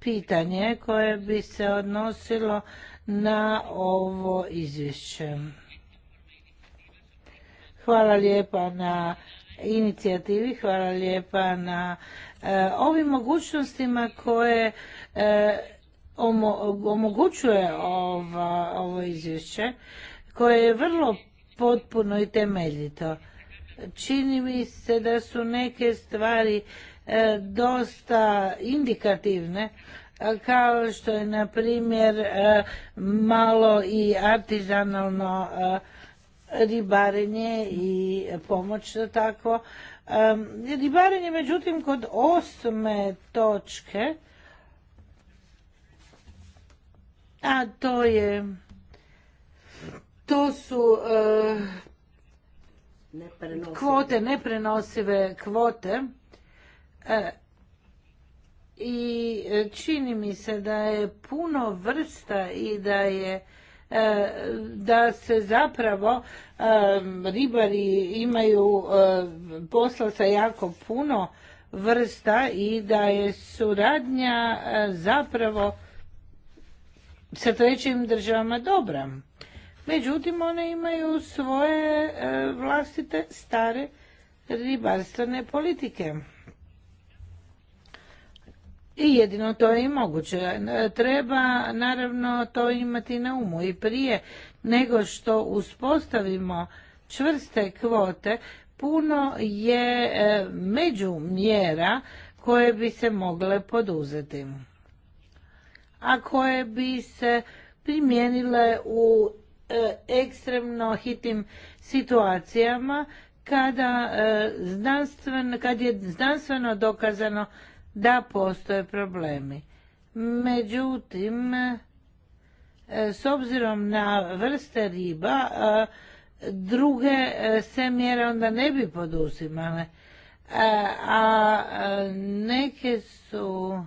pitanje koje bi se odnosilo na ovo izvješće. Hvala lijepa na inicijativi. Hvala lijepa na e, ovim mogućnostima koje e, omogućuje ovo, ovo izvješće koje je vrlo potpuno i temeljito. Čini mi se da su neke stvari e, dosta indikativne, kao što je na primjer malo i artizanalno ribarenje i pomoć za takvo. Ribarenje, međutim, kod osme točke, a to je to su eh, kvote, neprenosive kvote e, i e, čini mi se da je puno vrsta i da je E, da se zapravo ribari imaju posla sa jako puno vrsta i da je suradnja e, zapravo sa trećim državama dobra. Međutim, one imaju svoje e, vlastite stare ribarstvene politike. I jedino to je i moguće. E, treba naravno to imati na umu i prije nego što uspostavimo čvrste kvote, puno je e, među mjera koje bi se mogle poduzeti. A koje bi se primijenile u e, ekstremno hitim situacijama kada je znanstveno dokazano da postoje problemi. Međutim, e, s obzirom na vrste riba, e, druge e, se mjere onda ne bi poduzimale. A neke su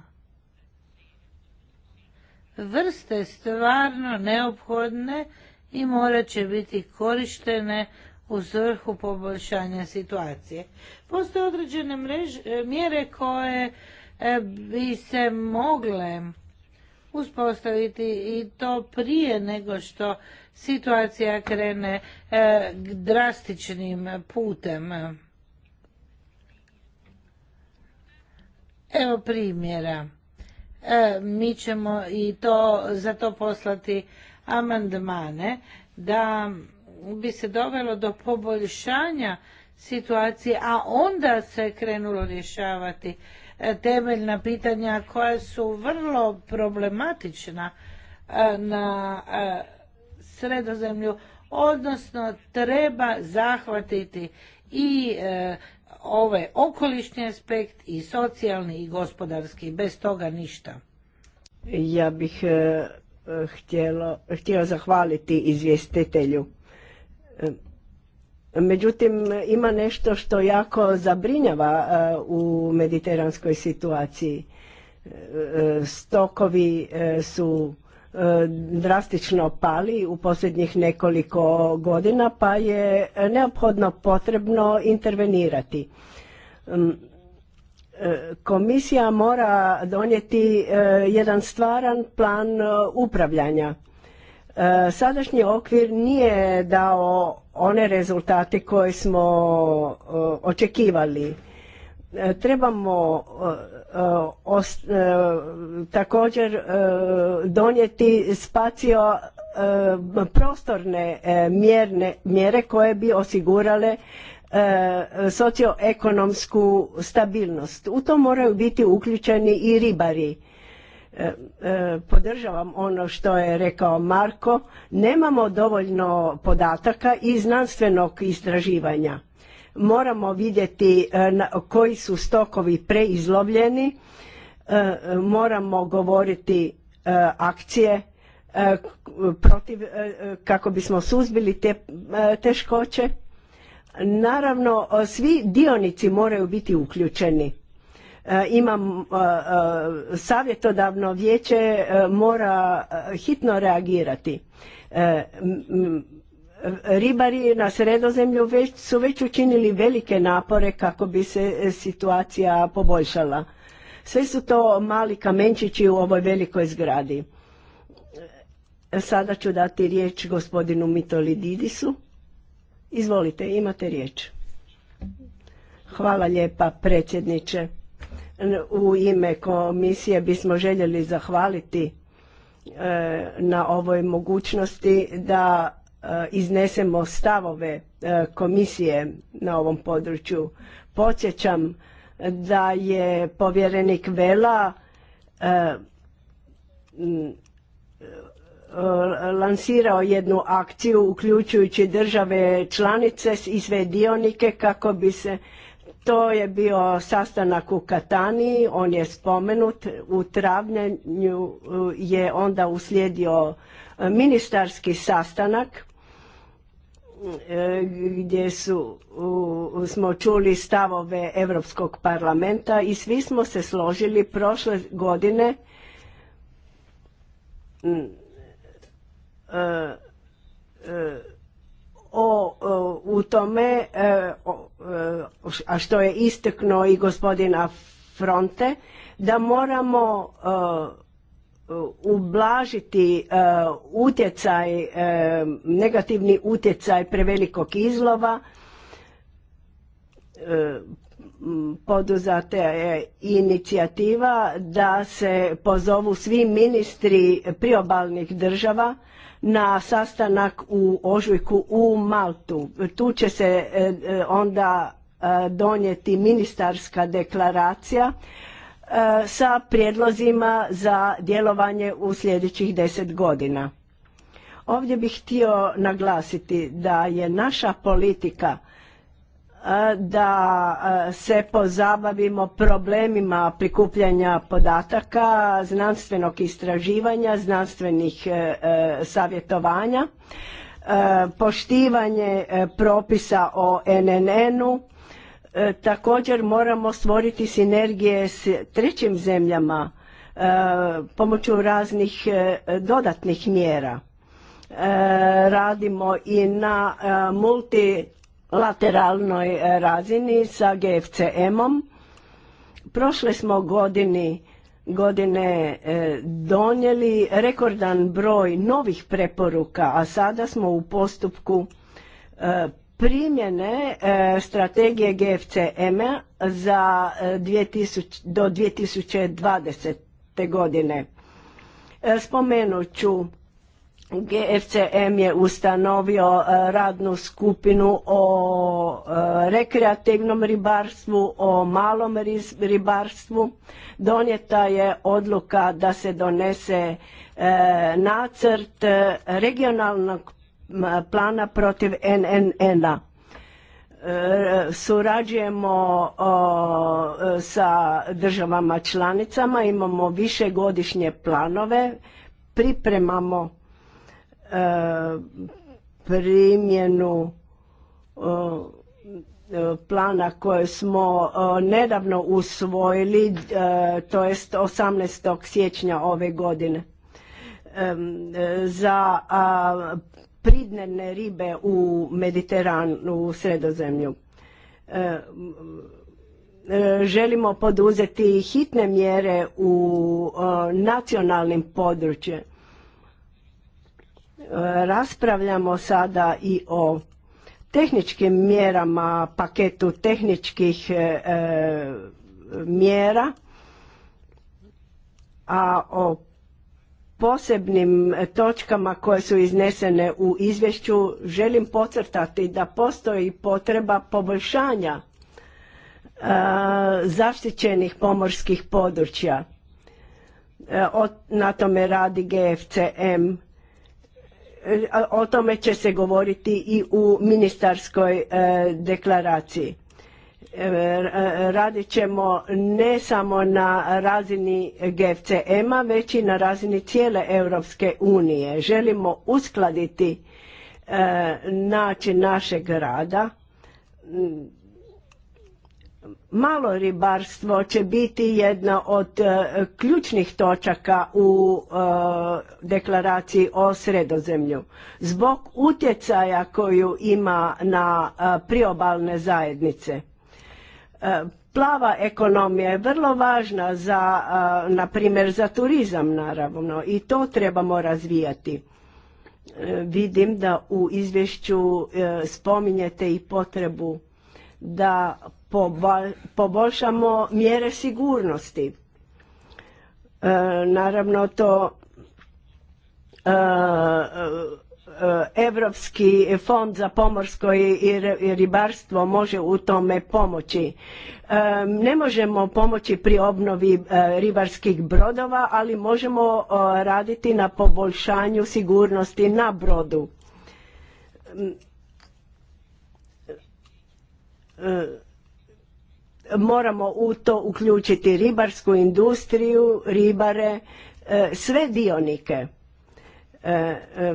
vrste stvarno neophodne i morat će biti korištene u svrhu poboljšanja situacije. Postoje određene e, mjere koje e, bi se mogle uspostaviti i to prije nego što situacija krene e, drastičnim putem. Evo primjera. mi ćemo i to za to poslati amandmane da bi se dovelo do poboljšanja situacije, a onda se krenulo rješavati e, temeljna pitanja koja su vrlo problematična e, na e, sredozemlju, odnosno treba zahvatiti i ovaj okolišni aspekt i socijalni i gospodarski, bez toga ništa. Ja bih htjela, htjela zahvaliti izvjestitelju Međutim, ima nešto što jako zabrinjava e, u mediteranskoj situaciji. E, stokovi e, su drastično pali u posljednjih nekoliko godina, pa je neophodno potrebno intervenirati. Mm, komisija mora donijeti jedan stvaran plan upravljanja E, sadašnji okvir nije dao one rezultate koje smo e, očekivali. E, trebamo također donijeti spacio prostorne mjere koje bi osigurale socioekonomsku stabilnost. U to moraju biti uključeni i ribari E, e, podržavam ono što je rekao Marko, nemamo dovoljno podataka i znanstvenog istraživanja. Moramo vidjeti e, koji su stokovi preizlovljeni, moramo govoriti akcije protiv, kako bismo suzbili te teškoće. Naravno, svi dionici moraju biti uključeni E, imam e, e, savjetodavno vijeće mora hitno reagirati. Ribari na sredozemlju su već učinili velike napore kako bi se situacija poboljšala. Sve su to mali kamenčići u ovoj velikoj zgradi. Sada ću dati riječ gospodinu Mitoli Didisu Izvolite, imate riječ. Hvala lijepa predsjedniče. U ime komisije bismo željeli zahvaliti e, na ovoj mogućnosti da e, iznesemo stavove e, komisije na ovom području. Podsjećam da je povjerenik Vela lansirao jednu akciju uključujući države članice i sve dionike kako bi se to je bio sastanak u Kataniji, on je spomenut, u travnju e, je onda uslijedio e, ministarski sastanak e, gdje su, smo čuli stavove Europskog parlamenta i svi smo se složili prošle godine o, u tome, e, e, a što je istekno i gospodina Fronte, da moramo e, ublažiti utjecaj, negativni utjecaj prevelikog izlova, poduzata je inicijativa da se pozovu svi ministri priobalnih država na sastanak u Ožujku u Maltu. Tu će se e, e, onda e, donijeti ministarska deklaracija sa prijedlozima za djelovanje u sljedećih deset godina. Ovdje bih htio naglasiti da je naša politika da se pozabavimo problemima prikupljanja podataka, znanstvenog istraživanja, znanstvenih e, e, savjetovanja, e, poštivanje propisa o NNN-u. također moramo stvoriti sinergije s trećim zemljama pomoću raznih dodatnih mjera. Radimo i na multi lateralnoj e, razini sa GFCM-om. Prošle smo godini, godine e, donijeli rekordan broj novih preporuka, a sada smo u postupku e, primjene strategije GFCM-a za 2000, do 2020. godine. Spomenut ću GFCM je ustanovio e, radnu skupinu o e, rekreativnom ribarstvu, o malom ribarstvu. Donijeta je odluka da se donese e, nacrt regionalnog plana protiv NNN-a. Surađujemo sa državama članicama, imamo višegodišnje planove, pripremamo primjenu e, e, plana koje smo e, nedavno usvojili, to jest 18. siječnja ove godine za pridnene ribe u Mediteranu, u Sredozemlju. Želimo poduzeti hitne mjere u nacionalnim područjem Raspravljamo sada i o tehničkim mjerama, paketu tehničkih e, e, mjera, a o posebnim točkama koje su iznesene u izvješću želim pocrtati da postoji potreba poboljšanja e, zaštićenih pomorskih područja. na tome radi GFCM o tome će se govoriti i u ministarskoj e, deklaraciji. E, radit ćemo ne samo na razini GFCM-a, već i na razini cijele Europske unije. Želimo uskladiti e, način našeg rada Malo ribarstvo će biti jedna od e, ključnih točaka u e, deklaraciji o sredozemlju. Zbog utjecaja koju ima na e, priobalne zajednice. plava ekonomija je vrlo važna za, na primjer, za turizam naravno i to trebamo razvijati. Vidim da u izvješću spominjete i potrebu da poboljšamo mjere sigurnosti. E, naravno to e, e, Evropski Europski fond za pomorsko i ribarstvo može u tome pomoći. Ne možemo pomoći pri obnovi ribarskih brodova, ali možemo raditi na poboljšanju sigurnosti na brodu moramo u to uključiti ribarsku industriju, ribare, e, sve dionike. E, e,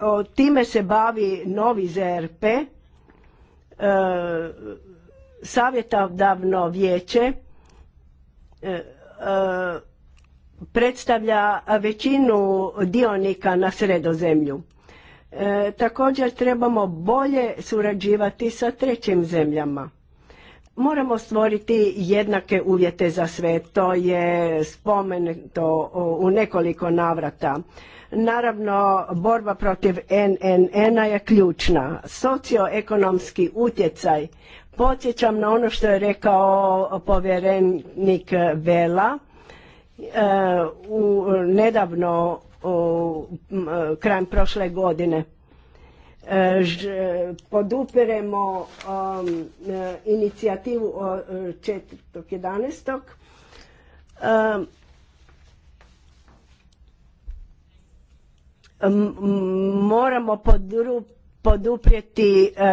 o time se bavi novi ZRP, savjetodavno vijeće predstavlja većinu dionika na sredozemlju. E, također trebamo bolje surađivati sa trećim zemljama. Moramo stvoriti jednake uvjete za sve, to je spomenuto u nekoliko navrata. Naravno, borba protiv NNN-a je ključna. Socioekonomski utjecaj, podsjećam na ono što je rekao povjerenik Vela, e, u, nedavno u, krajem prošle godine. E, ž, podupiremo um, e, inicijativu 4.11. Um, moramo poduprijeti e,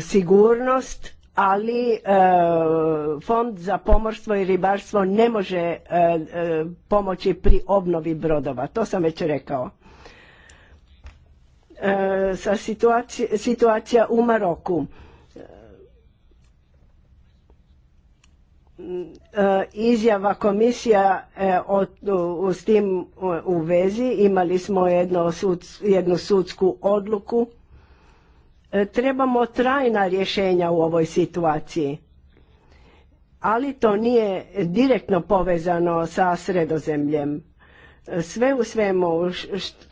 sigurnost ali e, fond za pomorstvo i ribarstvo ne može e, e, pomoći pri obnovi brodova to sam već rekao sa situacija, situacija u maroku izjava komisija u, s tim u vezi imali smo jednu sudsku odluku E, trebamo trajna rješenja u ovoj situaciji. Ali to nije direktno povezano sa sredozemljem. E, sve u svemu,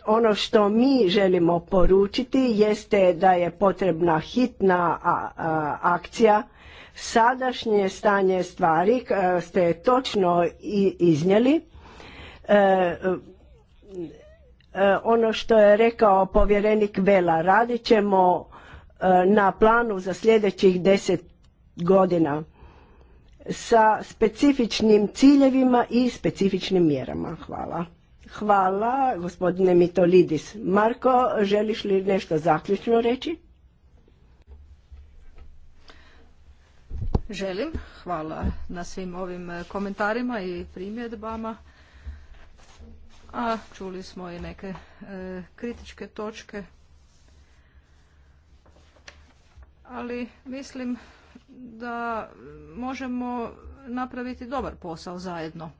ono što mi želimo poručiti jeste da je potrebna hitna akcija. Sadašnje stanje stvari e, ste točno iznijeli. Ono što je rekao povjerenik Vela, radit ćemo na planu za sljedećih deset godina sa specifičnim ciljevima i specifičnim mjerama. Hvala. Hvala, gospodine Mitolidis. Marko, želiš li nešto zaključno reći? Želim. Hvala na svim ovim komentarima i primjedbama. A čuli smo i neke e, kritičke točke ali mislim da možemo napraviti dobar posao zajedno.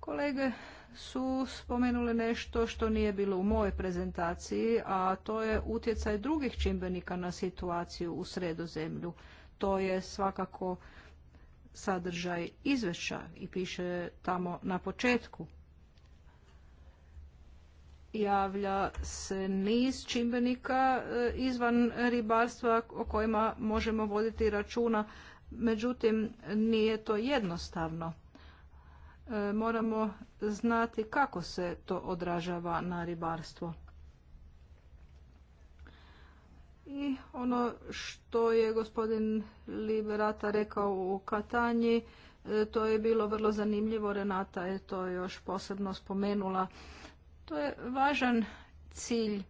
Kolege su spomenule nešto što nije bilo u mojoj prezentaciji, a to je utjecaj drugih čimbenika na situaciju u sredozemlju. To je svakako sadržaj izvješća i piše tamo na početku javlja se niz čimbenika e, izvan ribarstva o kojima možemo voditi računa, međutim nije to jednostavno. E, moramo znati kako se to odražava na ribarstvo. I ono što je gospodin Liberata rekao u Katanji, e, to je bilo vrlo zanimljivo. Renata je to još posebno spomenula to je važan cilj e,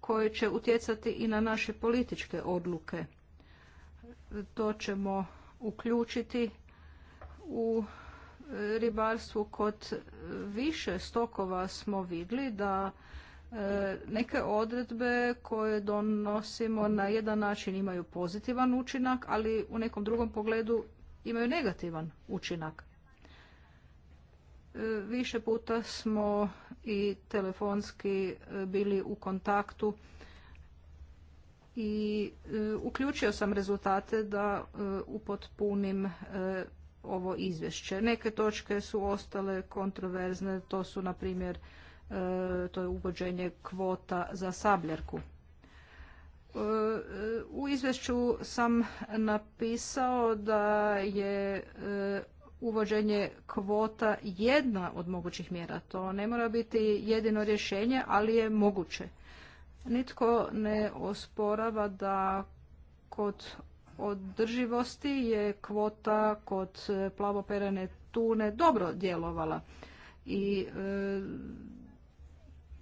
koji će utjecati i na naše političke odluke. To ćemo uključiti u e, ribarstvu kod više stokova smo vidjeli da e, neke odredbe koje donosimo na jedan način imaju pozitivan učinak, ali u nekom drugom pogledu imaju negativan učinak. Više puta smo i telefonski e, bili u kontaktu i e, uključio sam rezultate da e, upotpunim ovo izvješće. Neke točke su ostale kontroverzne, to su na primjer to je uvođenje kvota za sabljarku. U izvješću sam napisao da je uvođenje kvota jedna od mogućih mjera. To ne mora biti jedino rješenje, ali je moguće. Nitko ne osporava da kod održivosti je kvota kod plavoperene tune dobro djelovala. I e,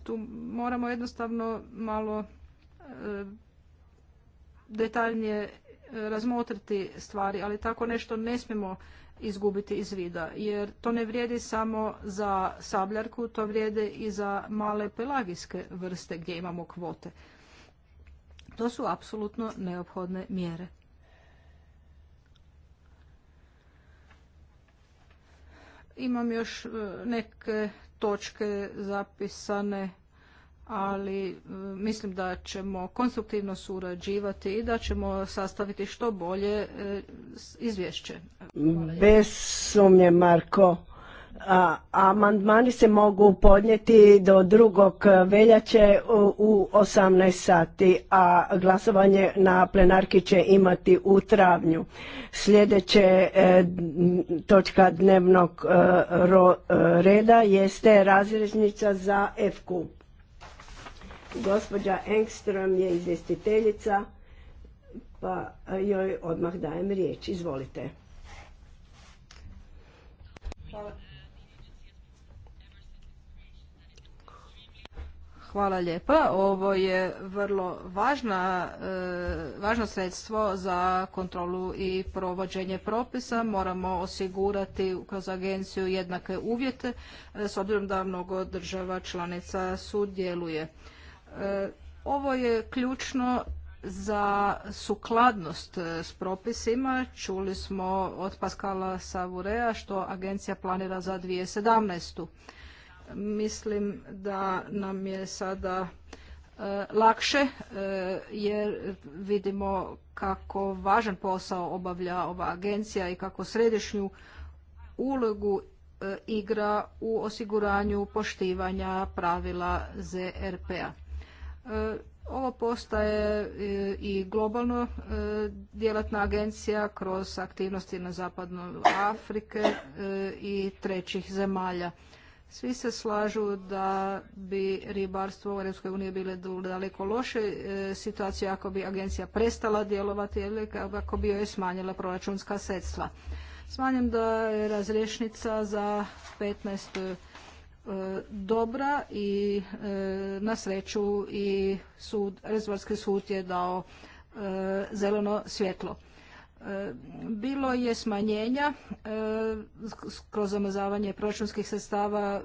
tu moramo jednostavno malo e, detaljnije razmotriti stvari, ali tako nešto ne smijemo izgubiti iz vida. Jer to ne vrijedi samo za sabljarku, to vrijede i za male pelagijske vrste gdje imamo kvote. To su apsolutno neophodne mjere. Imam još e, neke točke zapisane ali e, mislim da ćemo konstruktivno surađivati i da ćemo sastaviti što bolje e, izvješće. Bez sumnje, Marko. Amandmani se mogu podnijeti do 2. veljače u 18 sati, a glasovanje na plenarki će imati u travnju. Sljedeće e, točka dnevnog reda jeste razrežnica za FKUP. Gospođa Engström je izvjestiteljica, pa e, joj odmah dajem riječ. Izvolite. Hvala. lijepa. Ovo je vrlo e, važno sredstvo za kontrolu i provođenje propisa. Moramo osigurati kroz agenciju jednake uvjete e, s obzirom da mnogo država članica sudjeluje. E, ovo je ključno za sukladnost e, s propisima. Čuli smo od Paskala Savurea što agencija planira za 2017. Mislim da nam je sada e, lakše jer vidimo kako važan posao obavlja ova agencija i kako središnju ulogu igra u osiguranju poštivanja pravila ZRP-a. Ovo postaje e, i globalno e, djelatna agencija kroz aktivnosti na zapadnoj Afrike e, i trećih zemalja. Svi se slažu da bi ribarstvo u EU bile daleko loše situacije ako bi agencija prestala djelovati ili ako bi joj smanjila proračunska sredstva. Smanjem da je razrješnica za 15 dobra i e, na sreću i sud, sud je dao e, zeleno svjetlo. E, bilo je smanjenja kroz zamazavanje proračunskih sredstava,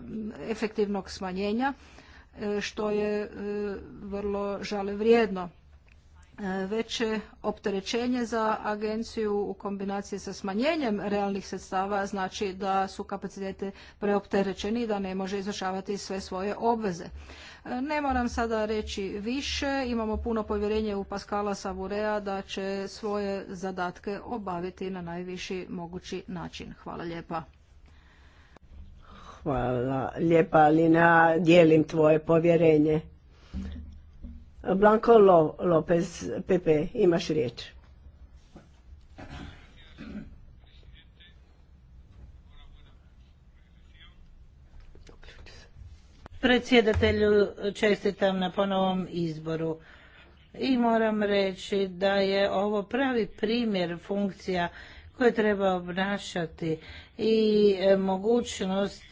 efektivnog smanjenja, što je vrlo žale vrijedno. E, veće opterećenje za agenciju u kombinaciji sa smanjenjem realnih sredstava znači da su kapacitete preopterećeni i da ne može izvršavati sve svoje obveze. E, ne moram sada reći više, imamo puno povjerenje u Paskala Savurea da će svoje zadatke obaviti na najviši mogući način. Hvala lijepa. Hvala lijepa, Alina, dijelim tvoje povjerenje. Blanko Lopez, PP, imaš riječ. Predsjedatelju čestitam na ponovom izboru i moram reći da je ovo pravi primjer funkcija koje treba obnašati i e, mogućnost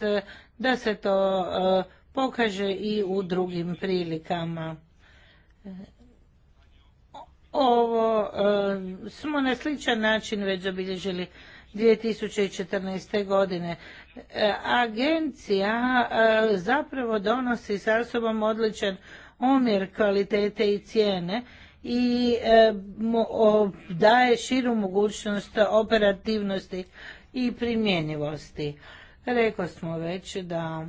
da se to e, pokaže i u drugim prilikama. Ovo smo na sličan način već zabilježili 2014. godine. E, agencija e, zapravo donosi sa sobom odličan omjer kvalitete i cijene i e, daje širu mogućnost operativnosti i primjenjivosti. Rekao smo već da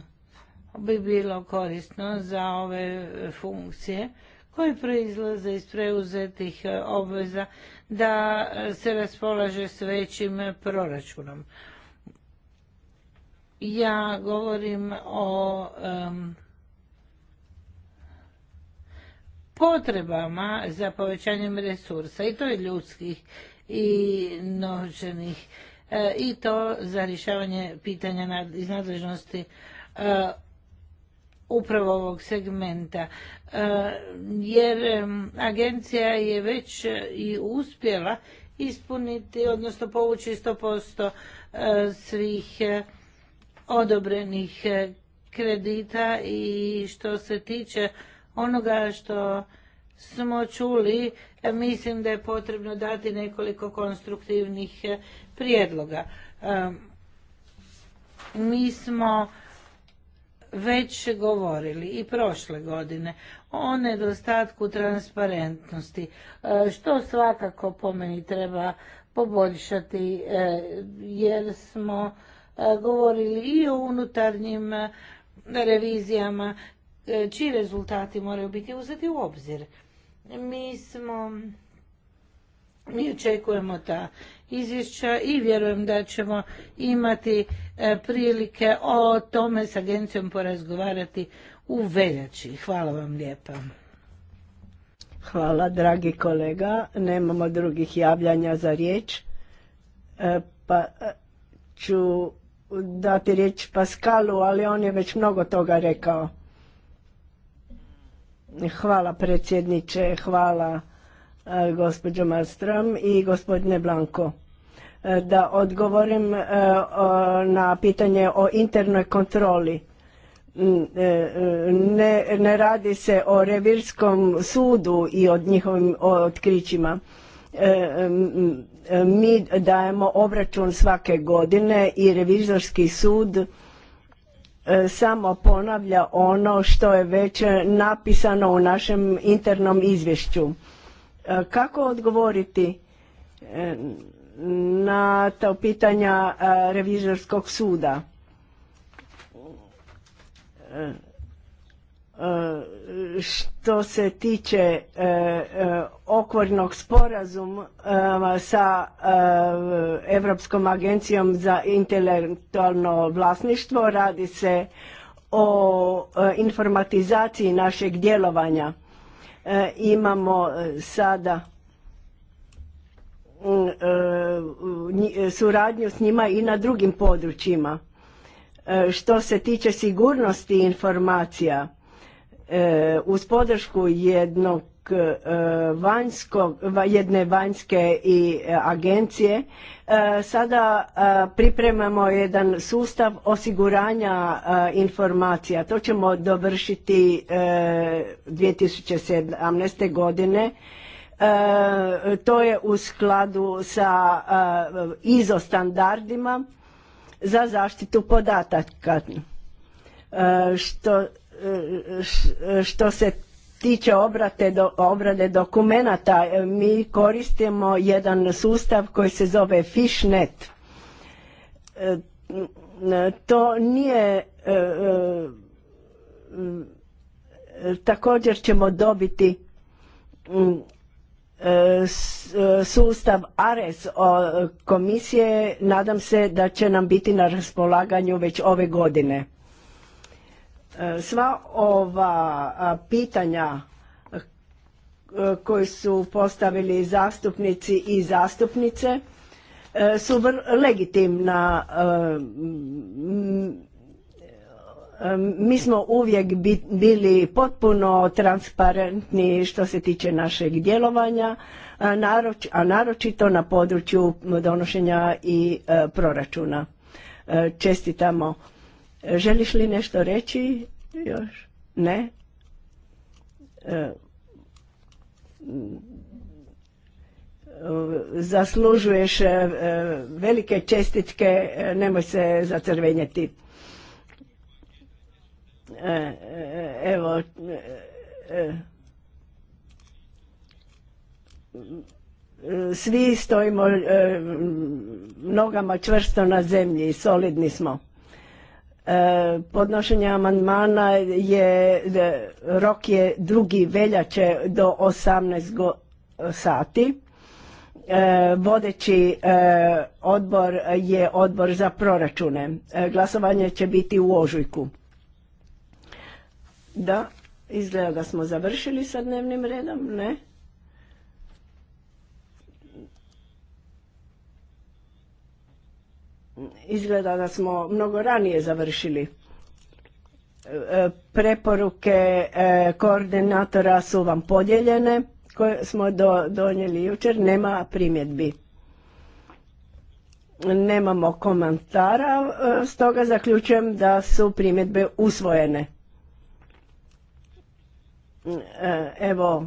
bi bilo korisno za ove funkcije koji proizlaze iz preuzetih e, obveza da e, se raspolaže s većim proračunom. Ja govorim o potrebama za povećanjem resursa i to je ljudskih i novčanih e, i to za rješavanje pitanja iz nadležnosti upravo ovog segmenta. E, jer agencija je već e, i uspjela ispuniti, odnosno povući 100% e, svih odobrenih kredita i što se tiče onoga što smo čuli, mislim da je potrebno dati nekoliko konstruktivnih prijedloga. Mi smo već govorili i prošle godine o nedostatku transparentnosti, e, što svakako po meni treba poboljšati e, jer smo e, govorili i o unutarnjim revizijama čiji rezultati moraju biti uzeti u obzir. Mi smo mi očekujemo ta izvješća i vjerujem da ćemo imati e, prilike o tome s agencijom porazgovarati u veljači. Hvala vam lijepa. Hvala, dragi kolega. Nemamo drugih javljanja za riječ. E, pa e, ću dati riječ Paskalu, ali on je već mnogo toga rekao. Hvala predsjedniče, hvala E, gospođo Malstrom i gospodine Blanko e, da odgovorim e, na pitanje o internoj kontroli. Ne, radi se o revirskom sudu i od njihovim otkrićima. Mi dajemo obračun svake godine i revizorski sud samo ponavlja ono što je već napisano u našem internom izvješću E, kako odgovoriti e, na ta pitanja e, revizorskog suda? Što se tiče okvornog sporazuma sa Europskom agencijom za intelektualno vlasništvo, radi se o informatizaciji našeg djelovanja E, imamo e, sada mm, e, suradnju s njima i na drugim područjima. Što se tiče sigurnosti informacija, uz podršku jednog E, jedne vanjske i e, agencije, e, sada pripremamo jedan sustav osiguranja informacija. To ćemo dovršiti 2017. godine. To je u skladu sa ISO standardima za zaštitu podataka. što se tiče obrate do, obrade dokumenata, e, mi koristimo jedan sustav koji se zove Fishnet. E, to nije e, također ćemo dobiti sustav ARES komisije, nadam se da će nam biti na raspolaganju već ove godine. Sva ova pitanja koje su postavili zastupnici i zastupnice su legitimna. Mi smo uvijek bili potpuno transparentni što se tiče našeg djelovanja, a naročito na području donošenja i proračuna. Čestitamo Želiš li nešto reći još? Ne? E, zaslužuješ e, velike čestitke, e, nemoj se zacrvenjeti. evo, svi stojimo nogama čvrsto na zemlji, solidni smo. E, podnošenje amandmana je, e, rok je drugi veljače do 18 sati. E, vodeći odbor je odbor za proračune. Glasovanje će biti u ožujku. Da, izgleda da smo završili sa dnevnim redom, ne? Izgleda da smo mnogo ranije završili. E, preporuke e, koordinatora su vam podijeljene koje smo donijeli jučer. Nema primjedbi. Nemamo komentara, e, stoga zaključujem da su primjedbe usvojene. Evo,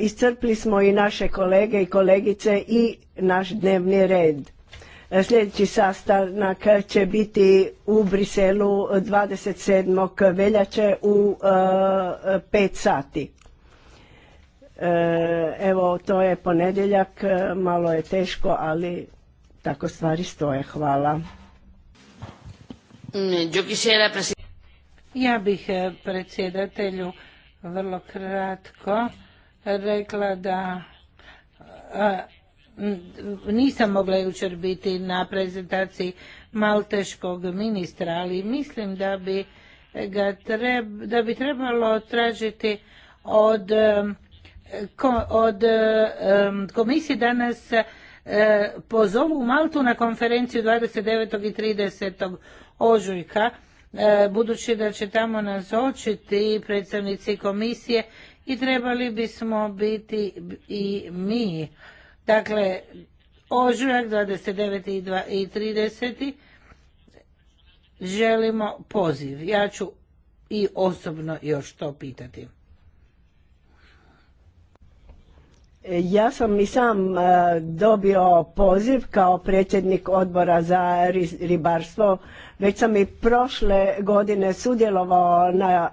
iscrpli smo i naše kolege i kolegice i naš dnevni red. E, sljedeći sastanak će biti u Briselu 27. veljače u 5 e, sati. E, evo, to je ponedjeljak, malo je teško, ali tako stvari stoje. Hvala. Mm, ja bih predsjedatelju vrlo kratko rekla da nisam mogla jučer biti na prezentaciji malteškog ministra, ali mislim da bi, ga treb, da bi trebalo tražiti od, od komisije danas e, pozovu Maltu na konferenciju 29. i 30. ožujka, e, budući da će tamo nazočiti predstavnici komisije i trebali bismo biti i mi Dakle, ožujak 29. i 30. želimo poziv. Ja ću i osobno još to pitati. E, ja sam i sam e, dobio poziv kao predsjednik odbora za ribarstvo. Već sam i prošle godine sudjelovao na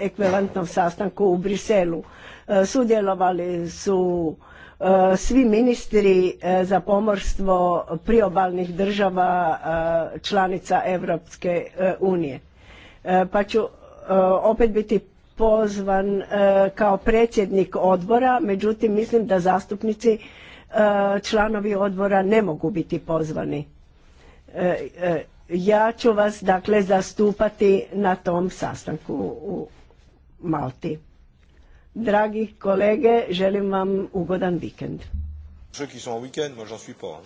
e, ekvivalentnom sastanku u Briselu. Sudjelovali su E, svi ministri e, za pomorstvo priobalnih država e, članica Europske unije. Pa ću opet biti pozvan kao predsjednik odbora, međutim mislim da zastupnici članovi odbora ne mogu biti pozvani. Ja ću vas dakle zastupati na tom sastanku u Malti. Dragi kolege, želim vam ugodan vikend. Ceux qui sont en weekend, moi je ne suis pas.